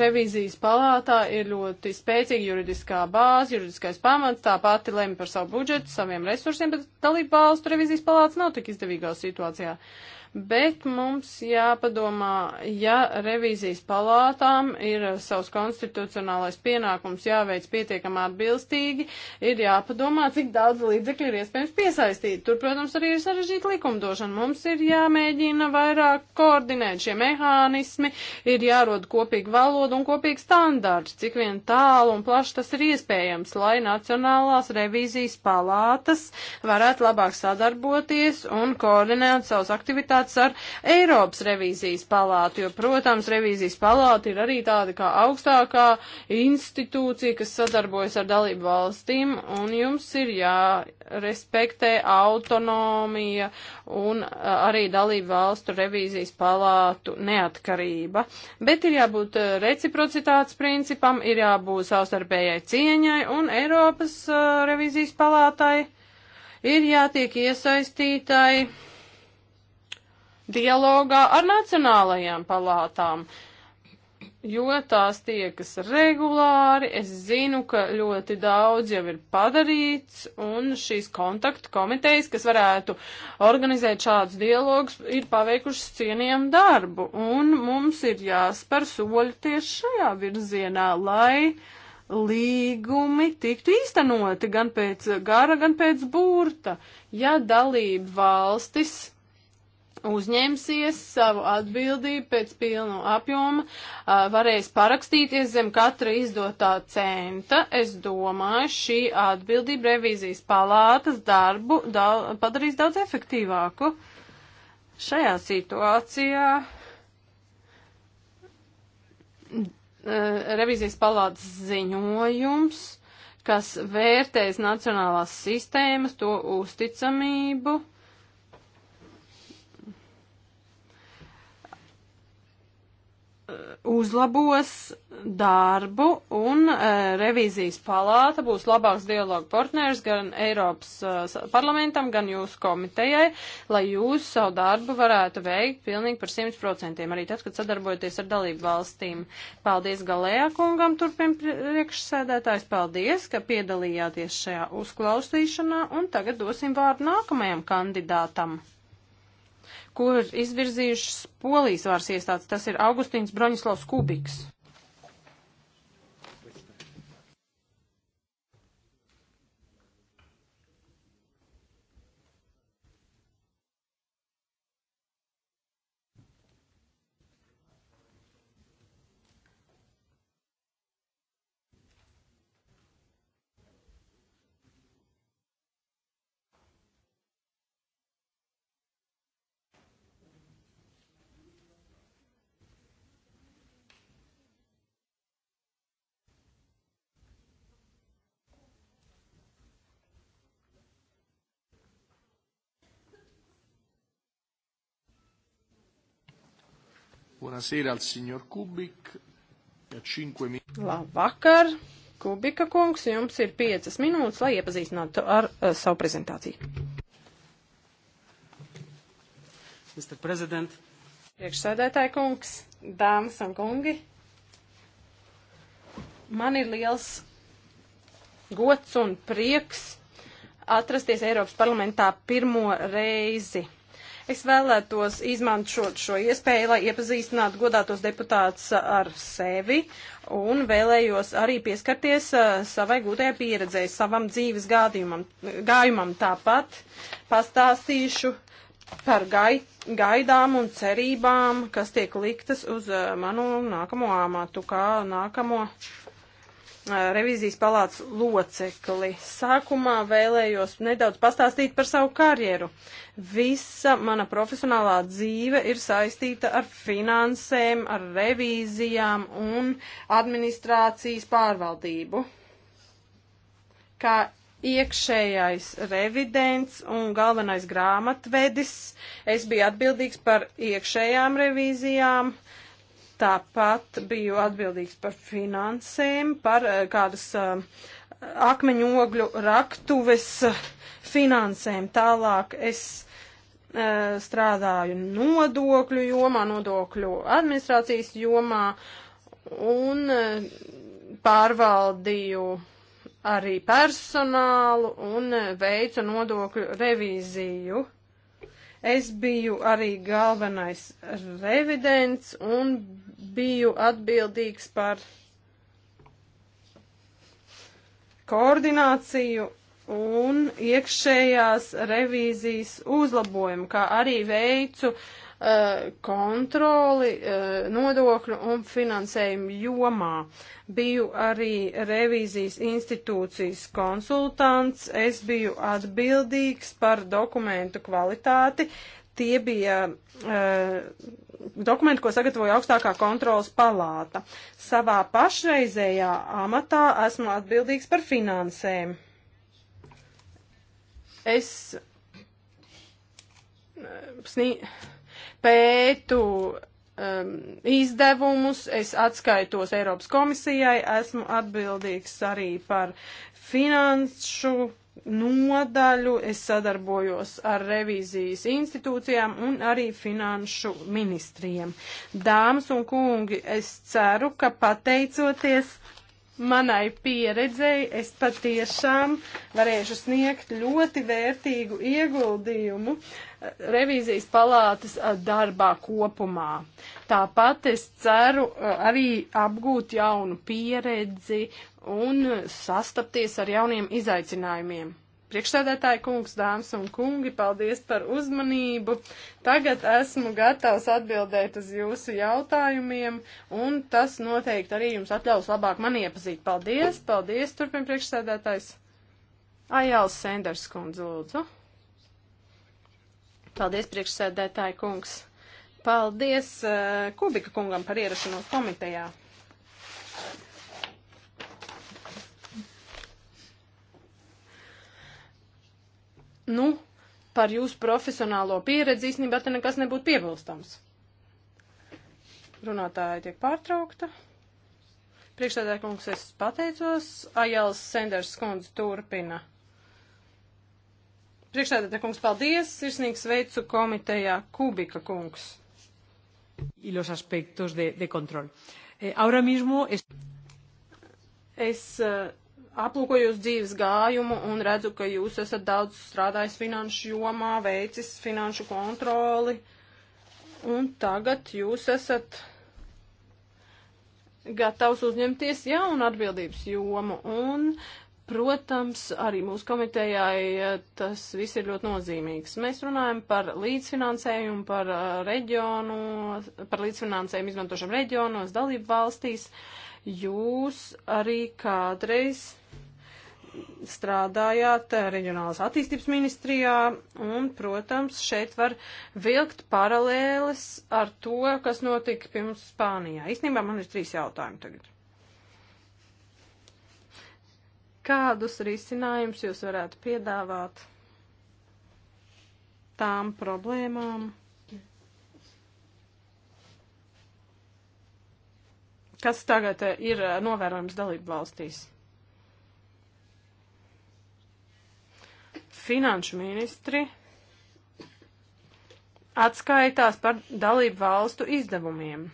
revīzijas palātā ir ļoti spēcīga juridiskā bāze, juridiskais pamats, tā pati lemj par savu budžetu, saviem resursiem, bet dalību valstu revīzijas palāts nav tik izdevīgā situācijā. Uh, bet mums jāpadomā, ja revīzijas palātām ir savs konstitucionālais pienākums jāveic pietiekam atbilstīgi, ir jāpadomā, cik daudz līdzekļu ir iespējams piesaistīt. Tur, protams, arī ir sarežģīta likumdošana. Mums ir jāmēģina vairāk koordinēt šie mehānismi, ir jārod kopīga valoda un kopīgs standārts, cik vien tālu un plaši tas ir iespējams, lai Nacionālās revīzijas palātas varētu labāk sadarboties un koordinēt savus aktivitātes konsultēts ar Eiropas revīzijas palātu, jo, protams, revīzijas palāta ir arī tāda kā augstākā institūcija, kas sadarbojas ar dalību valstīm, un jums ir jārespektē autonomija un arī dalību valstu revīzijas palātu neatkarība. Bet ir jābūt reciprocitātes principam, ir jābūt savstarpējai cieņai un Eiropas uh, revīzijas palātai ir jātiek iesaistītai dialogā ar nacionālajām palātām jo tās tiekas regulāri, es zinu, ka ļoti daudz jau ir padarīts, un šīs kontaktu komitejas, kas varētu organizēt šādus dialogus, ir paveikušas cienījumu darbu, un mums ir jāspēr soļi tieši šajā virzienā, lai līgumi tiktu īstenoti gan pēc gara, gan pēc burta, ja dalība valstis uzņemsies savu atbildību pēc pilnu apjomu, varēs parakstīties zem katra izdotā centa. Es domāju, šī atbildība revīzijas palātas darbu daudz, padarīs daudz efektīvāku. Šajā situācijā revīzijas palātas ziņojums, kas vērtēs nacionālās sistēmas, to uzticamību, uh, uzlabos darbu un e, revīzijas palāta būs labāks dialogu partners gan Eiropas e, parlamentam, gan jūsu komitejai, lai jūs savu darbu varētu veikt pilnīgi par 100%, arī tad, kad sadarbojaties ar dalību valstīm. Paldies Galējā kungam, turpin priekšsēdētājs, paldies, ka piedalījāties šajā uzklausīšanā un tagad dosim vārdu nākamajam kandidātam kur izvirzījušas polijas vārs iestādes. Tas ir Augustīns Broņislavs Kubiks. Buonasera al signor Kubik. E Labvakar, Kubika kungs, jums ir piecas minūtes, lai iepazīstinātu ar uh, savu prezentāciju. Mr. President. Priekšsēdētāji kungs, dāmas un kungi, man ir liels gods un prieks atrasties Eiropas parlamentā pirmo reizi. Es vēlētos izmantot šo iespēju, lai iepazīstinātu godātos deputātus ar sevi un vēlējos arī pieskarties uh, savai gūtajai pieredzēji, savam dzīves gādījumam, gājumam. Tāpat pastāstīšu par gai, gaidām un cerībām, kas tiek liktas uz uh, manu nākamo āmatu, kā nākamo revizijas palātas locekli. Sākumā vēlējos nedaudz pastāstīt par savu karjeru. Visa mana profesionālā dzīve ir saistīta ar finansēm, ar revīzijām un administrācijas pārvaldību. Kā iekšējais revidents un galvenais grāmatvedis, es biju atbildīgs par iekšējām revīzijām, uh, Tāpat biju atbildīgs par finansēm, par eh, kādas uh, akmeņogļu raktuves eh, finansēm. Tālāk es uh, strādāju nodokļu jomā, nodokļu administrācijas jomā un uh, pārvaldīju arī personālu un veicu nodokļu revīziju. Es biju arī galvenais revidents un biju atbildīgs par koordināciju un iekšējās revīzijas uzlabojumu, kā arī veicu uh, kontroli uh, nodokļu un finansējumu jomā. Biju arī revīzijas institūcijas konsultants, es biju atbildīgs par dokumentu kvalitāti, uh, Tie bija e, dokumenti, ko sagatavoja augstākā kontrolas palāta. Savā pašreizējā amatā esmu atbildīgs par finansēm. Es e, sni... pētu um, izdevumus, es atskaitos Eiropas komisijai, esmu atbildīgs arī par finanšu nodaļu, es sadarbojos ar revīzijas institūcijām un arī finanšu ministriem. Dāmas un kungi, es ceru, ka pateicoties manai pieredzei, es patiešām varēšu sniegt ļoti vērtīgu ieguldījumu revīzijas palātas darbā kopumā. Tāpat es ceru eh, arī apgūt jaunu pieredzi un sastapties ar jauniem izaicinājumiem. Priekšsēdētāji kungs, dāmas un kungi, paldies par uzmanību. Tagad esmu gatavs atbildēt uz jūsu jautājumiem, un tas noteikti arī jums atļaus labāk mani iepazīt. Paldies, paldies, turpin priekšsēdētājs. Ajāls Senders kundze, lūdzu. Paldies, priekšsēdētāji kungs. Paldies uh, Kubika kungam par ierašanos komitejā. nu, par jūsu profesionālo pieredzi īstenībā te nekas nebūtu piebilstams. Runātāja tiek pārtraukta. Priekšstādāja kungs, es pateicos. Ajāls Senders kundze turpina. Priekšstādāja kungs, paldies. Sirsnīgs veicu komitejā Kubika kungs. Y los aspectos de, de control. Eh, ahora mismo es. Es uh, aplūkojos dzīves gājumu un redzu, ka jūs esat daudz strādājis finanšu jomā, veicis finanšu kontroli, un tagad jūs esat gatavs uzņemties jaunu atbildības jomu, un, protams, arī mūsu komitejai eh, tas viss ir ļoti nozīmīgs. Mēs runājam par līdzfinansējumu, par eh, reģionu, par līdzfinansējumu izmantošanu reģionos, dalību valstīs. Jūs arī kādreiz strādājāt reģionālās attīstības ministrijā, un, protams, šeit var vilkt paralēles ar to, kas notika pirms Spānijā. Īstenībā man ir trīs jautājumi tagad. Kādus risinājumus jūs varētu piedāvāt tām problēmām? Kas tagad ir novērojams dalību valstīs? finanšu ministri atskaitās par dalību valstu izdevumiem.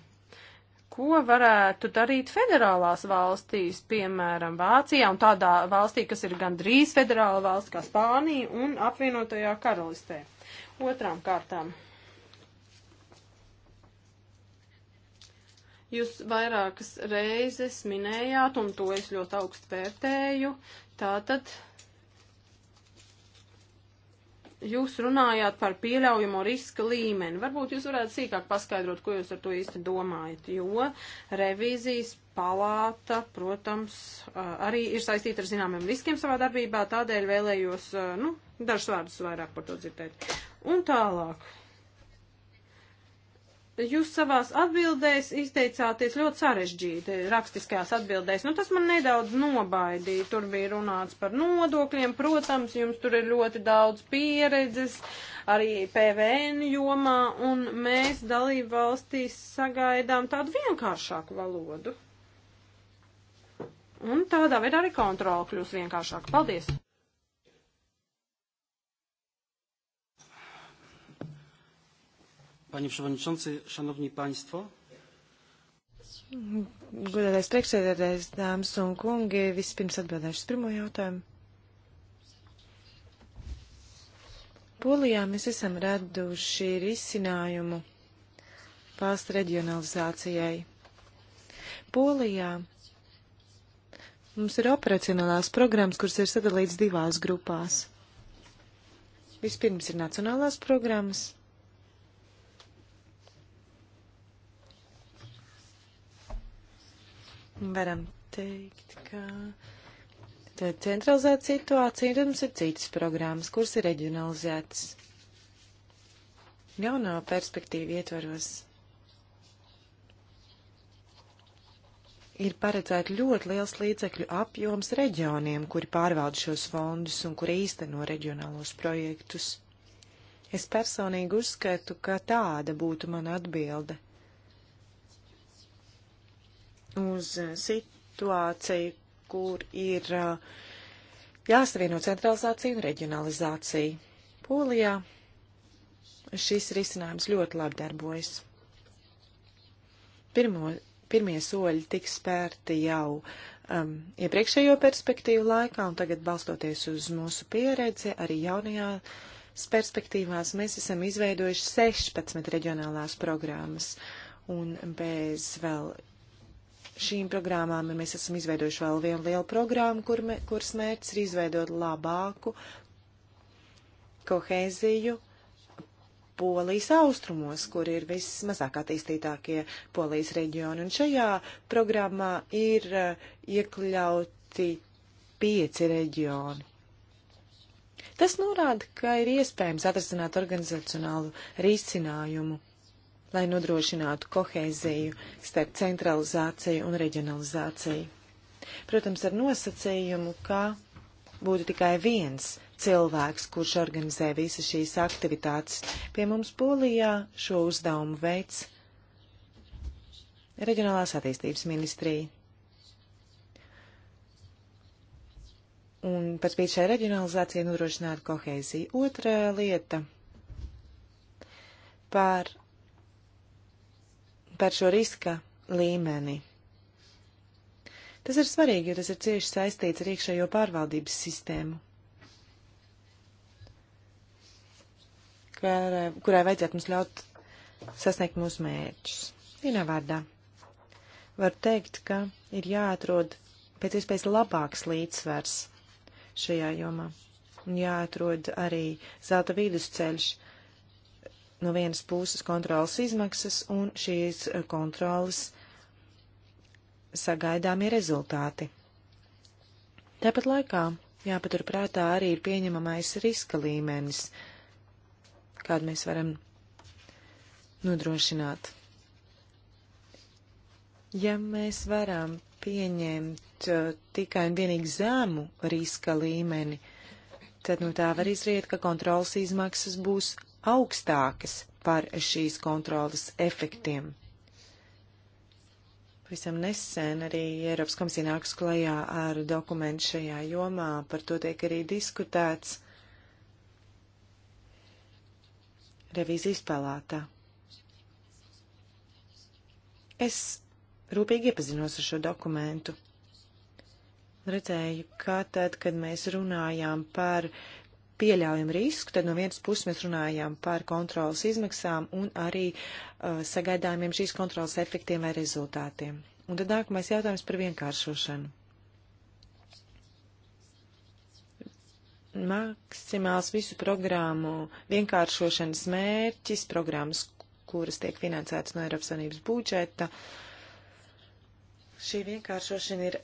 Ko varētu darīt federālās valstīs, piemēram, Vācijā un tādā valstī, kas ir gandrīz federāla valsts kā Spānija un apvienotajā karalistē? Otrām kārtām. Jūs vairākas reizes minējāt, un to es ļoti augstu vērtēju, tātad Jūs runājāt par pieļaujamo riska līmeni. Varbūt jūs varētu sīkāk paskaidrot, ko jūs ar to īsti domājat, jo revīzijas palāta, protams, arī ir saistīta ar zināmiem riskiem savā darbībā, tādēļ vēlējos, nu, dažus vārdus vairāk par to dzirdēt. Un tālāk jūs savās atbildēs izteicāties ļoti sarežģīti rakstiskajās atbildēs. Nu, tas man nedaudz nobaidīja. Tur bija runāts par nodokļiem. Protams, jums tur ir ļoti daudz pieredzes, arī PVN jomā, un mēs dalību valstīs sagaidām tādu vienkāršāku valodu. Un tādā veidā arī kontrola kļūs vienkāršāka. Paldies! Panie Przewodniczący, Szanowni Państwo. Godātais priekšsēdētājs, dāmas un kungi, vispirms atbildēšu uz pirmo jautājumu. Polijā mēs esam raduši risinājumu valsts reģionalizācijai. Polijā mums ir operacionālās programmas, kuras ir sadalīts divās grupās. Vispirms ir nacionālās programmas, varam teikt, ka tā ir centralizēta situācija, tad mums ir citas programmas, kuras ir reģionalizētas. Jaunā perspektīva ietvaros ir paredzēta ļoti liels līdzekļu apjoms reģioniem, kuri pārvalda šos fondus un kuri īsteno reģionālos projektus. Es personīgi uzskatu, ka tāda būtu mana atbilde uz eh, situāciju, kur ir eh, jāsavieno centralizācija un reģionalizācija. Polijā šis risinājums ļoti labi darbojas. Pirmo, pirmie soļi tiks spērti jau um, iepriekšējo perspektīvu laikā, un tagad balstoties uz mūsu pieredzi, arī jaunajās perspektīvās mēs esam izveidojuši 16 reģionālās programmas, un bez vēl šīm programmām, un mēs esam izveidojuši vēl vienu lielu programmu, kur, me, kur smērķis ir izveidot labāku kohēziju Polijas austrumos, kur ir vismazāk attīstītākie Polijas reģioni. Un šajā programmā ir eh, iekļauti pieci reģioni. Tas norāda, ka ir iespējams atrasināt organizacionālu risinājumu lai nodrošinātu kohēziju starp centralizāciju un reģionalizāciju. Protams, ar nosacījumu, ka būtu tikai viens cilvēks, kurš organizē visas šīs aktivitātes. Pie mums Polijā šo uzdevumu veids Reģionālās attīstības ministrija. Un pēc spīt šai reģionalizācijai nodrošināt kohēziju. Otra lieta par par šo riska līmeni. Tas ir svarīgi, jo tas ir cieši saistīts ar iekšējo pārvaldības sistēmu, kurai, kurai vajadzētu mums ļaut sasniegt mūsu mērķus. Vienā vārdā var teikt, ka ir jāatrod pēc iespējas labāks līdzsvers šajā jomā un jāatrod arī zelta vidusceļš no vienas puses kontrolas izmaksas un šīs eh, kontrolas sagaidāmie rezultāti. Tāpat laikā jāpaturprātā arī ir pieņemamais riska līmenis, kādu mēs varam nodrošināt. Ja mēs varam pieņemt eh, tikai un vienīgi zēmu riska līmeni, tad no nu, tā var izriet, ka kontrolas izmaksas būs augstākas par šīs kontrolas efektiem. Pavisam nesen arī Eiropas komisija nāks klajā ar dokumentu šajā jomā, par to tiek arī diskutēts revīzijas palātā. Es rūpīgi iepazinos ar šo dokumentu. Redzēju, kā tad, kad mēs runājām par pieļaujam risku, tad no vienas puses mēs runājam par kontrolas izmaksām un arī uh, sagaidāmiem šīs kontrolas efektiem vai rezultātiem. Un tad nākamais jautājums par vienkāršošanu. Maksimāls visu programmu vienkāršošanas mērķis, programmas, kuras tiek finansētas no Eiropas Savienības budžeta. Šī vienkāršošana ir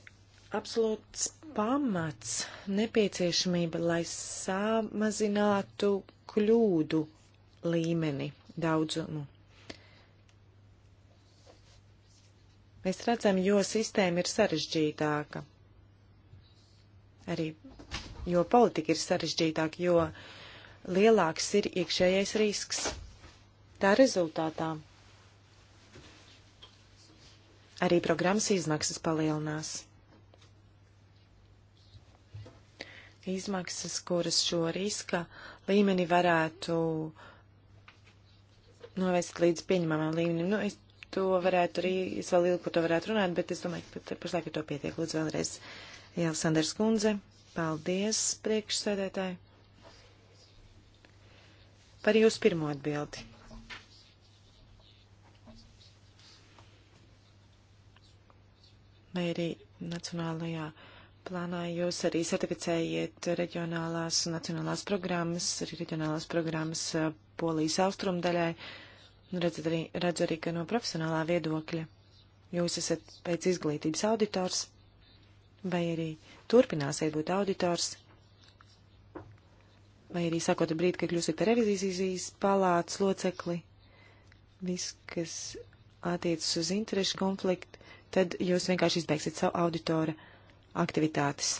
absolūts pamats nepieciešamība, lai samazinātu kļūdu līmeni daudzumu. Mēs redzam, jo sistēma ir sarežģītāka. Arī jo politika ir sarežģītāka, jo lielāks ir iekšējais risks. Tā rezultātā arī programmas izmaksas palielinās. izmaksas, kuras šo riska līmeni varētu novest līdz pieņemamam līmenim. Nu, es to varētu arī, es vēl ilgi par to varētu runāt, bet es domāju, ka pašlaik ar to pietiek. Lūdzu vēlreiz, Jālisanders Kundze, paldies priekšsēdētāji par jūsu pirmo atbildi. Vai arī Nacionālajā plānā jūs arī certificējiet reģionālās un nacionālās programmas, arī reģionālās programmas Polijas austrumdaļai. Nu, redzat arī, redz arī, ka no profesionālā viedokļa jūs esat pēc izglītības auditors vai arī turpināsiet būt auditors vai arī sākot ar brīdi, kad kļūsiet par revizijas palātas locekli, viss, kas attiecas uz interešu konfliktu, tad jūs vienkārši izbeigsiet savu auditoru aktivitātes.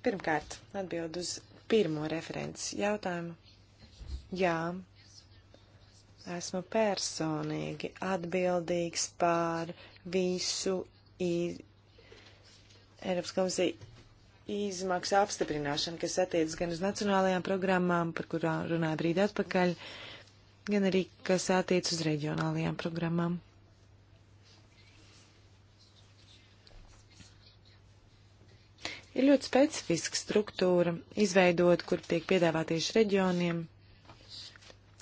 Pirmkārt, atbild uz pirmo referents jautājumu. Jā, esmu personīgi atbildīgs pār visu iz... Eiropas komisiju izmaksu apstiprināšanu, kas attiec gan uz nacionālajām programmām, par kurām runāju brīdi atpakaļ, gan arī, kas attiec uz reģionālajām programmām. Ir ļoti specifiska struktūra izveidot, kur tiek piedāvāt tieši reģioniem.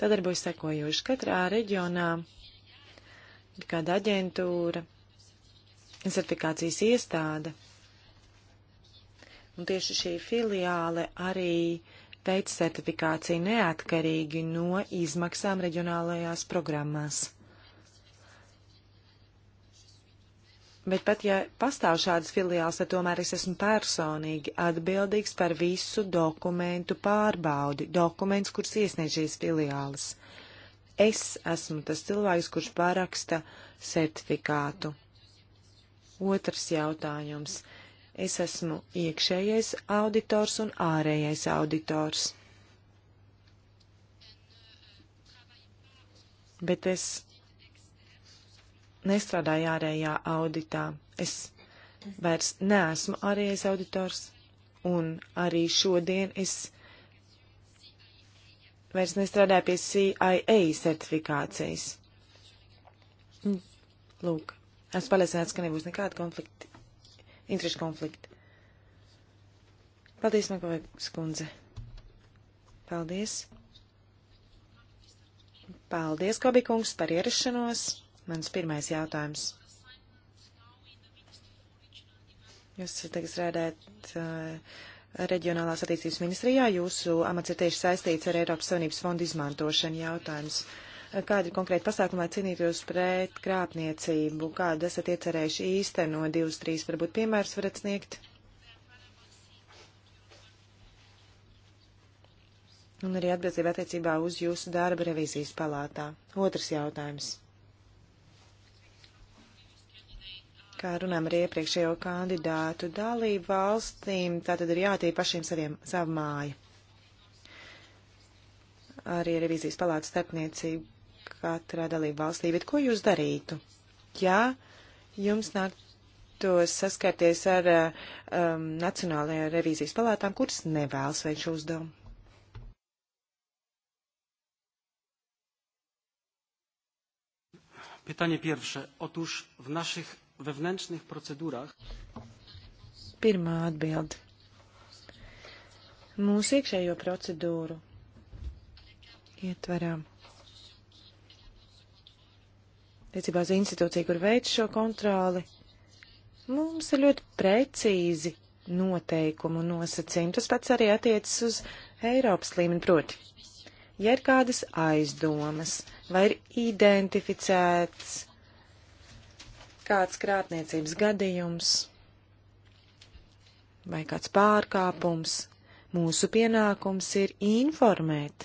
Tad darbojas sekojoši. Katrā reģionā ir kāda aģentūra, certifikācijas iestāde. Un tieši šī filiāle arī veic certifikāciju neatkarīgi no izmaksām reģionālajās programmās. Bet pat ja pastāv šādas filiāls, tad tomēr es esmu personīgi atbildīgs par visu dokumentu pārbaudi, dokumentus, kurus iesniedz šīs filiāls. Es esmu tas cilvēks, kurš paraksta certifikātu. Otrs jautājums. Es esmu iekšējais auditors un ārējais auditors. Bet es nestrādāju ārējā auditā. Es vairs neesmu ārējais auditors, un arī šodien es vairs nestrādāju pie CIA certifikācijas. Lūk, esmu pārliecināts, ka nebūs nekāda konflikta, interešu konflikta. Paldies, Makovs kundze. Paldies. Paldies, Kobikungs, par ierašanos. Mans pirmais jautājums. Jūs tagad strādājat uh, reģionālās attīstības ministrijā. Jūsu amats ir tieši saistīts ar Eiropas Savienības fondu izmantošanu jautājums. Kādi ir konkrēti pasākumi, lai cīnītos pret krāpniecību? Kādu esat iecerējuši īstenot? Divus, trīs varbūt piemērus varat sniegt? Un arī atbildība attiecībā uz jūsu darba revīzijas palātā. Otrs jautājums. kā runājam ar iepriekšējo kandidātu dalību valstīm, tā tad ir jātīra pašiem saviem, savu māju. Arī revīzijas palātas starpniecība katrā dalību valstī, bet ko jūs darītu, ja jums nāktos saskarties ar um, Nacionālajām revīzijas palātām, kuras nevēlas veikt šo uzdevumu? Pytanie pierwsze. Otóż w naszych wewnętrznych procedurach. Pirmā atbilde. Mūsu iekšējo procedūru ietverām. Tiecībā uz institūciju, kur veic šo kontroli, mums ir ļoti precīzi noteikumu nosacījumi. Tas pats arī attiecas uz Eiropas līmeni, proti, ja ir kādas aizdomas vai ir identificēts kāds krātniecības gadījums vai kāds pārkāpums, mūsu pienākums ir informēt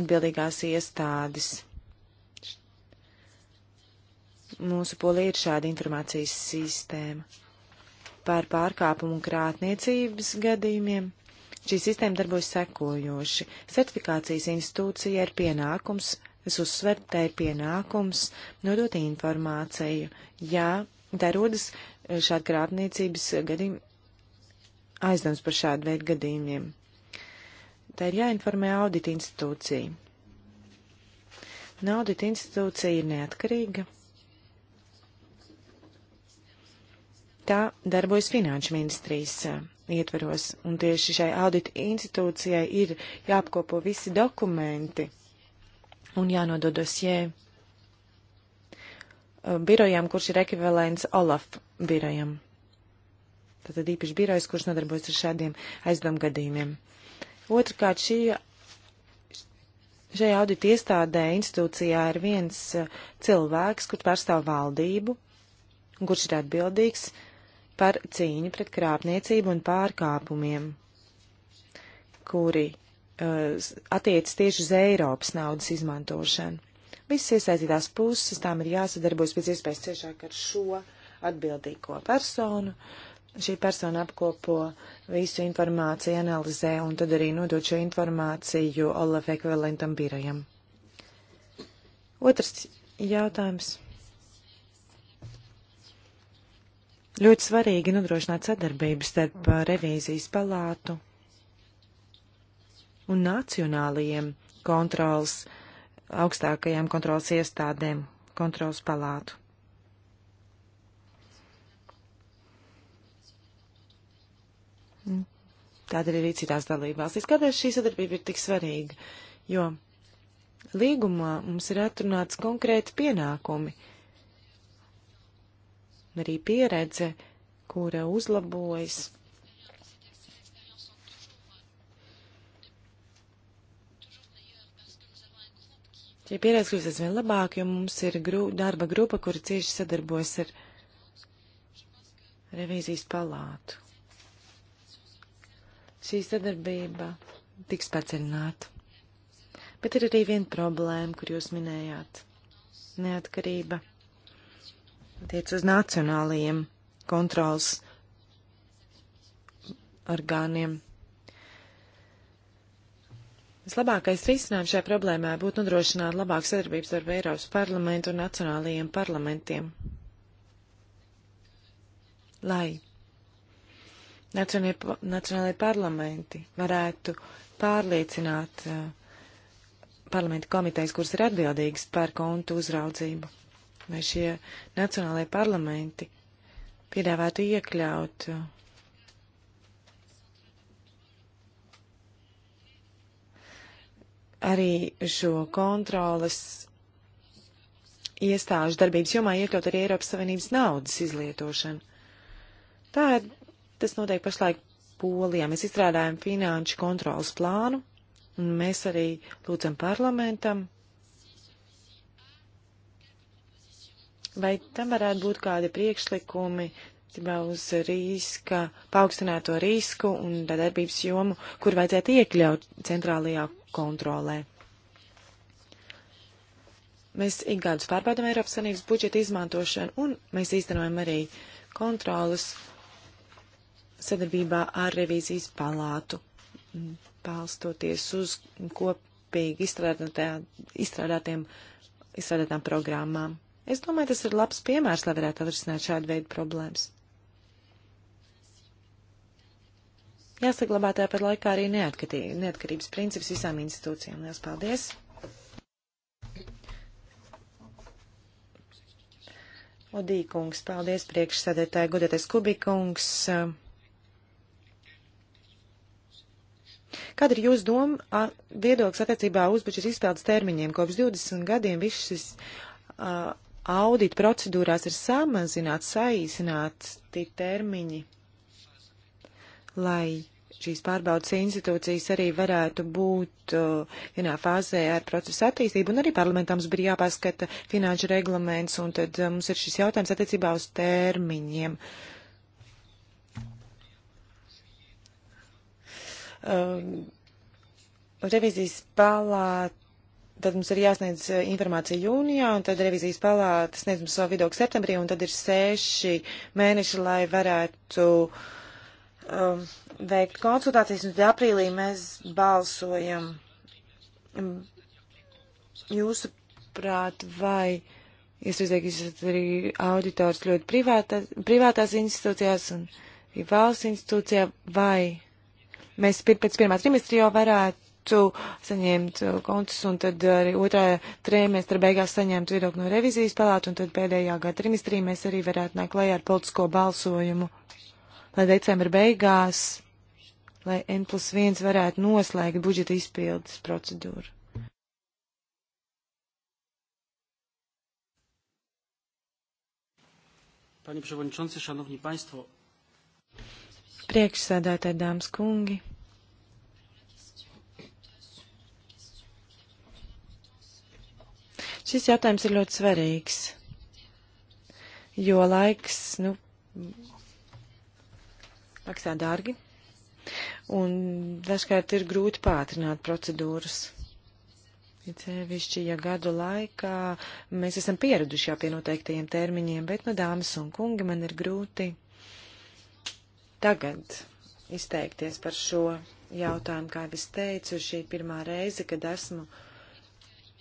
atbildīgās iestādes. Mūsu polī ir šāda informācijas sistēma par pārkāpumu un krātniecības gadījumiem. Šī sistēma darbojas sekojoši. Certifikācijas institūcija ir pienākums Es uzsveru, tā ir pienākums nodot informāciju, ja tā rodas e, šāda krāpniecības gadījuma aizdevums par šādu veidu gadījumiem. Tā ir jāinformē audita institūcija. Un audita institūcija ir neatkarīga. Tā darbojas Finanšu ministrijas e, ietvaros, un tieši šai audita institūcijai ir jāapkopo visi dokumenti un jānodod dosie uh, birojām, kurš ir ekvivalents Olaf birojam. Tātad īpaši birojas, kurš nodarbojas ar šādiem aizdomu gadījumiem. Otrkārt, šī, šajā audita iestādē institūcijā ir viens uh, cilvēks, kurš pārstāv valdību, un kurš ir atbildīgs par cīņu pret krāpniecību un pārkāpumiem, kuri attiecas tieši uz Eiropas naudas izmantošanu. Visas iesaistītās puses tām ir jāsadarbojas pēc iespējas ciešāk ar šo atbildīgo personu. Šī persona apkopo visu informāciju, analizē un tad arī nodod šo informāciju Olaf ekvivalentam birajam. Otrs jautājums. Ļoti svarīgi nodrošināt sadarbību starp revīzijas palātu un nacionālajiem kontrols, augstākajām kontrols iestādēm, kontrols palātu. Tāda ir arī citās dalībvalstīs. Kādēļ šī sadarbība ir tik svarīga? Jo līgumā mums ir atrunāts konkrēti pienākumi, arī pieredze, kura uzlabojas. Šī pieredze kļūst aizvien labāk, jo mums ir gru, darba grupa, kura cieši sadarbojas ar revīzijas palātu. Šī sadarbība tiks pacelināta. Bet ir arī viena problēma, kur jūs minējāt - neatkarība. Tiec uz nacionālajiem kontrols orgāniem. Vislabākais risinājums šajā problēmā būtu nodrošināt labāku sadarbības ar Eiropas parlamentu un nacionālajiem parlamentiem. Lai nacionālajie parlamenti varētu pārliecināt uh, parlamentu komitejas, kuras ir atbildīgas par kontu uzraudzību, vai šie nacionālajie parlamenti piedāvātu iekļaut uh, arī šo kontrolas iestāžu darbības jomā iekļaut arī Eiropas Savienības naudas izlietošanu. Tā ir, tas notiek pašlaik Polijā. Mēs izstrādājam finanšu kontrolas plānu, un mēs arī lūdzam parlamentam, vai tam varētu būt kādi priekšlikumi uz riska, paaugstināto risku un darbības jomu, kur vajadzētu iekļaut centrālajā kontrolē. Mēs ik gadus pārbaudām Eiropas Savienības budžeta izmantošanu un mēs īstenojam arī kontrolas sadarbībā ar revīzijas palātu, palstoties uz kopīgi izstrādātiem, izstrādātām programmām. Es domāju, tas ir labs piemērs, lai varētu atrisināt šādu veidu problēmas. jāsaglabā tāpat laikā arī neatkarības princips visām institūcijām. Lielas paldies! Odīkungs, paldies priekšsēdētāji, godētais Kubikungs. Kāda ir jūsu doma viedoklis attiecībā uz budžeta izpildes termiņiem? Kopš 20 gadiem viss šis uh, audit procedūrās ir samazināts, saīsināts tie termiņi lai šīs pārbaudas institūcijas arī varētu būt uh, vienā fāzē ar procesu attīstību, un arī parlamentam mums bija jāpaskata finanšu reglaments, un tad uh, mums ir šis jautājums attiecībā uz termiņiem. Uh, revizijas palāta. Tad mums ir jāsniedz uh, informācija jūnijā, un tad revizijas palāta sniedz mums savu vidokli septembrī, un tad ir seši mēneši, lai varētu uh, um, veikt konsultācijas, un tad aprīlī mēs balsojam. Um, Jūsuprāt, vai es redzēju, ka jūs esat arī auditors ļoti privātā, privātās institūcijās un valsts institūcijā, vai mēs pir, pēc pirmā trimestra jau varētu saņemt kontus un tad arī otrā trimestra beigās saņemt viedokli no revizijas palātu un tad pēdējā gada trimestrī mēs arī varētu nākt klajā ar politisko balsojumu lai decembra beigās, lai N plus 1 varētu noslēgt budžeta izpildes procedūru. Panie Przewodniczący, Szanowni Państwo. Priekšsēdētāji, dāmas kungi. Šis jautājums ir ļoti svarīgs, jo laiks, nu, maksā dārgi, un dažkārt ir grūti pātrināt procedūras. It sevišķi, ja gadu laikā mēs esam pieraduši jau pie noteiktajiem termiņiem, bet, nu, dāmas un kungi, man ir grūti tagad izteikties par šo jautājumu, kā jau es teicu, šī pirmā reize, kad esmu uh,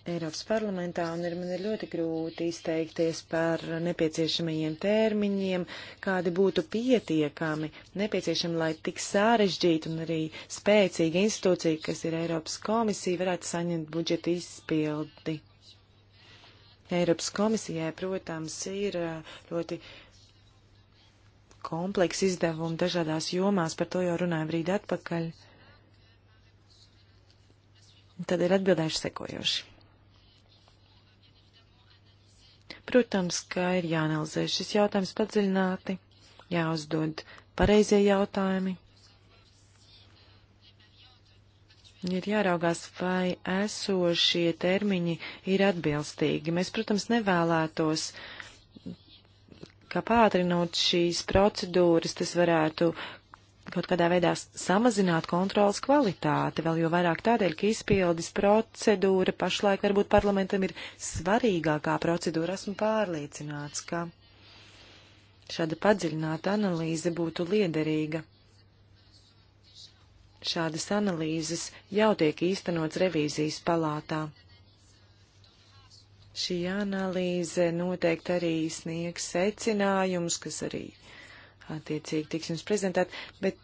Eiropas parlamentā, un ir, man ir ļoti grūti izteikties par nepieciešamajiem termiņiem, kādi būtu pietiekami nepieciešami, lai tik sārežģīta un arī spēcīga institūcija, kas ir Eiropas komisija, varētu saņemt budžeta izpildi. Eiropas komisijai, protams, ir ļoti kompleks izdevumi dažādās jomās, par to jau runāju brīdi atpakaļ. Tad ir atbildējuši sekojoši. Protams, ka ir jāanalizē šis jautājums padziļināti, jāuzdod pareizie jautājumi. Ir jāraugās, vai esošie termiņi ir atbilstīgi. Mēs, protams, nevēlētos, ka pātrinot šīs procedūras, tas varētu kaut kādā veidā samazināt kontrolas kvalitāti, vēl jo vairāk tādēļ, ka izpildes procedūra pašlaik varbūt parlamentam ir svarīgākā procedūra. Esmu pārliecināts, ka šāda padziļināta analīze būtu liederīga. Šādas analīzes jau tiek īstenots revīzijas palātā. Šī analīze noteikti arī sniegs secinājumus, kas arī attiecīgi tiks jums prezentēt, bet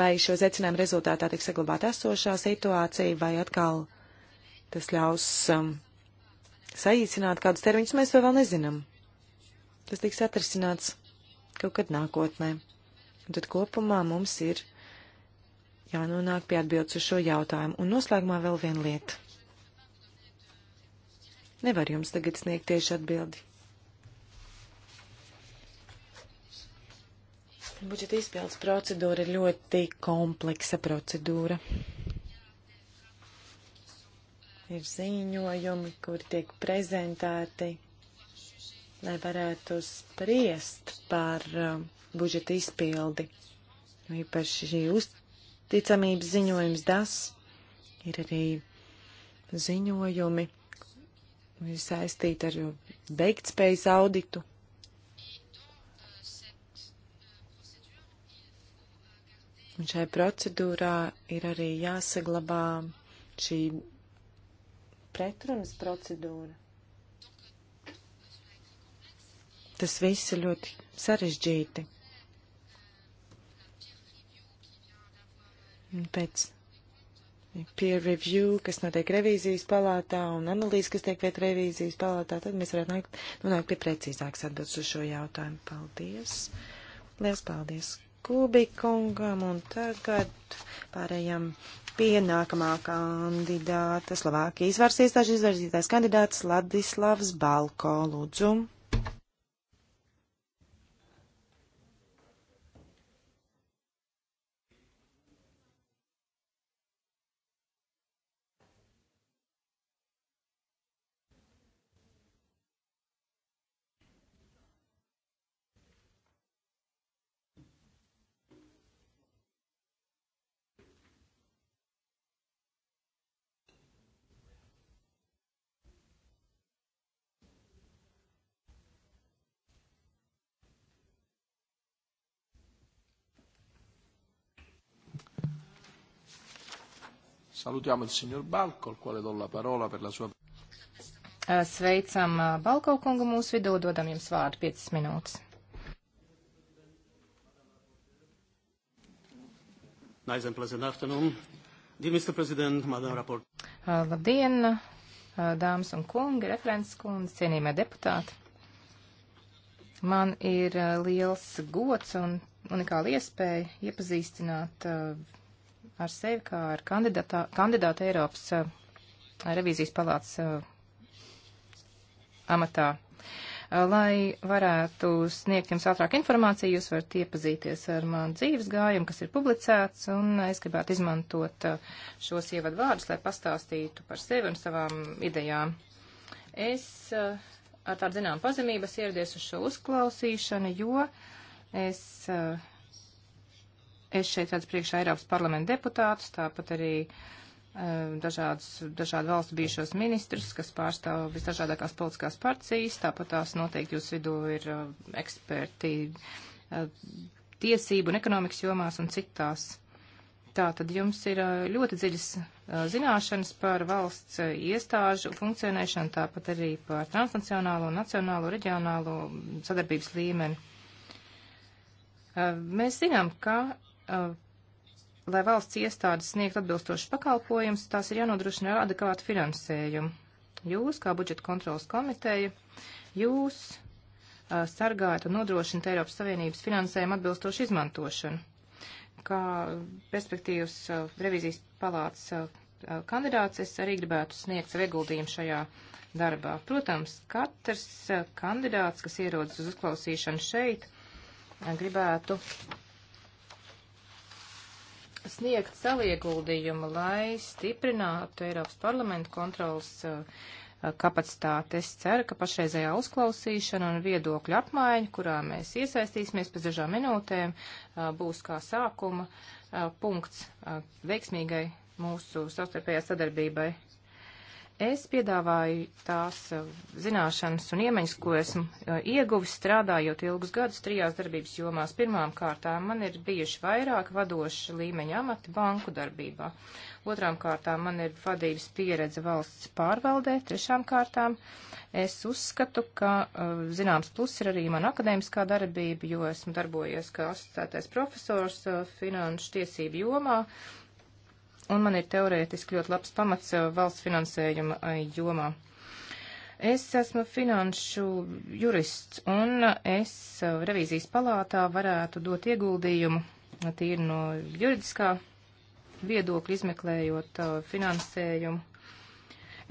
vai šo secinājumu rezultātā tiks saglabāt esošā situācija, vai atkal tas ļaus um, saīsināt kādus termiņus, mēs to vēl nezinām. Tas tiks atrisināts kaut kad nākotnē. Un tad kopumā mums ir jānonāk pie atbildes uz šo jautājumu. Un noslēgumā vēl viena lieta. Nevar jums tagad sniegt tieši atbildi. Budžeta izpildes procedūra ir ļoti kompleksa procedūra. Ir ziņojumi, kur tiek prezentēti, lai varētu spriest par uh, budžeta izpildi. Īpaši šī uzticamības ziņojums DAS ir arī ziņojumi saistīti ar veiktspējas auditu. Un šai procedūrā ir arī jāsaglabā šī pretrunas procedūra. Tas viss ir ļoti sarežģīti. Un pēc peer review, kas notiek revīzijas palātā, un analīzes, kas tiek veikt revīzijas palātā, tad mēs varētu nonākt pie precīzākas atbildes uz šo jautājumu. Paldies! Liels paldies Kubikungam, un tagad pārējām pie nākamā kandidāta. Slovākijas varas iestāžu izvirzītais kandidāts Ladislavs Balko. Lūdzu. Salutiamo il signor Balko, al quale do la parola per la sua. Eh, sveicam eh, Balko kungu mūsu vidū, dodam jums vārdu 5 minūtes. Nice and pleasant afternoon. Dear Mr. President, Madam Rapport. Eh, labdien, dāmas un kungi, referents kundze, cienījamie deputāti. Man ir liels gods un unikāla iespēja iepazīstināt uh, ar sevi kā ar kandidātu Eiropas uh, revīzijas palātas uh, amatā. Uh, lai varētu sniegt jums ātrāk informāciju, jūs varat iepazīties ar manu dzīves gājumu, kas ir publicēts, un es gribētu izmantot šos ievadu vārdus, lai pastāstītu par sevi un savām idejām. Es ar tādu zinām pazemības ieradies uz šo uzklausīšanu, jo es uh, Es šeit redzu priekšā Eiropas parlamenta deputātus, tāpat arī eh, dažādas, dažādu valstu bijušos ministrus, kas pārstāv visdažādākās politiskās partijas, tāpat tās noteikti jūs vidū ir eh, eksperti eh, tiesību un ekonomikas jomās un citās. Tā tad jums ir ļoti dziļas zināšanas par valsts iestāžu funkcionēšanu, tāpat arī par transnacionālo, nacionālo, reģionālo mm, sadarbības līmeni. Mēs zinām, ka Uh, lai valsts iestādes sniegt atbilstošas pakalpojumus, tās ir jānodrošina ar adekvātu finansējumu. Jūs, kā budžeta kontrolas komiteja, jūs uh, sargājat un nodrošinat Eiropas Savienības finansējumu atbilstošu izmantošanu. Kā perspektīvas uh, revizijas palātas uh, uh kandidāts, es arī gribētu sniegt savu ieguldījumu šajā darbā. Protams, katrs uh, kandidāts, kas ierodas uz uzklausīšanu šeit, gribētu sniegt savu ieguldījumu, lai stiprinātu Eiropas parlamentu kontrolas uh, kapacitāti. Es ceru, ka pašreizējā uzklausīšana un viedokļu apmaiņa, kurā mēs iesaistīsimies pēc dažām minūtēm, uh, būs kā sākuma uh, punkts uh, veiksmīgai mūsu savstarpējā sadarbībai. Es piedāvāju tās eh, zināšanas un iemaņas, ko esmu eh, ieguvis strādājot ilgus gadus trijās darbības jomās. Pirmām kārtām man ir bijuši vairāk vadoši līmeņa amati banku darbībā. Otrām kārtām man ir vadības pieredze valsts pārvaldē. Trešām kārtām es uzskatu, ka eh, zināms plus ir arī man akadēmiskā darbība, jo esmu darbojies kā asociētais profesors finanšu tiesību jomā un man ir teorētiski ļoti labs pamats eh, valsts finansējuma eh, jomā. Es esmu finanšu jurists, un es eh, revīzijas palātā varētu dot ieguldījumu tīri no juridiskā viedokļa izmeklējot finansējumu.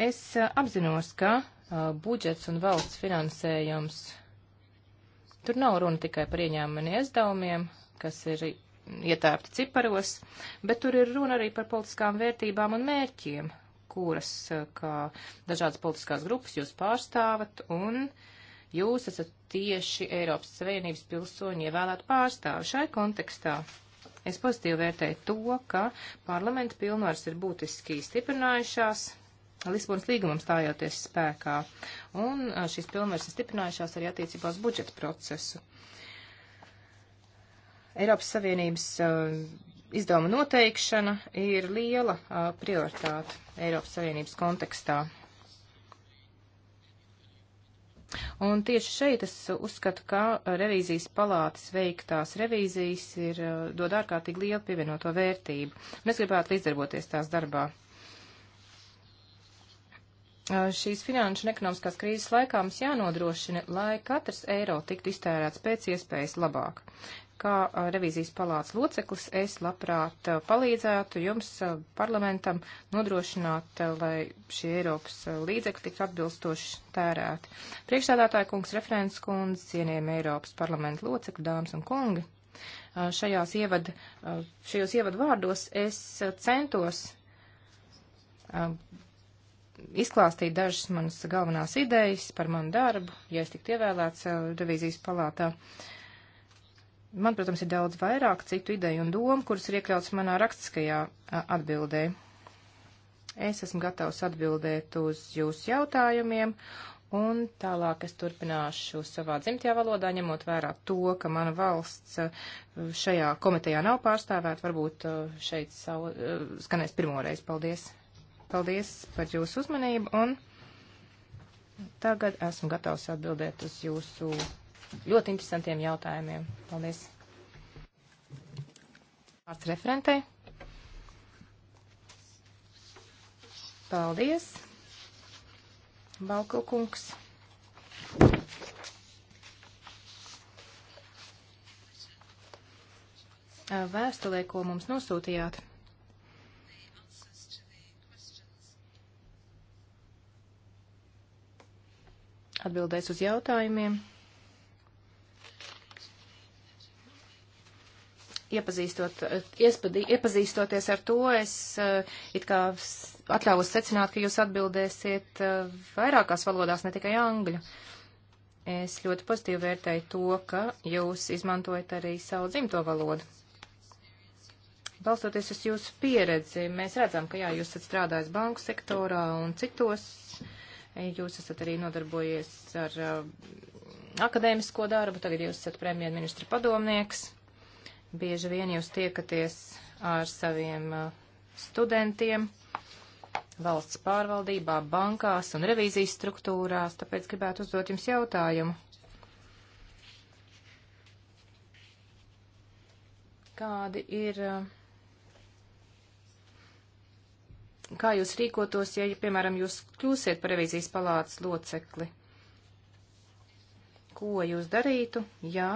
Es apzinos, ka budžets un valsts finansējums. Tur nav runa tikai par ieņēmumiem un izdevumiem, kas ir ietērpti ciparos, bet tur ir runa arī par politiskām vērtībām un mērķiem, kuras eh, kā dažādas politiskās grupas jūs pārstāvat un jūs esat tieši Eiropas Savienības pilsoņi ievēlēt pārstāvi šai kontekstā. Es pozitīvi vērtēju to, ka parlamenta pilnvaras ir būtiski stiprinājušās, Lisbonas līgumam stājoties spēkā, un eh, šīs pilnvaras ir stiprinājušās arī attiecībās budžeta procesu. Eiropas Savienības uh, izdevuma noteikšana ir liela uh, prioritāte Eiropas Savienības kontekstā. Un tieši šeit es uzskatu, ka revīzijas palātas veiktās revīzijas ir uh, dod ārkārtīgi lielu pievienoto vērtību. Mēs gribētu līdzdarboties tās darbā. Šīs finanšu un ekonomiskās krīzes laikā mums jānodrošina, lai katrs eiro tiktu iztērēts pēc iespējas labāk kā revīzijas palāca loceklis, es labprāt palīdzētu jums, parlamentam, nodrošināt, lai šie Eiropas līdzekļi tiktu atbilstoši tērēti. Priekšstādātāja kungs, referents kundze, cienījami Eiropas parlamenta locekļi, dāmas un kungi. Šajās ievad, šajos ievad vārdos es centos izklāstīt dažas manas galvenās idejas par manu darbu, ja es tiktu ievēlēts revīzijas palātā. Uh, Man, protams, ir daudz vairāk citu ideju un domu, kuras ir iekļauts manā rakstiskajā atbildē. Es esmu gatavs atbildēt uz jūsu jautājumiem, un tālāk es turpināšu savā dzimtajā valodā, ņemot vērā to, ka mana valsts šajā komitejā nav pārstāvēta. Varbūt šeit savu, skanēs pirmoreiz. Paldies! Paldies par jūsu uzmanību, un tagad esmu gatavs atbildēt uz jūsu ļoti interesantiem jautājumiem. Paldies! Vārds referentei. Paldies, Balko kungs. Vēstulē, ko mums nosūtījāt. Atbildēs uz jautājumiem. iepazīstot, iespadī, iepazīstoties ar to, es eh, it kā atļāvos secināt, ka jūs atbildēsiet eh, vairākās valodās, ne tikai angļu. Es ļoti pozitīvi vērtēju to, ka jūs izmantojat arī savu dzimto valodu. Balstoties uz jūsu pieredzi, mēs redzam, ka jā, jūs esat strādājis banku sektorā un citos, jūs esat arī nodarbojies ar uh, akadēmisko darbu, tagad jūs esat premjerministra padomnieks. Bieži vien jūs tiekaties ar saviem uh, studentiem valsts pārvaldībā, bankās un revīzijas struktūrās, tāpēc gribētu uzdot jums jautājumu. Kādi ir uh, kā jūs rīkotos, ja, piemēram, jūs kļūsiet par revīzijas palātas locekli? Ko jūs darītu, ja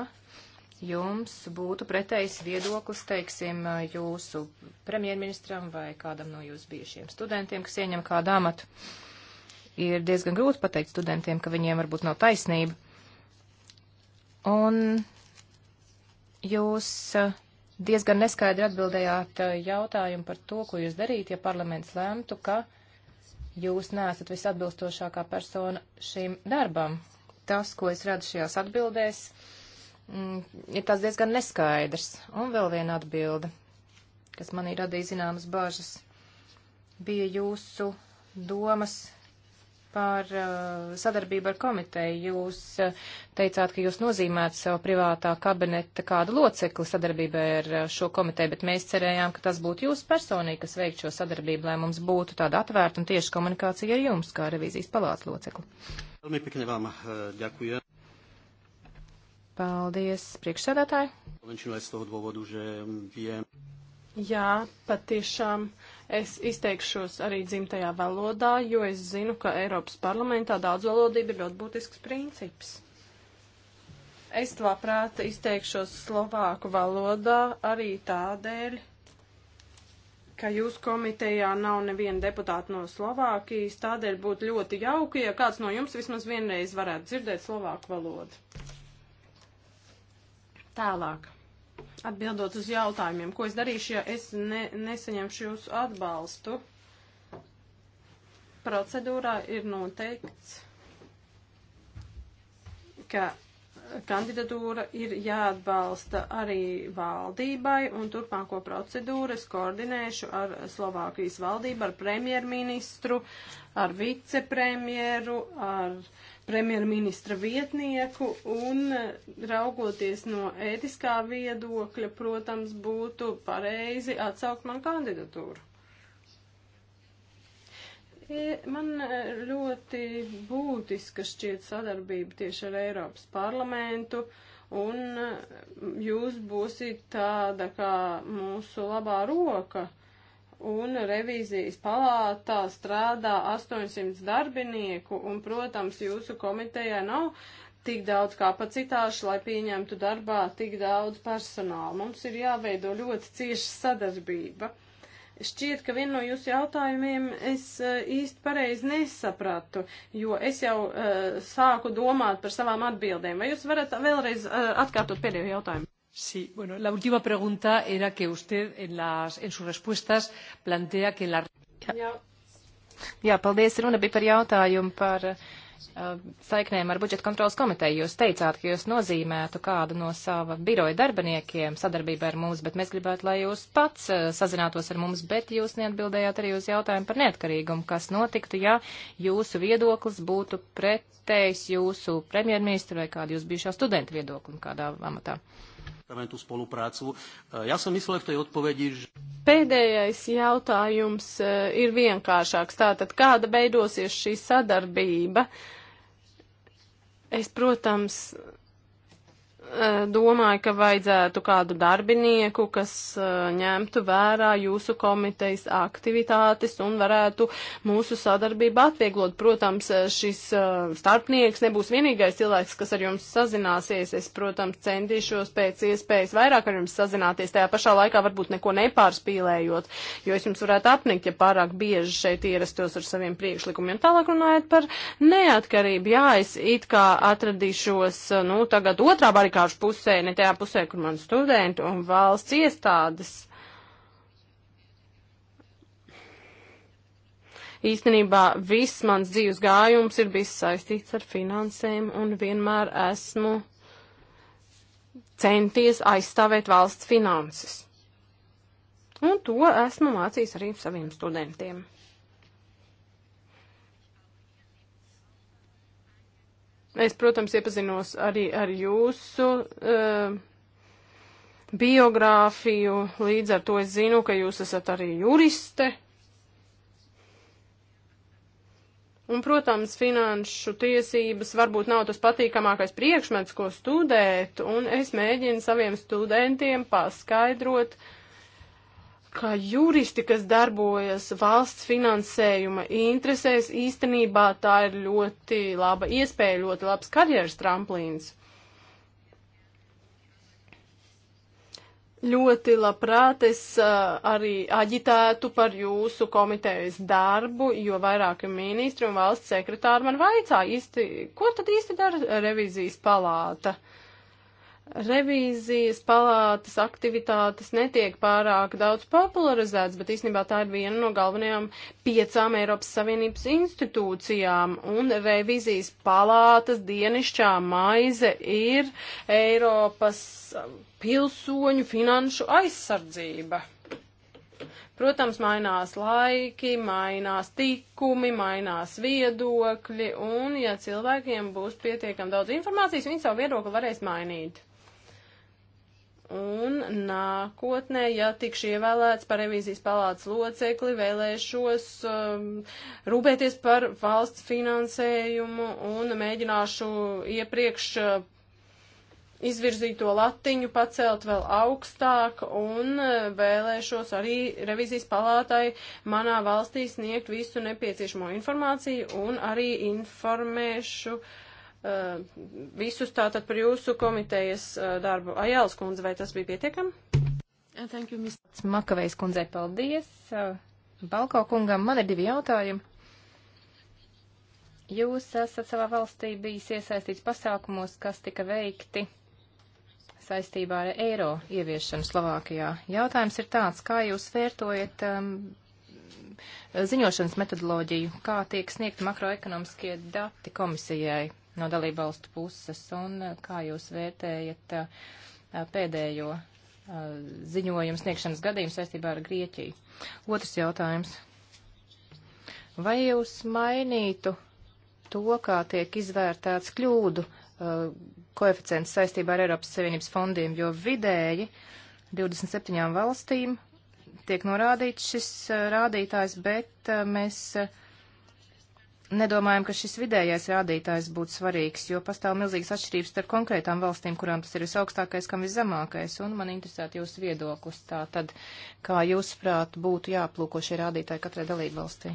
jums būtu pretējs viedoklis, teiksim, jūsu premjerministram vai kādam no jūsu bijušiem studentiem, kas ieņem kādu amatu. Ir diezgan grūti pateikt studentiem, ka viņiem varbūt nav taisnība. Un jūs eh, diezgan neskaidri atbildējāt eh, jautājumu par to, ko jūs darītu, ja parlaments lemtu, ka jūs neesat visatbilstošākā persona šim darbam. Tas, ko es redzu šajās atbildēs, uh, Mm, ir tās diezgan neskaidrs. Un vēl viena atbilde, kas manī radīja zināmas bažas, bija jūsu domas par uh, sadarbību ar komiteju. Jūs uh, teicāt, ka jūs nozīmētu savu privātā kabineta kādu locekli sadarbībai ar uh, šo komiteju, bet mēs cerējām, ka tas būtu jūs personīgi, kas veikt šo sadarbību, lai mums būtu tāda atvērta un tieši komunikācija ar jums, kā revīzijas palāca locekli. Paldies, priekšsēdētāji. Jā, patiešām es izteikšos arī dzimtajā valodā, jo es zinu, ka Eiropas parlamentā daudzvalodība ir ļoti būtisks princips. Es labprāt izteikšos slovāku valodā arī tādēļ, ka jūsu komitejā nav neviena deputāta no Slovākijas, tādēļ būtu ļoti jauki, ja kāds no jums vismaz vienreiz varētu dzirdēt slovāku valodu. Tālāk. Atbildot uz jautājumiem, ko es darīšu, ja es ne, nesaņemšu jūsu atbalstu, procedūrā ir noteikts, ka kandidatūra ir jāatbalsta arī valdībai, un turpmāko procedūru es koordinēšu ar Slovākijas valdību, ar premjerministru, ar vicepremjeru, ar premjerministra vietnieku un eh, raugoties no ētiskā viedokļa, protams, būtu pareizi atsaukt man kandidatūru. E, man eh, ļoti būtiska šķiet sadarbība tieši ar Eiropas parlamentu, un eh, jūs būsiet tāda kā mūsu labā roka. Uh, un revīzijas palātā strādā 800 darbinieku, un, protams, jūsu komitejā nav tik daudz kapacitāšu, lai pieņemtu darbā tik daudz personālu. Mums ir jāveido ļoti cieša sadarbība. Šķiet, ka vienu no jūsu jautājumiem es eh, īsti pareizi nesapratu, jo es jau uh, sāku domāt par savām atbildēm. Vai jūs varat vēlreiz uh, atkārtot pēdējo jautājumu? Sí, bueno, la última pregunta era que usted en, las, en sus respuestas plantea que la. Jā. Jā, paldies. Runa bija par jautājumu par uh, saiknēm ar budžeta kontrolas komiteju. Jūs teicāt, ka jūs nozīmētu kādu no sava biroja darbiniekiem sadarbībā ar mums, bet mēs gribētu, lai jūs pats uh, sazinātos ar mums, bet jūs neatbildējāt arī uz jautājumu par neatkarīgumu, kas notiktu, ja jūsu viedoklis būtu pretējs jūsu premjerministra vai kādu jūs bijušā studenta viedoklim kādā amatā. Uh, tú spoluprácu. E, ja som myslel v tej odpovedi, že... Pēdējais jautājums e, ir vienkāršāks. Tātad, kāda beidosies šī sadarbība? Es, protams, Eh, domāju, ka vajadzētu kādu darbinieku, kas eh, ņemtu vērā jūsu komitejas aktivitātes un varētu mūsu sadarbību atvieglot. Protams, eh, šis starpnieks nebūs vienīgais cilvēks, kas ar jums sazināsies. Es, protams, centīšos pēc iespējas vairāk ar jums sazināties, tajā pašā laikā varbūt neko nepārspīlējot, jo es jums varētu apnikt, ja pārāk bieži šeit ierastos ar saviem priekšlikumiem. Tālāk runājot par neatkarību. Jā, es it kā atradīšos, nu, tagad otrā barikā vienkārši pusē, ne tajā pusē, kur man studenti un valsts iestādes. Īstenībā viss mans dzīves gājums ir bijis saistīts ar finansēm un vienmēr esmu centies aizstāvēt valsts finanses. Un to esmu mācījis arī saviem studentiem. Es, protams, iepazinos arī ar jūsu uh, biogrāfiju, līdz ar to es zinu, ka jūs esat arī juriste. Un, protams, finanšu tiesības varbūt nav tas patīkamākais priekšmets, ko studēt, un es mēģinu saviem studentiem paskaidrot, uh, kā juristi, kas darbojas valsts finansējuma interesēs, īstenībā tā ir ļoti laba iespēja, ļoti labs karjeras tramplīns. Ļoti labprāt es uh, arī aģitētu par jūsu komitejas darbu, jo vairāki ministri un valsts sekretāri man vaicā, īsti, ko tad īsti dara revizijas palāta? Uh, revīzijas palātas aktivitātes netiek pārāk daudz popularizētas, bet īstenībā tā ir viena no galvenajām piecām Eiropas Savienības institūcijām, un revīzijas palātas dienišķā maize ir Eiropas pilsoņu finanšu aizsardzība. Protams, mainās laiki, mainās tikumi, mainās viedokļi, un ja cilvēkiem būs pietiekami daudz informācijas, viņi savu viedokli varēs mainīt. Un nākotnē, ja tikšu ievēlēts par revīzijas palātas locekli, vēlēšos um, rūpēties par valsts finansējumu un mēģināšu iepriekš uh, izvirzīto latiņu pacelt vēl augstāk un uh, vēlēšos arī revizijas palātai manā valstī sniegt visu nepieciešamo informāciju un arī informēšu uh, Eh, visus tātad par jūsu komitejas eh, darbu. Ajāls kundze, vai tas bija pietiekami? Thank you, Miss. Makavejs kundzei paldies. Eh, Balko kungam man ir divi jautājumi. Jūs esat savā valstī bijis iesaistīts pasākumos, kas tika veikti saistībā ar eiro ieviešanu Slovākijā. Jautājums ir tāds, kā jūs vērtojat um, ziņošanas metodoloģiju, kā tiek sniegti makroekonomiskie dati komisijai, no dalībvalstu puses, un eh, kā jūs vērtējat eh, pēdējo eh, ziņojumu sniegšanas gadījumu saistībā ar Grieķiju? Otrs jautājums. Vai jūs mainītu to, kā tiek izvērtēts kļūdu uh, koeficients saistībā ar Eiropas Savienības fondiem, jo vidēji 27 valstīm tiek norādīts šis uh, rādītājs, bet uh, mēs uh, Nedomājam, ka šis vidējais rādītājs būtu svarīgs, jo pastāv milzīgas atšķirības starp konkrētām valstīm, kurām tas ir visaugstākais, kam viszemākais, un man interesētu jūsu viedoklis tā tad, kā jūs prāt būtu jāplūko šie rādītāji katrai dalību valstī.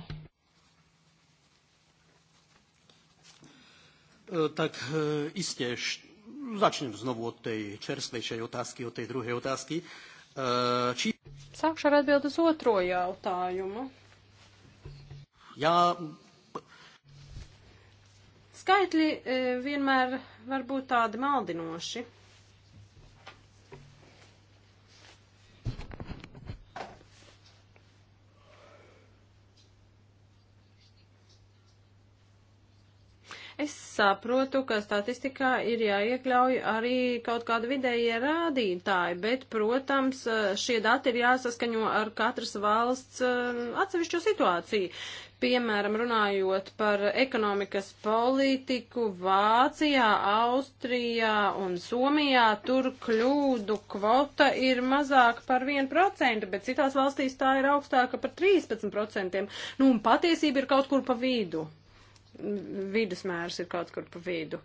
Tak istě, začnem znovu od tej čerstvejšej otázky, od tej druhej otázky. Či... Sākšu ar atbildu uz otro jautājumu. Jā, ja Skaitļi e, vienmēr var būt tādi maldinoši. Es saprotu, ka statistikā ir jāiekļauj arī kaut kāda vidējie rādītāji, bet, protams, šie dati ir jāsaskaņo ar katras valsts um, atsevišķo situāciju. Piemēram, runājot par ekonomikas politiku, Vācijā, Austrijā un Somijā tur kļūdu kvota ir mazāka par 1%, bet citās valstīs tā ir augstāka par 13%. Nu, un patiesība ir kaut kur pa vidu vidusmērs ir kaut kur pa vidu.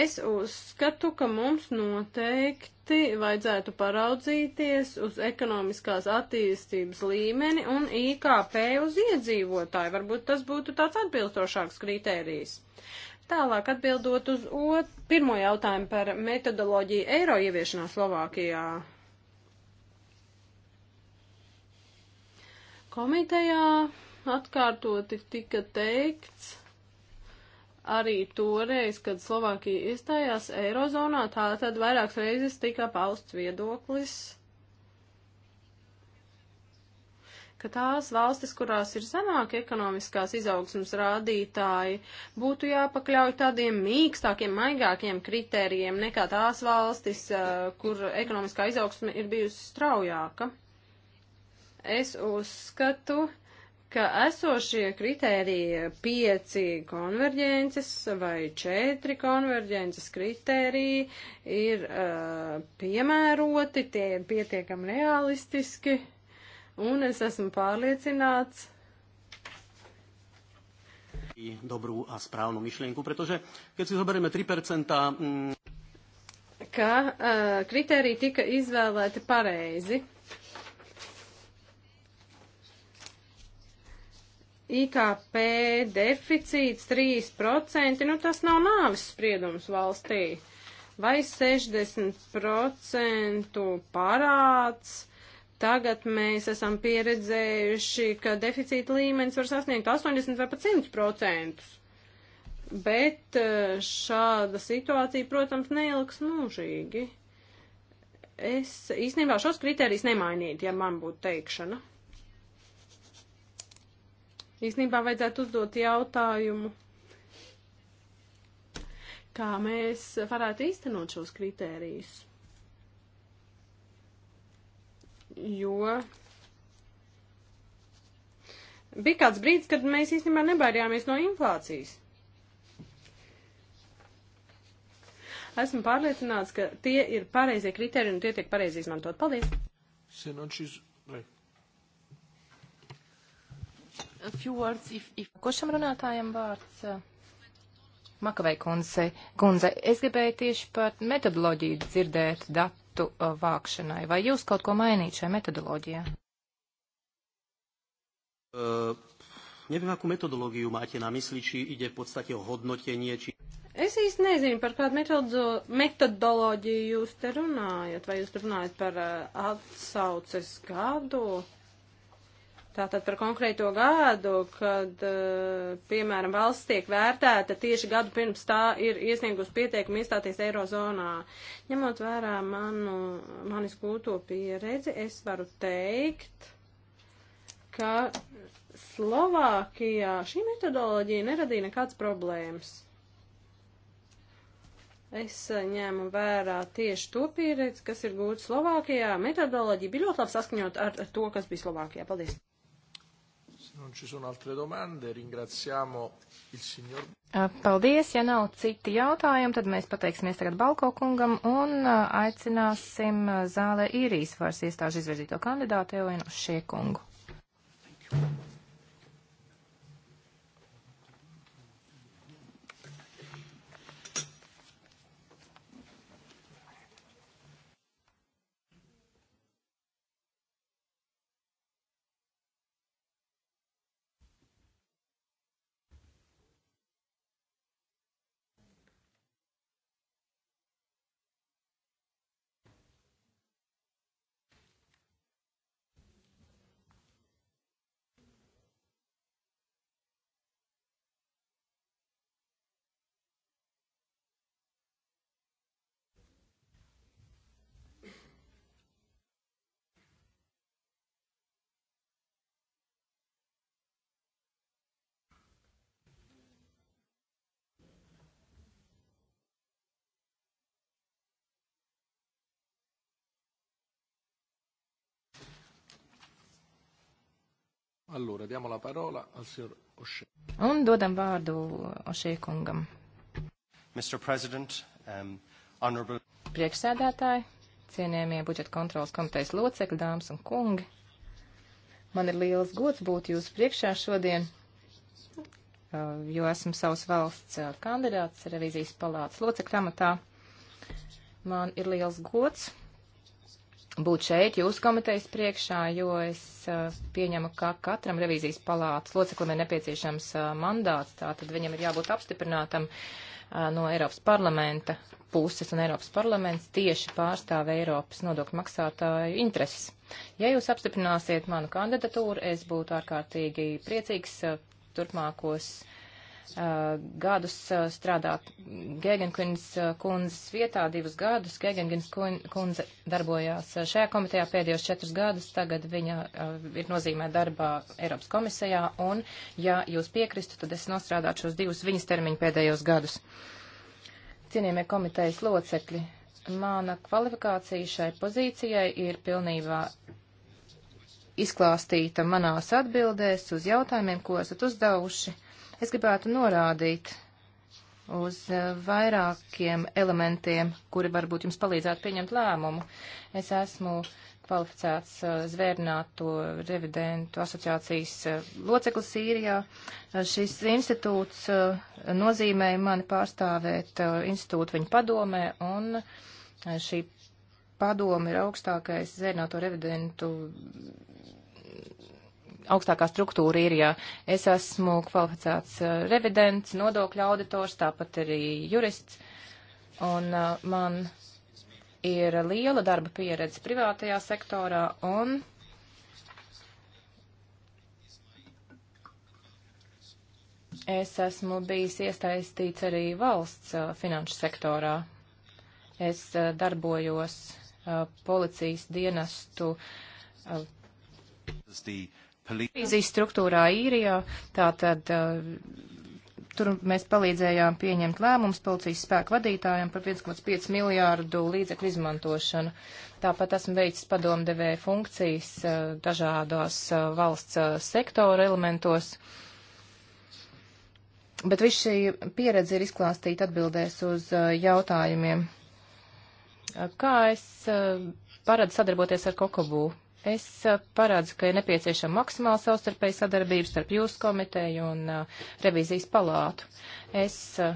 Es uzskatu, ka mums noteikti vajadzētu paraudzīties uz ekonomiskās attīstības līmeni un IKP uz iedzīvotāju. Varbūt tas būtu tāds atbilstošāks kritērijs. Tālāk atbildot uz ot, pirmo jautājumu par metodoloģiju eiro ieviešanā Slovākijā. Komitejā atkārtoti tika teikts, arī toreiz, kad Slovākija iestājās Eirozonā, tā tad vairākas reizes tika pausts viedoklis, ka tās valstis, kurās ir zemāki ekonomiskās izaugsmas rādītāji, būtu jāpakļauj tādiem mīkstākiem, maigākiem kritērijiem nekā tās valstis, eh, kur ekonomiskā izaugsme ir bijusi straujāka. Es uzskatu, ka esošie kritērija pieci konverģences vai četri konverģences kritēriji ir uh, piemēroti, tie ir pietiekami realistiski, un es esmu pārliecināts. Dobrú a správnu myšlienku, pretože keď si zoberieme 3%. Mm... Ka uh, kritēriji tika izvēlēti pareizi IKP deficīts 3%, nu tas nav nāvis spriedums valstī. Vai 60% parāds. Tagad mēs esam pieredzējuši, ka deficīta līmenis var sasniegt 80 vai pat 100%. Bet eh, šāda situācija, protams, neilgs mūžīgi. Es īstenībā šos kriterijus nemainītu, ja man būtu teikšana. Īsnībā vajadzētu uzdot jautājumu, kā mēs varētu īstenot šos kritērijus. Jo bija kāds brīdis, kad mēs īstenībā nebaidījāmies no inflācijas. Esmu pārliecināts, ka tie ir pareizie kriteriji un tie tiek pareizi izmantot. Paldies! Se non ci Words, if, if... Košam runātājam vārds? Eh, Makavei kundze, kundze, es gribēju tieši par metodoloģiju dzirdēt datu uh, vākšanai. Vai jūs kaut ko mainīt šajā metodoloģijā? Uh, neviem, akú metodológiu máte na mysli, či ide v podstate o hodnotenie, či... Es īsti nezinu, par kādu metodzo, metodoloģiju jūs te runājat, vai jūs te runājat par uh, atsauces gadu? Uh, Tātad par konkrēto gadu, kad, eh, piemēram, valsts tiek vērtēta tieši gadu pirms tā ir iesniegusi pieteikumu iestāties Eirozonā. Ņemot vērā manu, manis gūto pieredzi, es varu teikt, ka Slovākijā šī metodoloģija neradīja nekādas problēmas. Es eh, ņēmu vērā tieši to pieredzi, kas ir gūta Slovākijā. Metodoloģija bija ļoti labi saskaņot ar to, kas bija Slovākijā. Paldies! non ci sono altre domande, ringraziamo il signor. Eh, paldies, ja nav citi jautājumi, tad mēs pateiksimies tagad Balko kungam un eh, aicināsim eh, zālē īrijas varas iestāžu izvirzīto kandidātu Elinu Šiekungu. Thank you. Allora, diamo la parola al signor O'Shea. Un dodam vārdu O'Shea kungam. Mr. President, um, honorable... Priekšsēdētāji, cienējamie budžeta kontrolas komitejas locekļi, dāmas un kungi, man ir liels gods būt jūsu priekšā šodien, uh, jo esmu savas valsts uh, kandidāts revizijas palātas locekļa amatā. Man ir liels gods būt šeit jūsu komitejas priekšā, jo es uh, pieņemu, ka katram revīzijas palātas loceklim ir nepieciešams uh, mandāts, tātad viņam ir jābūt apstiprinātam uh, no Eiropas parlamenta puses, un Eiropas parlaments tieši pārstāv Eiropas nodokļu maksātāju intereses. Ja jūs apstiprināsiet manu kandidatūru, es būtu ārkārtīgi priecīgs turpmākos Uh, gadus uh, strādāt Gēgenkins uh, kundzes vietā, divus gadus. Gēgenkins kundze darbojās šajā komitejā pēdējos četrus gadus, tagad viņa ir nozīmēta darbā Eiropas komisijā, un ja jūs piekristu, tad es nostrādātu šos divus viņas termiņu pēdējos gadus. Cienījamie komitejas locekļi, mana kvalifikācija šai pozīcijai ir pilnībā izklāstīta manās atbildēs uz jautājumiem, ko esat uzdevuši. Es gribētu norādīt uz eh, vairākiem elementiem, kuri varbūt jums palīdzētu pieņemt lēmumu. Es esmu kvalificēts eh, zvērnāto revidentu asociācijas eh, loceklis Sīrijā. Šis institūts nozīmēja mani pārstāvēt institūtu viņa padomē, un šī padoma ir augstākais zvērnāto revidentu augstākā struktūra ir, ja es esmu kvalificēts eh, revidents, nodokļu auditors, tāpat arī jurists, un eh, man ir liela darba pieredze privātajā sektorā, un es esmu bijis iesaistīts arī valsts eh, finanšu sektorā. Es darbojos policijas dienestu Vīzijas struktūrā īrijā, tātad uh, tur mēs palīdzējām pieņemt lēmumus policijas spēku vadītājiem par 1,5 miljārdu līdzekļu izmantošanu. Tāpat esmu veicis padomdevēja funkcijas uh, dažādos uh, valsts sektora elementos. Bet viss šī pieredze ir izklāstīta atbildēs uz jautājumiem. Kā es paradu sadarboties ar Kokobu? Es eh, parādzu, ka ir nepieciešama maksimāla savstarpēja sadarbība starp jūsu komiteju un uh, revīzijas palātu. Es, uh,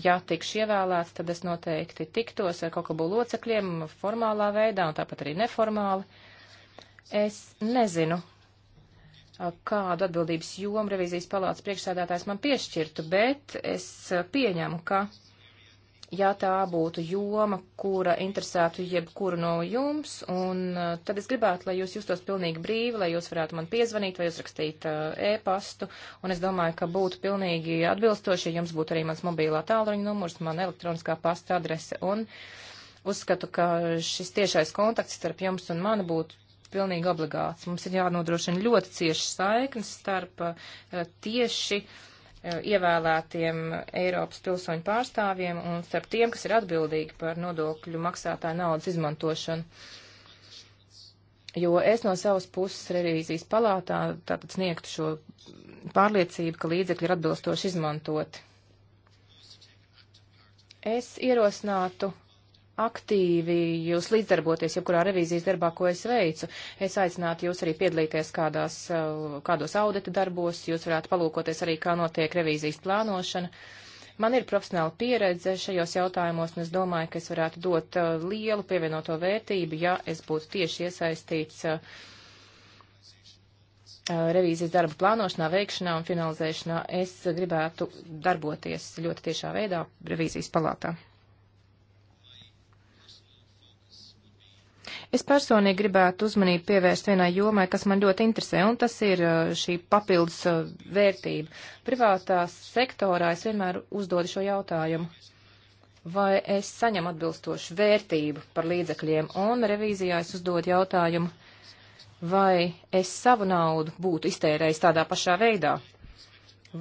ja tikšu ievēlēts, tad es noteikti tiktos ar kaut kādu locekļiem formālā veidā un tāpat arī neformāli. Es nezinu, uh, kādu atbildības jomu revīzijas palātas priekšsēdētājs man piešķirtu, bet es pieņemu, ka ja tā būtu joma, kura interesētu jebkuru no jums, un uh, tad es gribētu, lai jūs justos pilnīgi brīvi, lai jūs varētu man piezvanīt vai uzrakstīt uh, e-pastu, un es domāju, ka būtu pilnīgi atbilstoši, ja jums būtu arī mans mobilā tālruņa numurs, man elektroniskā pasta adrese, un uzskatu, ka šis tiešais kontakts starp jums un mani būtu pilnīgi obligāts. Mums ir jānodrošina ļoti cieši saiknes starp uh, tieši uh, Eh, ievēlētiem Eiropas pilsoņu pārstāvjiem un starp tiem, kas ir atbildīgi par nodokļu maksātāju naudas izmantošanu. Jo es no savas puses revīzijas palātā tātad sniegtu šo pārliecību, ka līdzekļi ir atbilstoši izmantoti. Es ierosinātu aktīvi jūs līdzdarboties jebkurā revīzijas darbā, ko es veicu. Es aicinātu jūs arī piedalīties kādās, eh, kādos audita darbos, jūs varētu palūkoties arī, kā notiek revīzijas plānošana. Man ir profesionāla pieredze šajos jautājumos, un es domāju, ka es varētu dot uh, lielu pievienoto vērtību, ja es būtu tieši iesaistīts uh, revīzijas darba plānošanā, veikšanā un finalizēšanā. Es gribētu darboties ļoti tiešā veidā revīzijas palātā. Es personīgi gribētu uzmanību pievērst vienai jomai, kas man ļoti interesē, un tas ir uh, šī papildus uh, vērtība. Privātā sektorā es vienmēr uzdodu šo jautājumu. Vai es saņemu atbilstošu vērtību par līdzekļiem, un revīzijā es uzdodu jautājumu, vai es savu naudu būtu iztērējis tādā pašā veidā,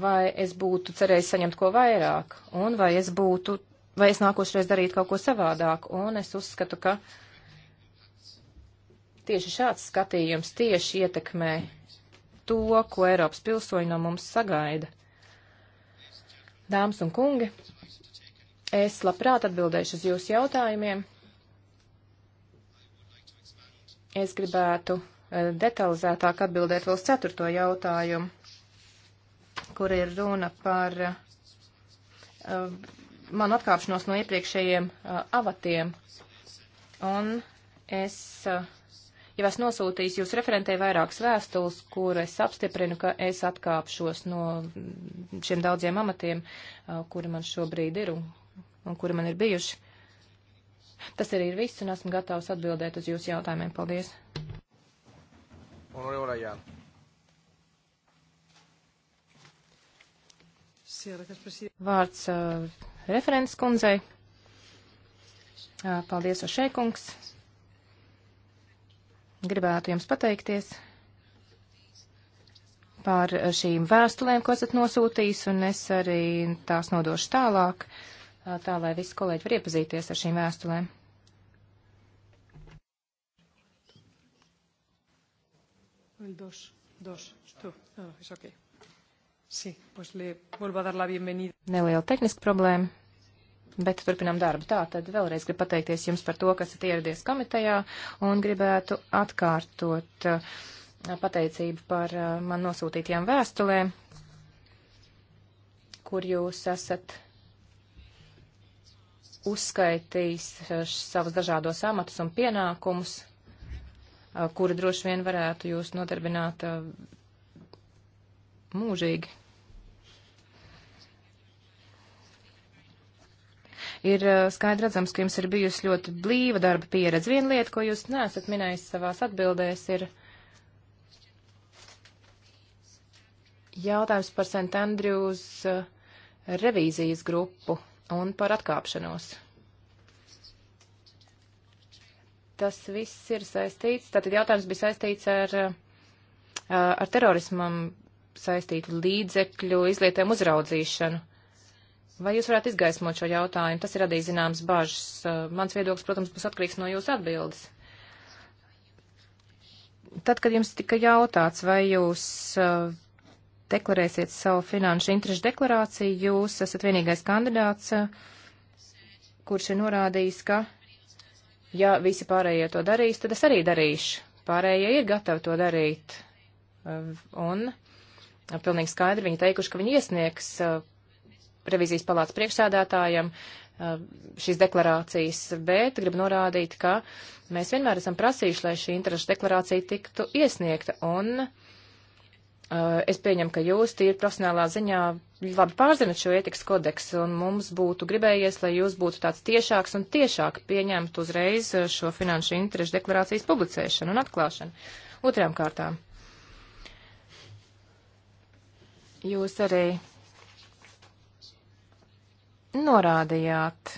vai es būtu cerējis saņemt ko vairāk, un vai es būtu, vai es nākošreiz darītu kaut ko savādāk, un es uzskatu, ka uh, Tieši šāds skatījums tieši ietekmē to, ko Eiropas pilsoņi no mums sagaida. Dāmas un kungi, es labprāt atbildēšu uz jūsu jautājumiem. Es gribētu e, detalizētāk atbildēt vēl uz ceturto jautājumu, kur ir runa par uh, manu atkāpšanos no iepriekšējiem uh, avatiem. Un es uh, jau esmu nosūtījis jūs referentē vairākas vēstules, kur es apstiprinu, ka es atkāpšos no šiem daudziem amatiem, uh, kuri man šobrīd ir un, un kuri man ir bijuši. Tas arī ir viss, un esmu gatavs atbildēt uz jūsu jautājumiem. Paldies! Vārds uh, referents kundzei. Uh, paldies, Ošēkungs gribētu jums pateikties par šīm vēstulēm, ko esat nosūtījis, un es arī tās nodošu tālāk, tā lai visi kolēģi var iepazīties ar šīm vēstulēm. Dos, dos, tu, no, ah, es okay. Sí, pues le vuelvo a dar la bienvenida. Neliela tehniska problēma. Bet turpinām darbu. Tā tad vēlreiz gribu pateikties jums par to, kas esat ieradies komitejā un gribētu atkārtot uh, pateicību par uh, man nosūtītajām vēstulēm, kur jūs esat uzskaitījis uh, savus dažādos amatus un pienākumus, kuri droši vien varētu jūs nodarbināt mūžīgi. ir eh, skaidrredzams, ka jums ir bijusi ļoti blīva darba pieredze. Viena lieta, ko jūs nesat minējis savās atbildēs, ir jautājums par St. Andrews eh, revīzijas grupu un par atkāpšanos. Tas viss ir saistīts, tātad jautājums bija saistīts ar, eh, ar terorismam saistītu līdzekļu izlietēm uzraudzīšanu. Vai jūs varētu izgaismot šo jautājumu? Tas ir radījis zināmas bažas. Uh, mans viedoklis, protams, būs atkarīgs no jūsu atbildes. Tad, kad jums tika jautāts, vai jūs uh, deklarēsiet savu finanšu interešu deklarāciju, jūs esat vienīgais kandidāts, uh, kurš ir norādījis, ka ja visi pārējie to darīs, tad es arī darīšu. Pārējie ir gatavi to darīt. Un pilnīgi skaidri viņi teikuši, ka viņi iesniegs revizijas palātas priekšsādātājam uh, šīs deklarācijas, bet gribu norādīt, ka mēs vienmēr esam prasījuši, lai šī interešu deklarācija tiktu iesniegta, un uh, es pieņemu, ka jūs tīri profesionālā ziņā labi pārzinat šo etikas kodeksu, un mums būtu gribējies, lai jūs būtu tāds tiešāks un tiešāk pieņemt uzreiz šo finanšu interešu deklarācijas publicēšanu un atklāšanu. Otrām kārtām. Jūs arī norādījāt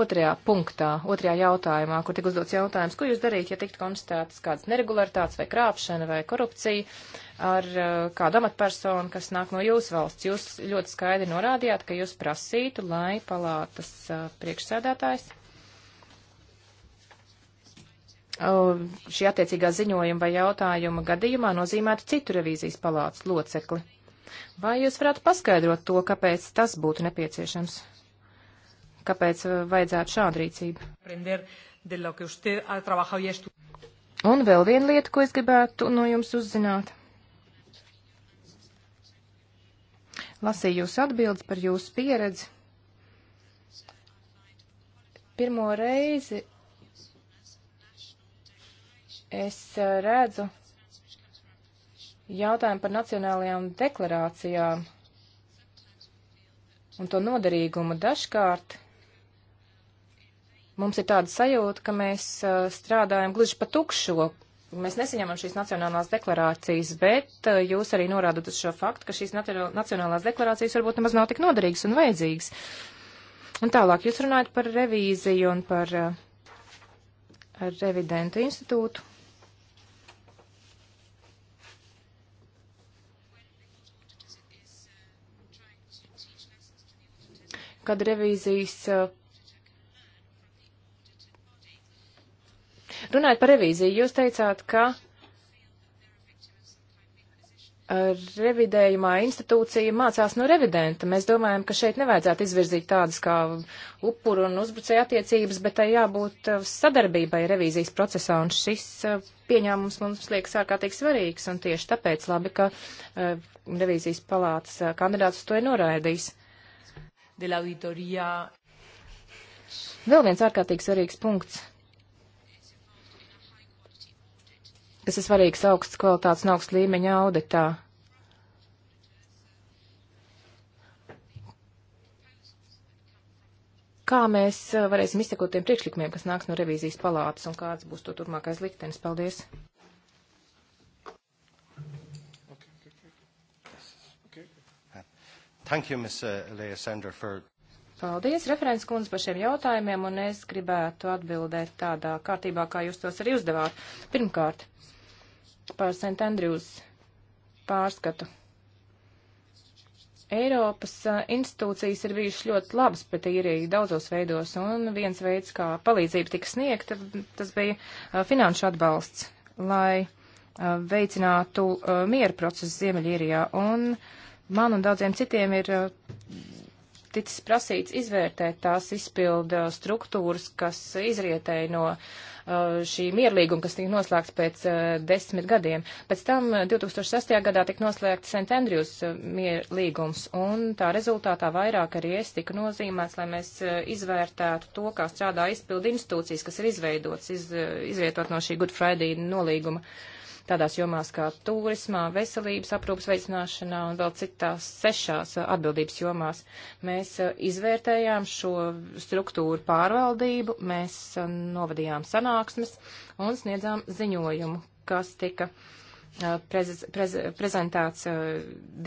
otrajā punktā, otrajā jautājumā, kur tika uzdots jautājums, ko jūs darīt, ja tiktu konstatētas kādas neregularitātes vai krāpšana vai korupcija ar uh, kādu amatpersonu, kas nāk no jūsu valsts. Jūs ļoti skaidri norādījāt, ka jūs prasītu, lai palātas uh, priekšsēdētājs uh, šī attiecīgā ziņojuma vai jautājuma gadījumā nozīmētu citu revīzijas palātas locekli. Vai jūs varētu paskaidrot to, kāpēc tas būtu nepieciešams? Kāpēc uh, vajadzētu šādu rīcību? Un vēl viena lieta, ko es gribētu no jums uzzināt. Lasīju jūs atbildes par jūsu pieredzi. Pirmo reizi es uh, redzu Jautājumi par nacionālajām deklarācijām un to noderīgumu dažkārt mums ir tāda sajūta, ka mēs uh, strādājam gluži pa tukšo. Mēs nesaņemam šīs nacionālās deklarācijas, bet uh, jūs arī norādat uz šo faktu, ka šīs nacionālās deklarācijas varbūt nemaz nav tik noderīgas un vajadzīgas. Un tālāk jūs runājat par revīziju un par uh, revidentu institūtu. kad revīzijas. Eh, runājot par revīziju, jūs teicāt, ka eh, revidējumā institūcija mācās no revidenta. Mēs domājam, ka šeit nevajadzētu izvirzīt tādas kā upuru un uzbrucēju attiecības, bet tai jābūt eh, sadarbībai revīzijas procesā, un šis pieņēmums mums liekas ārkārtīgi svarīgs, un tieši tāpēc labi, ka uh, revīzijas palātas kandidāts to ir noraidījis de la auditoría. Vēl viens ārkārtīgi svarīgs punkts, kas ir svarīgs augsts kvalitātes un augsts līmeņa auditā. Kā mēs uh, varēsim izsekot tiem priekšlikumiem, kas nāks no revīzijas palātas un kāds būs to turpmākais liktenis? Paldies! Thank you, Ms. Uh, Leasander, for. Paldies, referents kundze, par šiem jautājumiem, un es gribētu atbildēt tādā kārtībā, kā jūs tos arī uzdevāt. Pirmkārt, par St. Andrews pārskatu. Eiropas uh, institūcijas ir bijušas ļoti labas pret īriju daudzos veidos, un viens veids, kā palīdzība tika sniegta, tas bija uh, finanšu atbalsts, lai uh, veicinātu uh, mieru procesu Ziemeļīrijā. Un man un daudziem citiem ir uh, ticis prasīts izvērtēt tās izpilda uh, struktūras, kas izrietēja no uh, šī mierlīguma, kas tika noslēgts pēc desmit gadiem. Pēc tam 2006. gadā tika noslēgts St. Andrews mierlīgums, un tā rezultātā vairāk arī es tika nozīmēts, lai mēs izvērtētu to, kā strādā izpildu institūcijas, kas ir izveidots, iz, izvietot no šī Good Friday nolīguma. Uh, tādās jomās kā turismā, veselības aprūpas veicināšanā un vēl citās sešās atbildības jomās. Mēs eh, izvērtējām šo struktūru pārvaldību, mēs eh, novadījām sanāksmes un sniedzām ziņojumu, kas tika eh, prez, prez, prezentēts uh,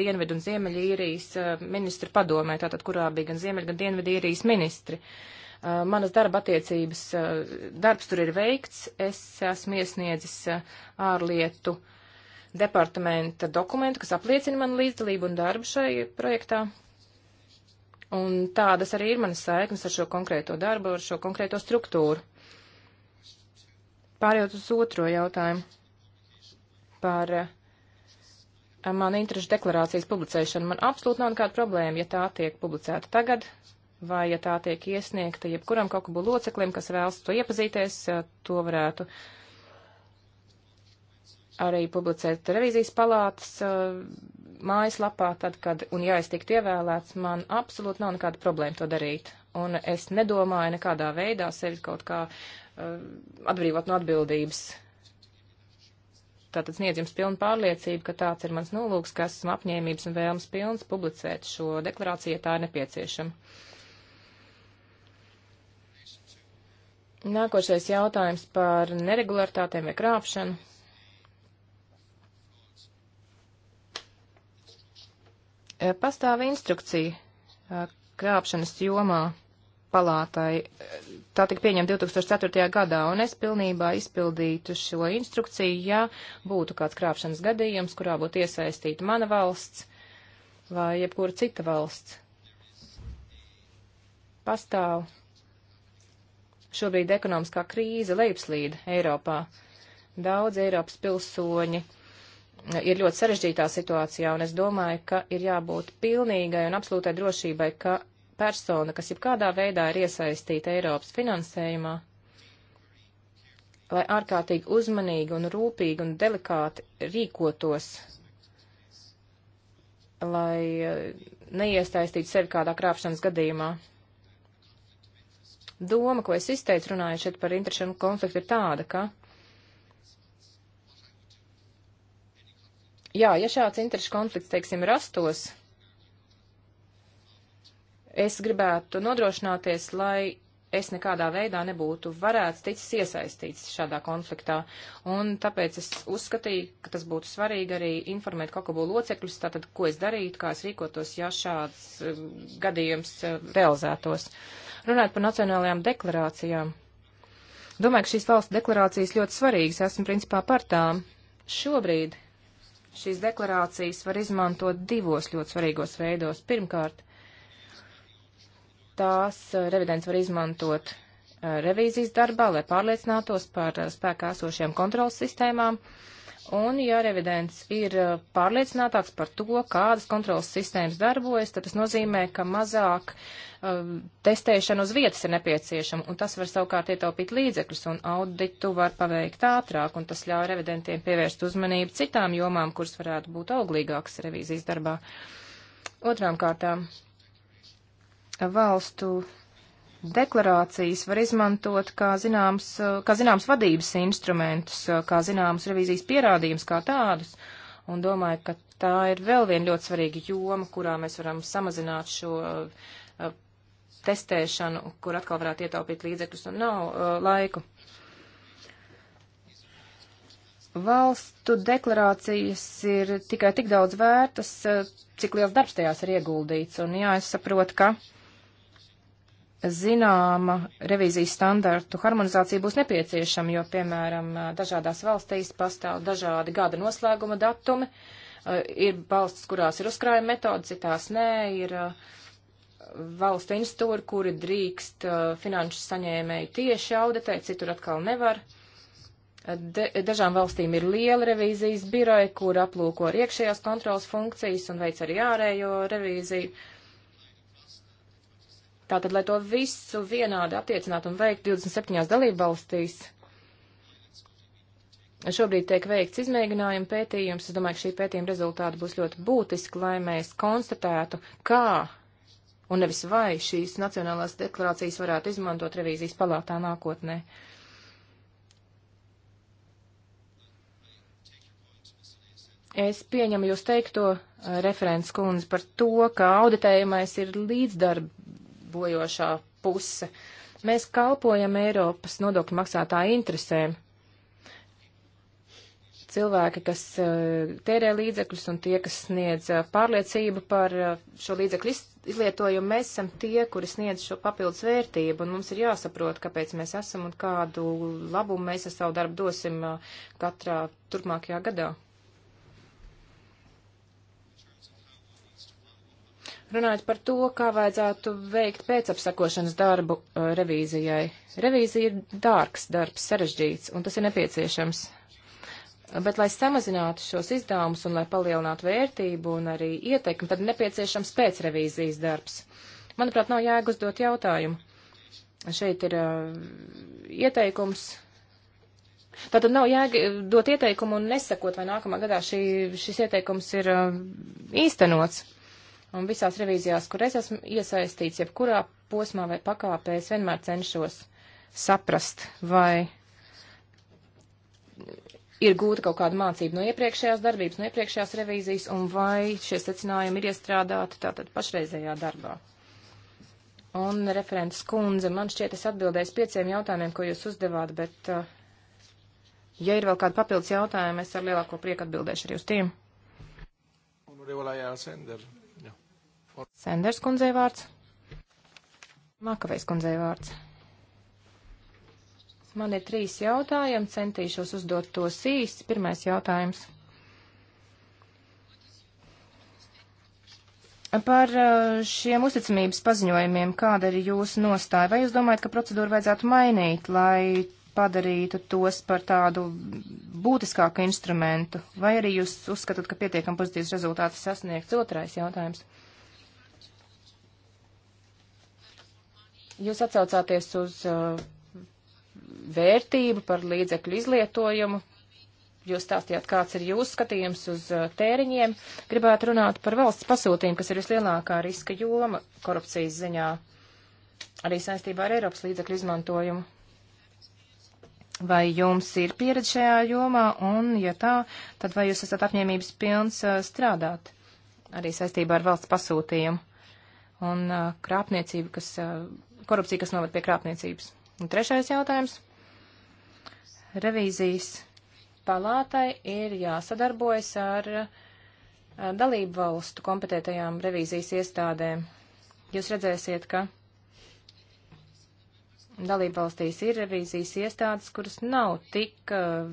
Dienvidu un Ziemeļīrijas uh, ministru padomē, tātad kurā bija gan Ziemeļ, gan Dienvidu īrijas ministri. Uh, Uh, manas darba attiecības, uh, darbs tur ir veikts, es esmu iesniedzis uh, ārlietu departamenta dokumentu, kas apliecina manu līdzdalību un darbu šai projektā. Un tādas arī ir manas saiknes ar šo konkrēto darbu, ar šo konkrēto struktūru. Pārējot uz otro jautājumu par uh, manu interešu deklarācijas publicēšanu. Man absolūti nav nekāda problēma, ja tā tiek publicēta tagad, vai, ja tā tiek iesniegta jebkuram kokubu loceklim, kas vēlas to iepazīties, eh, to varētu arī publicēt revīzijas palātas eh, mājaslapā, tad, kad, un ja es tiktu ievēlēts, man absolūti nav nekāda problēma to darīt. Un es nedomāju nekādā veidā sevi kaut kā eh, atbrīvot no atbildības. Tātad sniedz jums pilnu pārliecību, ka tāds ir mans nolūks, ka esmu apņēmības un vēlmes pilns publicēt šo deklarāciju, ja tā ir nepieciešama. Nākošais jautājums par neregulārtātēm vai krāpšanu. E, pastāv instrukcija e, krāpšanas jomā palātai. E, tā tika pieņemta 2004. gadā, un es pilnībā izpildītu šo instrukciju, ja būtu kāds krāpšanas gadījums, kurā būtu iesaistīta mana valsts vai jebkura cita valsts. Pastāv Šobrīd ekonomiskā krīze leipslīd Eiropā. Daudz Eiropas pilsoņi ir ļoti sarežģītā situācijā, un es domāju, ka ir jābūt pilnīgai un absolūtai drošībai, ka persona, kas jebkādā veidā ir iesaistīta Eiropas finansējumā, lai ārkārtīgi uzmanīgi un rūpīgi un delikāti rīkotos, lai eh, neiesaistītu sevi kādā krāpšanas gadījumā doma, ko es izteicu runājot šeit par interešu konfliktu, ir tāda, ka. Jā, ja šāds interešu konflikts, teiksim, rastos, es gribētu nodrošināties, lai es nekādā veidā nebūtu varēts ticis iesaistīts šādā konfliktā. Un tāpēc es uzskatīju, ka tas būtu svarīgi arī informēt kokobu locekļus, tātad, ko es darītu, kā es rīkotos, ja šāds uh, gadījums uh, realizētos. Runājot par nacionālajām deklarācijām. Domāju, ka šīs valsts deklarācijas ļoti svarīgas, esmu principā par tām. Šobrīd šīs deklarācijas var izmantot divos ļoti svarīgos veidos. Pirmkārt, tās eh, revidents var izmantot eh, revīzijas darbā, lai pārliecinātos par eh, spēkā esošajām kontrolas sistēmām. Un, ja revidents ir pārliecinātāks par to, kādas kontrolas sistēmas darbojas, tad tas nozīmē, ka mazāk um, testēšana uz vietas ir nepieciešama, un tas var savukārt ietaupīt līdzekļus, un auditu var paveikt ātrāk, un tas ļauj revidentiem pievērst uzmanību citām jomām, kuras varētu būt auglīgākas revīzijas darbā. Otrām kārtām, valstu deklarācijas var izmantot kā zināms, kā zināms vadības instrumentus, kā zināms revīzijas pierādījums kā tādus. Un domāju, ka tā ir vēl viena ļoti svarīga joma, kurā mēs varam samazināt šo uh, testēšanu, kur atkal varētu ietaupīt līdzekļus un nav uh, laiku. Valstu deklarācijas ir tikai tik daudz vērtas, uh, cik liels darbs tajās ir ieguldīts. Un jā, es saprotu, ka uh, zināma revīzijas standartu harmonizācija būs nepieciešama, jo, piemēram, dažādās valstīs pastāv dažādi gada noslēguma datumi, eh, ir valsts, kurās ir uzkrājuma metode, citās nē, ir eh, valstu institūri, kuri drīkst eh, finanšu saņēmēju tieši auditēt, citur atkal nevar. De, dažām valstīm ir liela revīzijas biroja, kur aplūko iekšējās kontrolas funkcijas un veic arī ārējo revīziju. Uh, Tātad, lai to visu vienādi attiecināt un veikt 27 dalību valstīs, šobrīd tiek veikts izmēģinājuma pētījums. Es domāju, ka šī pētījuma rezultāti būs ļoti būtiski, lai mēs konstatētu, kā un nevis vai šīs nacionālās deklarācijas varētu izmantot revīzijas palātā nākotnē. Es pieņemu jūs teikto uh, referents kundze par to, ka auditējumais ir līdzdarb, bojošā puse. Mēs kalpojam Eiropas nodokļu maksātāju interesēm. Cilvēki, kas eh, tērē līdzekļus un tie, kas sniedz eh, pārliecību par eh, šo līdzekļu izlietojumu, mēs esam tie, kuri sniedz šo papildus vērtību, un mums ir jāsaprot, kāpēc mēs esam un kādu labumu mēs ar savu darbu dosim katrā turpmākajā gadā. runājot par to, kā vajadzētu veikt pēcapsakošanas darbu uh, revīzijai. Revīzija ir dārgs darbs, sarežģīts, un tas ir nepieciešams. Bet, lai samazinātu šos izdevumus un lai palielinātu vērtību un arī ietekmi, tad ir nepieciešams pēcrevīzijas darbs. Manuprāt, nav jēga uzdot jautājumu. Šeit ir uh, ieteikums. Tātad nav jēga dot ieteikumu un nesakot, vai nākamā gadā šī, šis ieteikums ir uh, īstenots. Un visās revīzijās, kur es esmu iesaistīts, jebkurā posmā vai pakāpē, es vienmēr cenšos saprast, vai ir gūta kaut kāda mācība no iepriekšējās darbības, no iepriekšējās revīzijas, un vai šie secinājumi ir iestrādāti tātad pašreizējā darbā. Un referents kundze, man šķiet, es atbildēju pieciem jautājumiem, ko jūs uzdevāt, bet, uh, ja ir vēl kādi papildus jautājumi, es ar lielāko prieku atbildēšu arī uz tiem. Honorable Ayala Sender. Sanders kundzei vārds. Makavejs kundzei vārds. Man ir trīs jautājumi, centīšos uzdot tos īsti. Pirmais jautājums. Par uh, šiem uzticamības paziņojumiem, kāda ir jūsu nostāja? Vai jūs domājat, ka procedūru vajadzētu mainīt, lai padarītu tos par tādu būtiskāku instrumentu? Vai arī jūs uzskatāt, ka pietiekam pozitīvs rezultāts sasniegts? Otrais jautājums. Uh, Jūs atcaucāties uz uh, vērtību par līdzekļu izlietojumu. Jūs stāstījāt, kāds ir jūsu skatījums uz uh, tēriņiem. Gribētu runāt par valsts pasūtījumu, kas ir vislielākā riska joma korupcijas ziņā, arī saistībā ar Eiropas līdzekļu izmantojumu. Vai jums ir pieredze šajā jomā, un, ja tā, tad vai jūs esat apņēmības pilns uh, strādāt arī saistībā ar valsts pasūtījumu un uh, krāpniecību, kas uh, korupcija, kas novad pie krāpniecības. Un trešais jautājums. Revīzijas palātai ir jāsadarbojas ar eh, dalību valstu kompetētajām revīzijas iestādēm. Jūs redzēsiet, ka dalību valstīs ir revīzijas iestādes, kuras nav tik eh,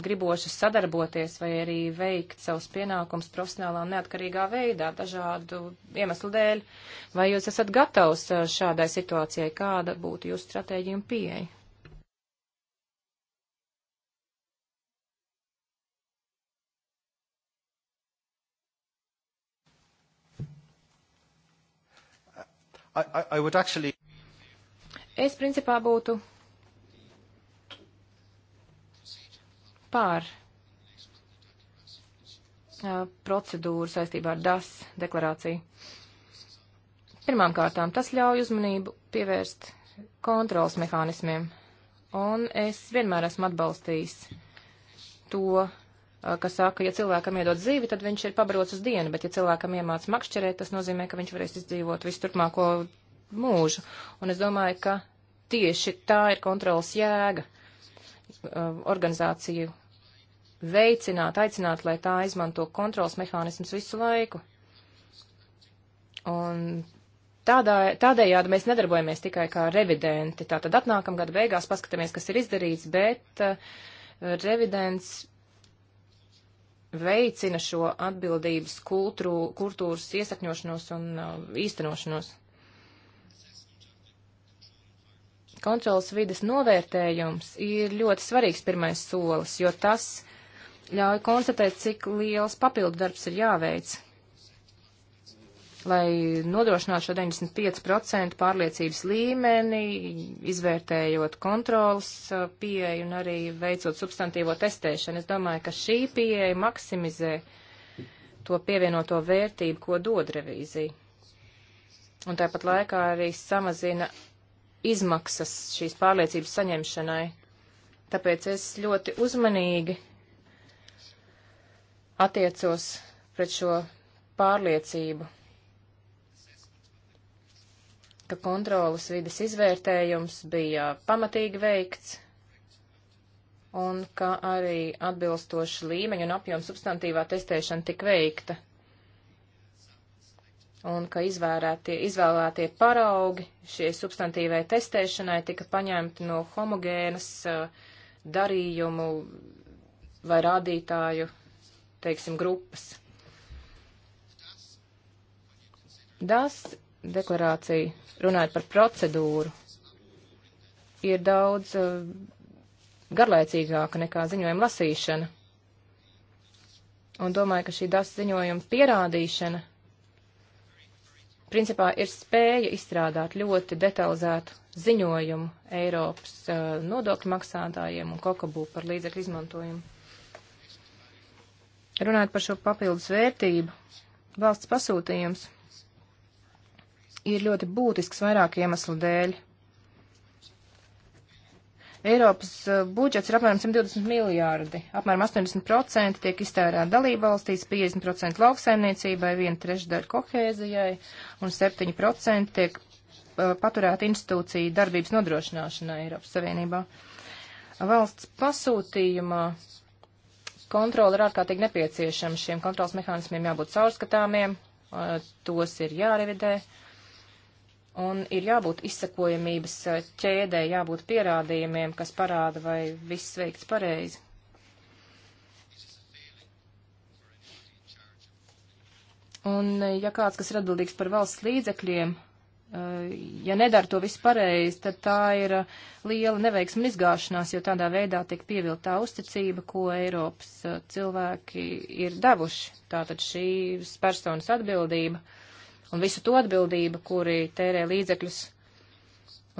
gribošas sadarboties vai arī veikt savus pienākumus profesionālā un neatkarīgā veidā dažādu iemeslu dēļ. Vai jūs esat gatavs šādai situācijai? Kāda būtu jūsu stratēģija un pieeja? I, I, I actually... Es principā būtu pār procedūru saistībā ar DAS deklarāciju. Pirmām kārtām tas ļauj uzmanību pievērst kontrols mehānismiem, un es vienmēr esmu atbalstījis to, kas saka, ja cilvēkam iedod zīvi, tad viņš ir pabarots uz dienu, bet ja cilvēkam iemāc makšķerēt, tas nozīmē, ka viņš varēs izdzīvot visu turpmāko mūžu. Un es domāju, ka tieši tā ir kontrolas jēga organizāciju veicināt, aicināt, lai tā izmanto kontrols mehānismus visu laiku. Un tādā, tādējādi mēs nedarbojamies tikai kā revidenti. Tātad atnākam gada beigās paskatāmies, kas ir izdarīts, bet uh, revidents veicina šo atbildības kultūru, kultūras iesakņošanos un uh, īstenošanos. Kontrolas vides novērtējums ir ļoti svarīgs pirmais solis, jo tas ļauj konstatēt, cik liels papildu darbs ir jāveic, lai nodrošinātu šo 95% pārliecības līmeni, izvērtējot kontrolas pieeju un arī veicot substantīvo testēšanu. Es domāju, ka šī pieeja maksimizē to pievienoto vērtību, ko dod revīzija. Un tāpat laikā arī samazina izmaksas šīs pārliecības saņemšanai. Tāpēc es ļoti uzmanīgi attiecos pret šo pārliecību, ka kontrolas vides izvērtējums bija pamatīgi veikts un ka arī atbilstoši līmeņa un apjoma substantīvā testēšana tik veikta un ka izvērētie, izvēlētie paraugi šie substantīvai testēšanai tika paņemti no homogēnas uh, darījumu vai rādītāju teiksim, grupas. DAS deklarācija, runājot par procedūru, ir daudz uh, garlaicīgāka nekā ziņojuma lasīšana. Un domāju, ka šī DAS ziņojuma pierādīšana principā ir spēja izstrādāt ļoti detalizētu ziņojumu Eiropas uh, nodokļu maksātājiem un kokabū par līdzekļu izmantojumu. Runājot par šo papildus vērtību, valsts pasūtījums ir ļoti būtisks vairāku iemeslu dēļ. Eiropas uh, budžets ir apmēram 120 miljārdi, apmēram 80% tiek iztērēta dalība valstīs, 50% lauksaimniecībai, 1 trešdaļa kohēzijai un 7% tiek uh, paturēta institūcija darbības nodrošināšanai Eiropas Savienībā. Valsts pasūtījumā Kontrola ir ārkārtīgi nepieciešama. Šiem kontrols mehānismiem jābūt caurskatāmiem, tos ir jārevidē. Un ir jābūt izsakojamības ķēdē, jābūt pierādījumiem, kas parāda, vai viss veikts pareizi. Un ja kāds, kas ir atbildīgs par valsts līdzekļiem, uh, Eh, ja nedara to visu pareizi, tad tā ir eh, liela neveiksma izgāšanās, jo tādā veidā tiek pievilktā uzticība, ko Eiropas eh, cilvēki ir devuši. Tātad šīs personas atbildība un visu to atbildību, kuri tērē līdzekļus,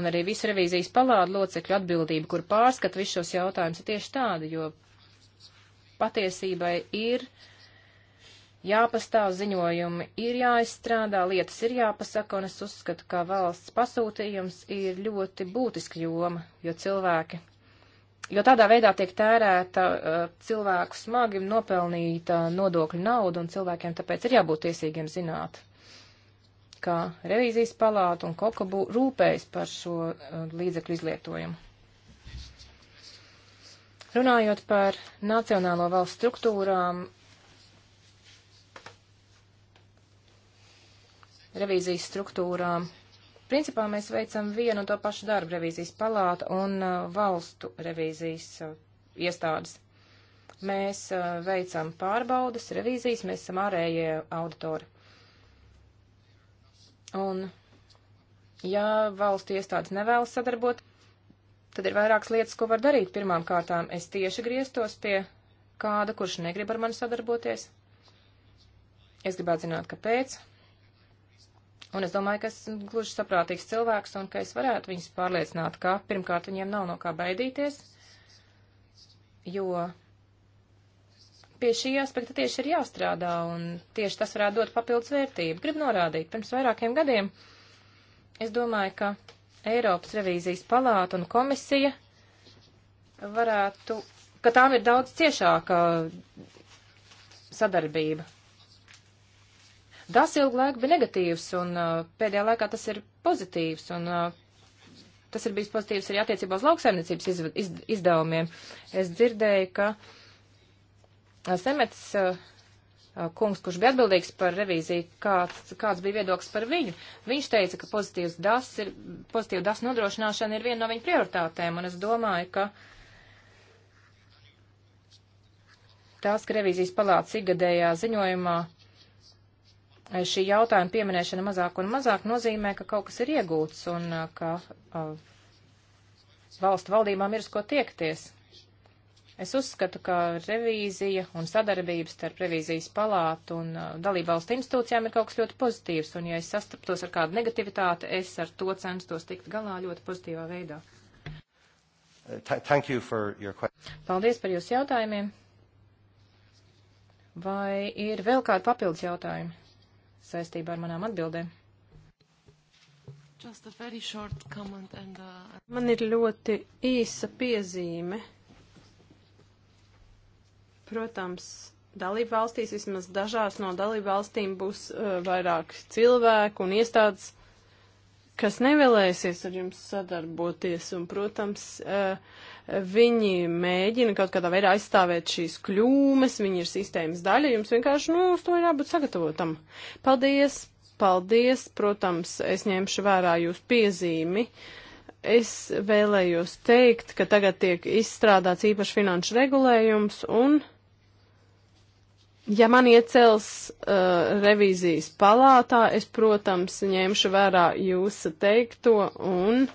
un arī visu revīzijas palādu locekļu atbildību, kur pārskat visus šos jautājumus, ir tieši tāda, jo patiesībai ir uh, jāpastāv, ziņojumi ir jāizstrādā, lietas ir jāpasaka, un es uzskatu, ka valsts pasūtījums ir ļoti būtiska joma, jo cilvēki, jo tādā veidā tiek tērēta eh, cilvēku smagi nopelnīta nodokļu nauda, un cilvēkiem tāpēc ir jābūt tiesīgiem zināt, kā revīzijas palāta un koka rūpējas par šo eh, līdzekļu izlietojumu. Runājot par nacionālo valsts struktūrām, revīzijas struktūrām. Principā mēs veicam vienu un to pašu darbu revīzijas palāta un uh, valstu revīzijas uh, iestādes. Mēs uh, veicam pārbaudas, revīzijas, mēs esam ārējie auditori. Un, ja valstu iestādes nevēlas sadarbot, tad ir vairākas lietas, ko var darīt. Pirmām kārtām es tieši grieztos pie kāda, kurš negrib ar mani sadarboties. Es gribētu zināt, kāpēc. Un es domāju, ka esmu gluži saprātīgs cilvēks un ka es varētu viņus pārliecināt, ka pirmkārt viņiem nav no kā baidīties, jo pie šī aspekta tieši ir jāstrādā un tieši tas varētu dot papildus vērtību. Gribu norādīt, pirms vairākiem gadiem es domāju, ka Eiropas revīzijas palāta un komisija varētu, ka tām ir daudz ciešāka sadarbība Tas ilgu laiku bija negatīvs, un uh, pēdējā laikā tas ir pozitīvs, un uh, tas ir bijis pozitīvs arī attiecībā uz lauksaimniecības iz, iz, izdevumiem. Es dzirdēju, ka uh, Semets kungs, kurš bija atbildīgs par revīziju, kāds, kāds bija viedoklis par viņu. Viņš teica, ka pozitīvs das ir, pozitīva das nodrošināšana ir viena no viņa prioritātēm, un es domāju, ka tās, ka revīzijas palāca ikgadējā ziņojumā šī jautājuma pieminēšana mazāk un mazāk nozīmē, ka kaut kas ir iegūts un uh, ka uh, valstu valdībām ir uz ko tiekties. Es uzskatu, ka revīzija un sadarbības starp revīzijas palātu un uh, dalībvalstu institūcijām ir kaut kas ļoti pozitīvs, un ja es sastaptos ar kādu negativitāti, es ar to censtos tikt galā ļoti pozitīvā veidā. Thank you for your question. Paldies par jūsu jautājumiem. Vai ir vēl kādi papildus jautājumi? saistībā ar manām atbildēm. And, uh... Man ir ļoti īsa piezīme. Protams, dalību valstīs, vismaz dažās no dalību valstīm būs uh, vairāk cilvēku un iestādes, kas nevēlēsies ar jums sadarboties. Un, protams, uh, Viņi mēģina kaut kādā veidā aizstāvēt šīs kļūmes, viņi ir sistēmas daļa, jums vienkārši, nu, uz to jābūt sagatavotam. Paldies, paldies, protams, es ņemšu vērā jūs piezīmi. Es vēlējos teikt, ka tagad tiek izstrādāts īpaši finanšu regulējums un Ja man iecels uh, revīzijas palātā, es, protams, ņemšu vērā jūsu teikto un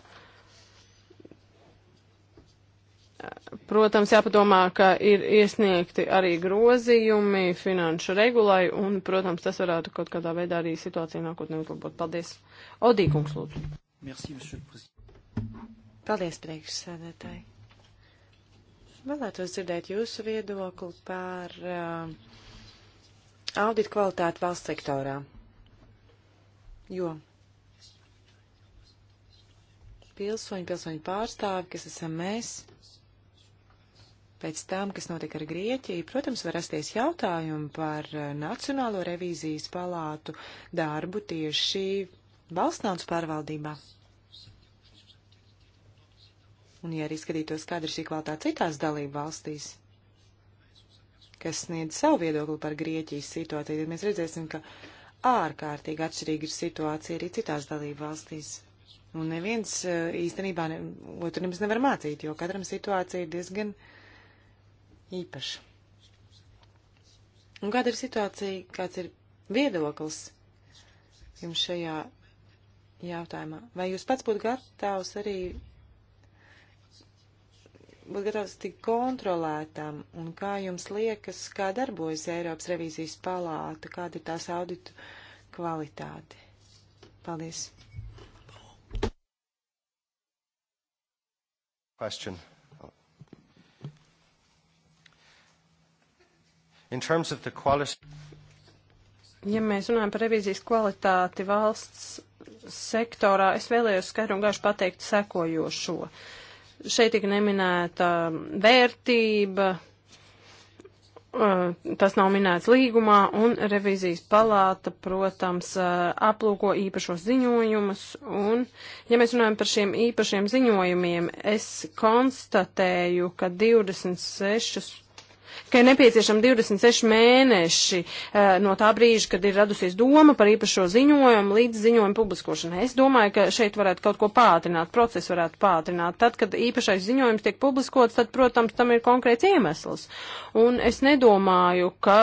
Protams, jāpadomā, ka ir iesniegti arī grozījumi finanšu regulai, un, protams, tas varētu kaut kādā veidā arī situāciju nākotnē uzlabot. Paldies. Odīkums, lūdzu. Merci, Paldies, priekšsēdētāji. Vēlētos dzirdēt jūsu viedokli par uh, audit kvalitāti valsts sektorā. Jo pilsoņi, pilsoņu pārstāvi, kas esam mēs, Pēc tam, kas notika ar Grieķiju, protams, var rasties jautājumi par eh, Nacionālo revīzijas palātu darbu tieši valsts naudas pārvaldībā. Un, ja arī skatītos, kāda ir šī kvalitāte citās dalību valstīs, kas sniedz savu viedokli par Grieķijas situāciju, tad mēs redzēsim, ka ārkārtīgi atšķirīga ir situācija arī citās dalību valstīs. Un neviens eh, īstenībā ne, otru nemaz nevar mācīt, jo katram situācija ir diezgan uh, īpašs. Un kāda ir situācija, kāds ir viedoklis jums šajā jautājumā? Vai jūs pats būtu gatavs arī būt gatavs tik kontrolētam, un kā jums liekas, kā darbojas Eiropas revīzijas palāta, kāda ir tās auditu kvalitāte? Paldies. Question. In terms of the quality... Ja mēs runājam par revīzijas kvalitāti valsts sektorā, es vēlējos skaidru un gaišu pateikt sekojošo. Šeit tika neminēta vērtība, eh, tas nav minēts līgumā, un revizijas palāta, protams, eh, aplūko īpašos ziņojumus, un, ja mēs runājam par šiem īpašiem ziņojumiem, es konstatēju, ka 26 ka ir nepieciešami 26 mēneši eh, no tā brīža, kad ir radusies doma par īpašo ziņojumu līdz ziņojumu publiskošanai. Es domāju, ka šeit varētu kaut ko pātrināt, procesu varētu pātrināt. Tad, kad īpašais ziņojums tiek publiskots, tad, protams, tam ir konkrēts iemesls. Un es nedomāju, ka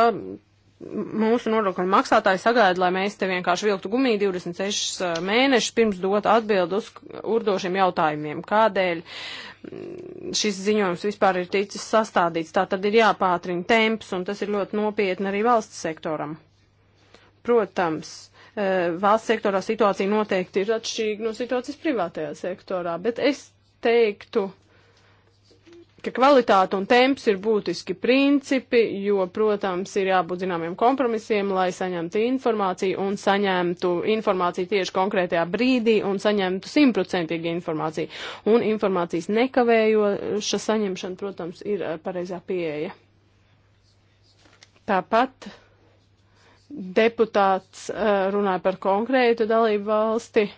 mūsu nodokļu maksātāji sagaida, lai mēs te vienkārši vilktu gumiju 26 mēnešus pirms dot atbildi uz urdošiem jautājumiem, kādēļ mm, šis ziņojums vispār ir ticis sastādīts. Tā tad ir jāpātrina temps, un tas ir ļoti nopietni arī valsts sektoram. Protams, valsts sektorā situācija noteikti ir atšķirīga no situācijas privātajā sektorā, bet es teiktu, ka kvalitāte un temps ir būtiski principi, jo, protams, ir jābūt zināmiem kompromisiem, lai saņemtu informāciju un saņemtu informāciju tieši konkrētajā brīdī un saņemtu simtprocentīgi informāciju. Un informācijas nekavējoša saņemšana, protams, ir eh, pareizā pieeja. Tāpat deputāts eh, runāja par konkrētu dalību valsti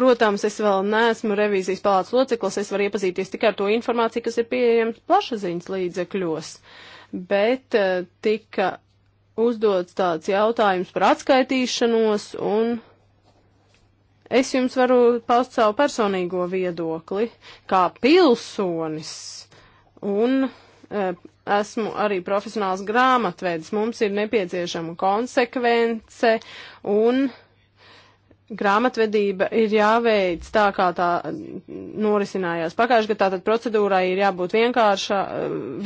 Protams, es vēl neesmu revīzijas palātas loceklis, es varu iepazīties tikai ar to informāciju, kas ir pieejams plašaziņas līdzekļos, bet eh, tika uzdots tāds jautājums par atskaitīšanos un. Es jums varu paust savu personīgo viedokli kā pilsonis un e, esmu arī profesionāls grāmatvedis. Mums ir nepieciešama konsekvence un grāmatvedība ir jāveic tā, kā tā norisinājās pagājušajā gadā, tad procedūrai ir jābūt vienkārša,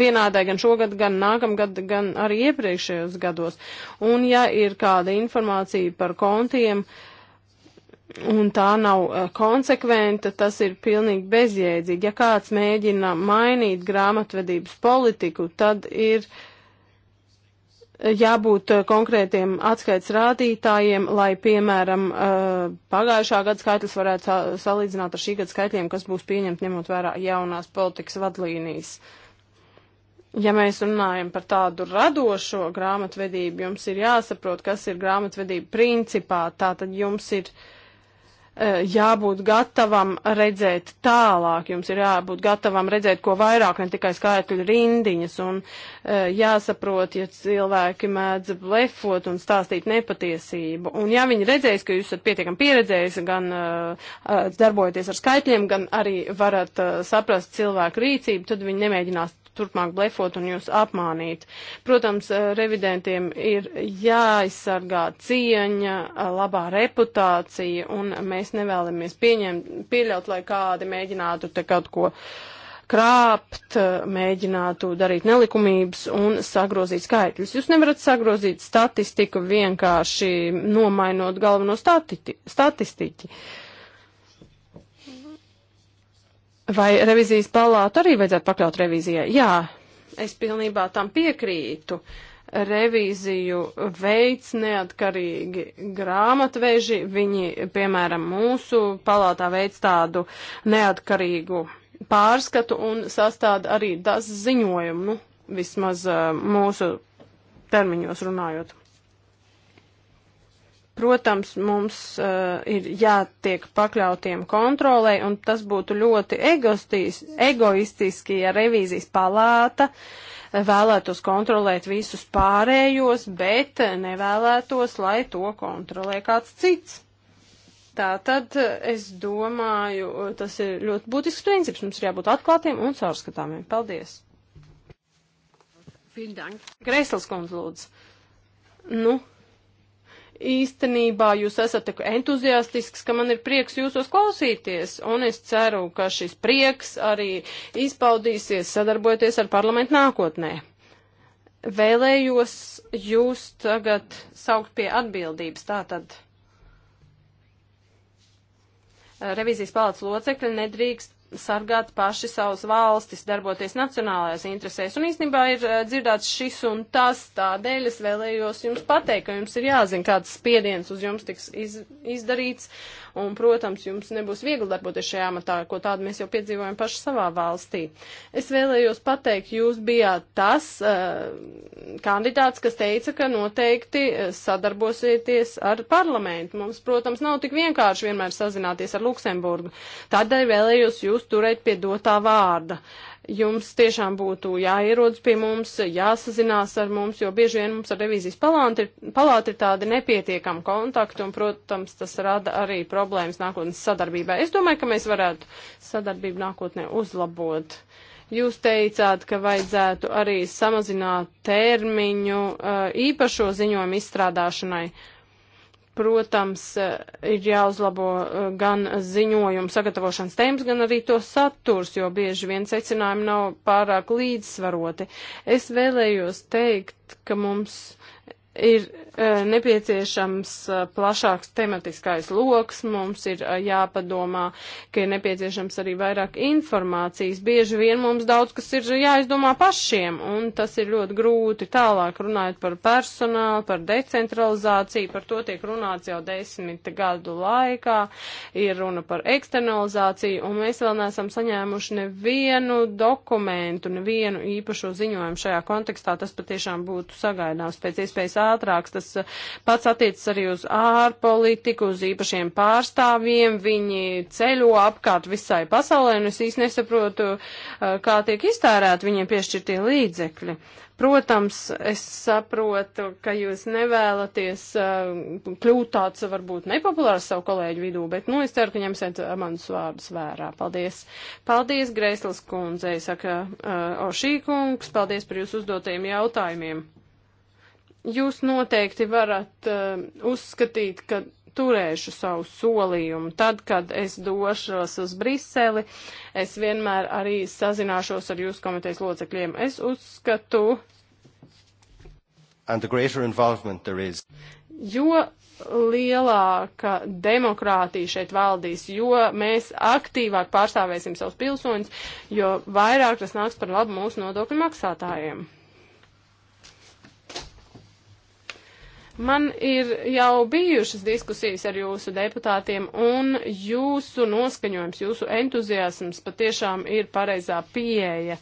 vienādai gan šogad, gan nākamgad, gan arī iepriekšējos gados. Un ja ir kāda informācija par kontiem, un tā nav eh, konsekventa, tas ir pilnīgi bezjēdzīgi. Ja kāds mēģina mainīt grāmatvedības politiku, tad ir uh, jābūt eh, konkrētiem atskaits rādītājiem, lai, piemēram, eh, pagājušā gada skaitļus varētu salīdzināt ar šī gada skaitļiem, kas būs pieņemt ņemot vērā jaunās politikas vadlīnijas. Ja mēs runājam par tādu radošo grāmatvedību, jums ir jāsaprot, kas ir grāmatvedība principā, tātad jums ir uh, Eh, jābūt gatavam redzēt tālāk, jums ir jābūt gatavam redzēt ko vairāk, ne tikai skaitļu rindiņas, un eh, jāsaprot, ja cilvēki mēdz blefot un stāstīt nepatiesību. Un ja viņi redzēs, ka jūs esat pietiekami pieredzējis, gan uh, darbojaties ar skaitļiem, gan arī varat uh, saprast cilvēku rīcību, tad viņi nemēģinās turpmāk blefot un jūs apmānīt. Protams, eh, revidentiem ir jāizsargā cieņa, eh, labā reputācija, un mēs nevēlamies pieņemt, pieļaut, lai kādi mēģinātu te kaut ko krāpt, eh, mēģinātu darīt nelikumības un sagrozīt skaitļus. Jūs nevarat sagrozīt statistiku vienkārši nomainot galveno statiķi. statistiķi. Uh, Vai revizijas palātu arī vajadzētu pakļaut revīzijai? Jā, es pilnībā tam piekrītu. Revīziju veids neatkarīgi grāmatveži, viņi, piemēram, mūsu palātā veids tādu neatkarīgu pārskatu un sastāda arī tas ziņojumu, nu, vismaz eh, mūsu termiņos runājot. Protams, mums uh, ir jātiek pakļautiem kontrolē, un tas būtu ļoti egostīs, egoistiski, ja revīzijas palāta uh, vēlētos kontrolēt visus pārējos, bet nevēlētos, lai to kontrolē kāds cits. Tā tad uh, es domāju, uh, tas ir ļoti būtisks princips. Mums ir jābūt atklātiem un caurskatāmiem. Paldies! Greisels kundze lūdzu. Nu, īstenībā jūs esat tik entuziastisks, ka man ir prieks jūsos klausīties, un es ceru, ka šis prieks arī izpaudīsies sadarbojoties ar parlamentu nākotnē. Vēlējos jūs tagad saukt pie atbildības, tātad revizijas palātas locekļi nedrīkst sargāt paši savus valstis, darboties nacionālajās interesēs. Un īstenībā ir eh, dzirdēts šis un tas, tādēļ es vēlējos jums pateikt, ka jums ir jāzina, kāds spiediens uz jums tiks iz, izdarīts Un, protams, jums nebūs viegli darboties šajā amatā, ko tādu mēs jau piedzīvojam paši savā valstī. Es vēlējos pateikt, jūs bijāt tas uh, kandidāts, kas teica, ka noteikti eh, sadarbosieties ar parlamentu. Mums, protams, nav tik vienkārši vienmēr sazināties ar Luksemburgu. Tādēļ vēlējos jūs turēt pie dotā vārda. Uh, jums tiešām būtu jāierodas pie mums, jāsazinās ar mums, jo bieži vien mums ar revīzijas palāti, palāti ir tādi nepietiekami kontakti, un, protams, tas rada arī problēmas nākotnes sadarbībā. Es domāju, ka mēs varētu sadarbību nākotnē uzlabot. Jūs teicāt, ka vajadzētu arī samazināt termiņu uh, īpašo ziņojumu izstrādāšanai. Uh, Protams, eh, ir jāuzlabo eh, gan ziņojumu sagatavošanas tēmas, gan arī to saturs, jo bieži vien secinājumi nav pārāk līdzsvaroti. Es vēlējos teikt, ka mums ir Eh, nepieciešams eh, plašāks tematiskais loks, mums ir eh, jāpadomā, ka ir nepieciešams arī vairāk informācijas. Bieži vien mums daudz kas ir jāizdomā pašiem, un tas ir ļoti grūti tālāk runājot par personālu, par decentralizāciju, par to tiek runāts jau desmit gadu laikā, ir runa par eksternalizāciju, un mēs vēl neesam saņēmuši nevienu dokumentu, nevienu īpašo ziņojumu šajā kontekstā. Tas patiešām būtu sagaidāms pēc iespējas ātrāks. Tas Tas pats attiecas arī uz ārpolitiku, uz īpašiem pārstāvjiem. Viņi ceļo apkārt visai pasaulē, un es īsti nesaprotu, uh, kā tiek iztērēt viņiem piešķirtie līdzekļi. Protams, es saprotu, ka jūs nevēlaties uh, kļūt tāds varbūt nepopulārs savu kolēģu vidū, bet, nu, es ceru, ka ņemsiet uh, manus vārdus vērā. Paldies. Paldies, Greislas kundzei, saka Ošī kungs, paldies par jūsu uzdotajiem jautājumiem. Jūs noteikti varat uh, uzskatīt, ka turēšu savu solījumu. Tad, kad es došos uz Briseli, es vienmēr arī sazināšos ar jūsu komitejas locekļiem. Es uzskatu. Jo lielāka demokrātija šeit valdīs, jo mēs aktīvāk pārstāvēsim savus pilsoņus, jo vairāk tas nāks par labu mūsu nodokļu maksātājiem. Mm. Man ir jau bijušas diskusijas ar jūsu deputātiem, un jūsu noskaņojums, jūsu entuziasms patiešām ir pareizā pieeja.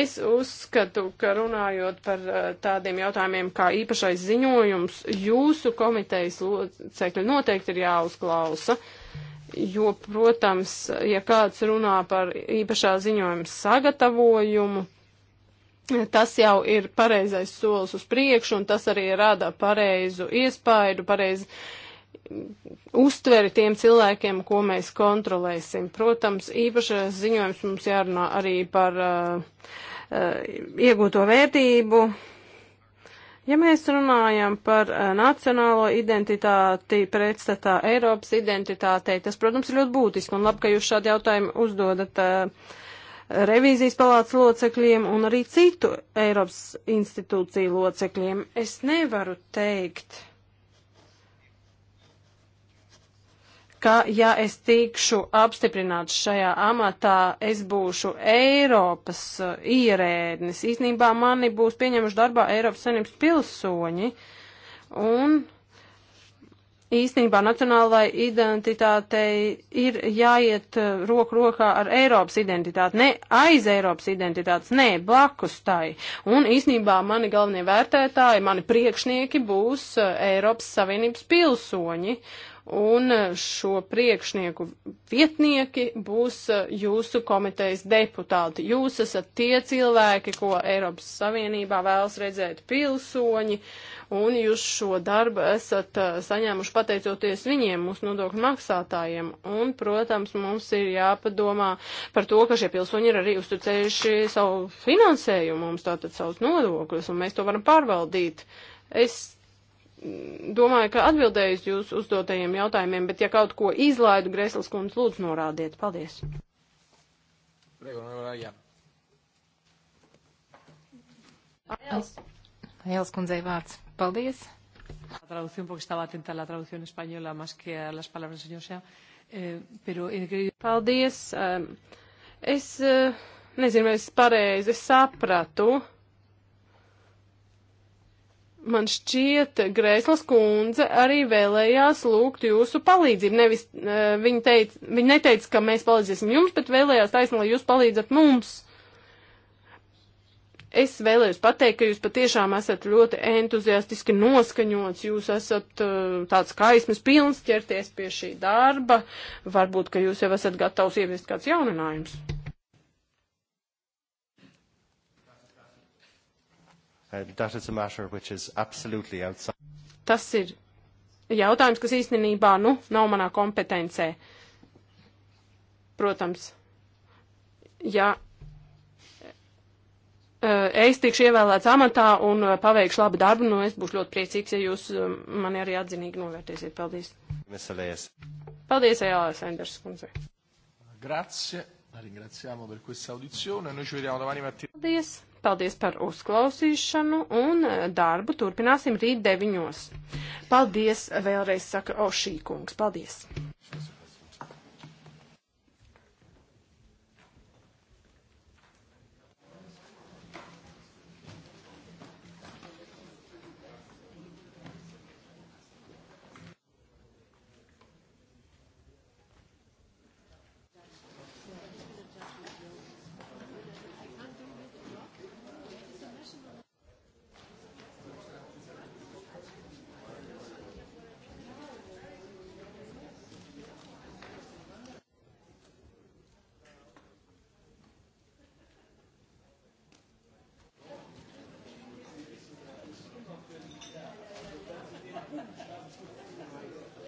Es uzskatu, ka runājot par eh, tādiem jautājumiem kā īpašais ziņojums, jūsu komitejas locekļi noteikti ir jāuzklausa, jo, protams, ja kāds runā par īpašā ziņojuma sagatavojumu, tas jau ir pareizais solis uz priekšu, un tas arī rada pareizu iespaidu, pareizi uztveri tiem cilvēkiem, ko mēs kontrolēsim. Protams, īpašais ziņojums mums jārunā arī par uh, uh, iegūto vērtību. Ja mēs runājam par uh, nacionālo identitāti pretstatā Eiropas identitātei, tas, protams, ir ļoti būtiski, un labi, ka jūs šādu jautājumu uzdodat. Uh, revīzijas palātas locekļiem un arī citu Eiropas institūciju locekļiem. Es nevaru teikt, ka ja es tikšu apstiprināts šajā amatā, es būšu Eiropas uh, ierēdnis. Īsnībā mani būs pieņemuši darbā Eiropas saimnības pilsoņi. Un īstenībā nacionālai identitātei ir jāiet eh, roku rokā ar Eiropas identitāti, ne aiz Eiropas identitātes, ne blakus tai. Un īstenībā mani galvenie vērtētāji, mani priekšnieki būs eh, Eiropas Savienības pilsoņi. Un eh, šo priekšnieku vietnieki būs jūsu komitejas deputāti. Jūs esat tie cilvēki, ko Eiropas Savienībā vēlas redzēt pilsoņi. Uh, un jūs šo darbu esat uh, saņēmuši pateicoties viņiem, mūsu nodokļu maksātājiem. Un, protams, mums ir jāpadomā par to, ka šie pilsoņi ir arī uzticējuši savu finansējumu mums, tātad savus nodokļus, un mēs to varam pārvaldīt. Es mm, domāju, ka atbildēju uz jūsu uzdotajiem jautājumiem, bet ja kaut ko izlaidu, Gresls kundze, lūdzu norādiet. Paldies! Prego, no Ailes kundzei vārds. Paldies! La traducción, porque estaba atenta a la traducción española más que a las palabras del señor Sea. Eh, pero he querido... Paldies! Um, es uh, nezinu, vai es pareizi sapratu. Man šķiet, Grēslas kundze arī vēlējās lūgt jūsu palīdzību. Nevis, uh, viņa, teica, viņa neteica, ka mēs palīdzēsim jums, bet vēlējās taisnīgi, lai jūs palīdzat mums. Es vēlējos pateikt, ka jūs patiešām esat ļoti entuziastiski noskaņots, jūs esat uh, tāds kaismas pilns ķerties pie šī darba, varbūt, ka jūs jau esat gatavs ieviest kāds jauninājums. Uh, Tas ir jautājums, kas īstenībā, nu, nav manā kompetencē. Protams, ja Eh, es tikšu ievēlēts amatā un eh, paveikšu labu darbu, nu es būšu ļoti priecīgs, ja jūs eh, mani arī atzinīgi novērtēsiet. Paldies. Veselējies. Paldies, Ejālēs Enders, kundze. Grazie. Ringraziamo per questa audizione. Noi ci vediamo domani mattina. Paldies. Paldies par uzklausīšanu un darbu. Turpināsim rīt deviņos. Paldies vēlreiz, saka Ošī kungs. Paldies.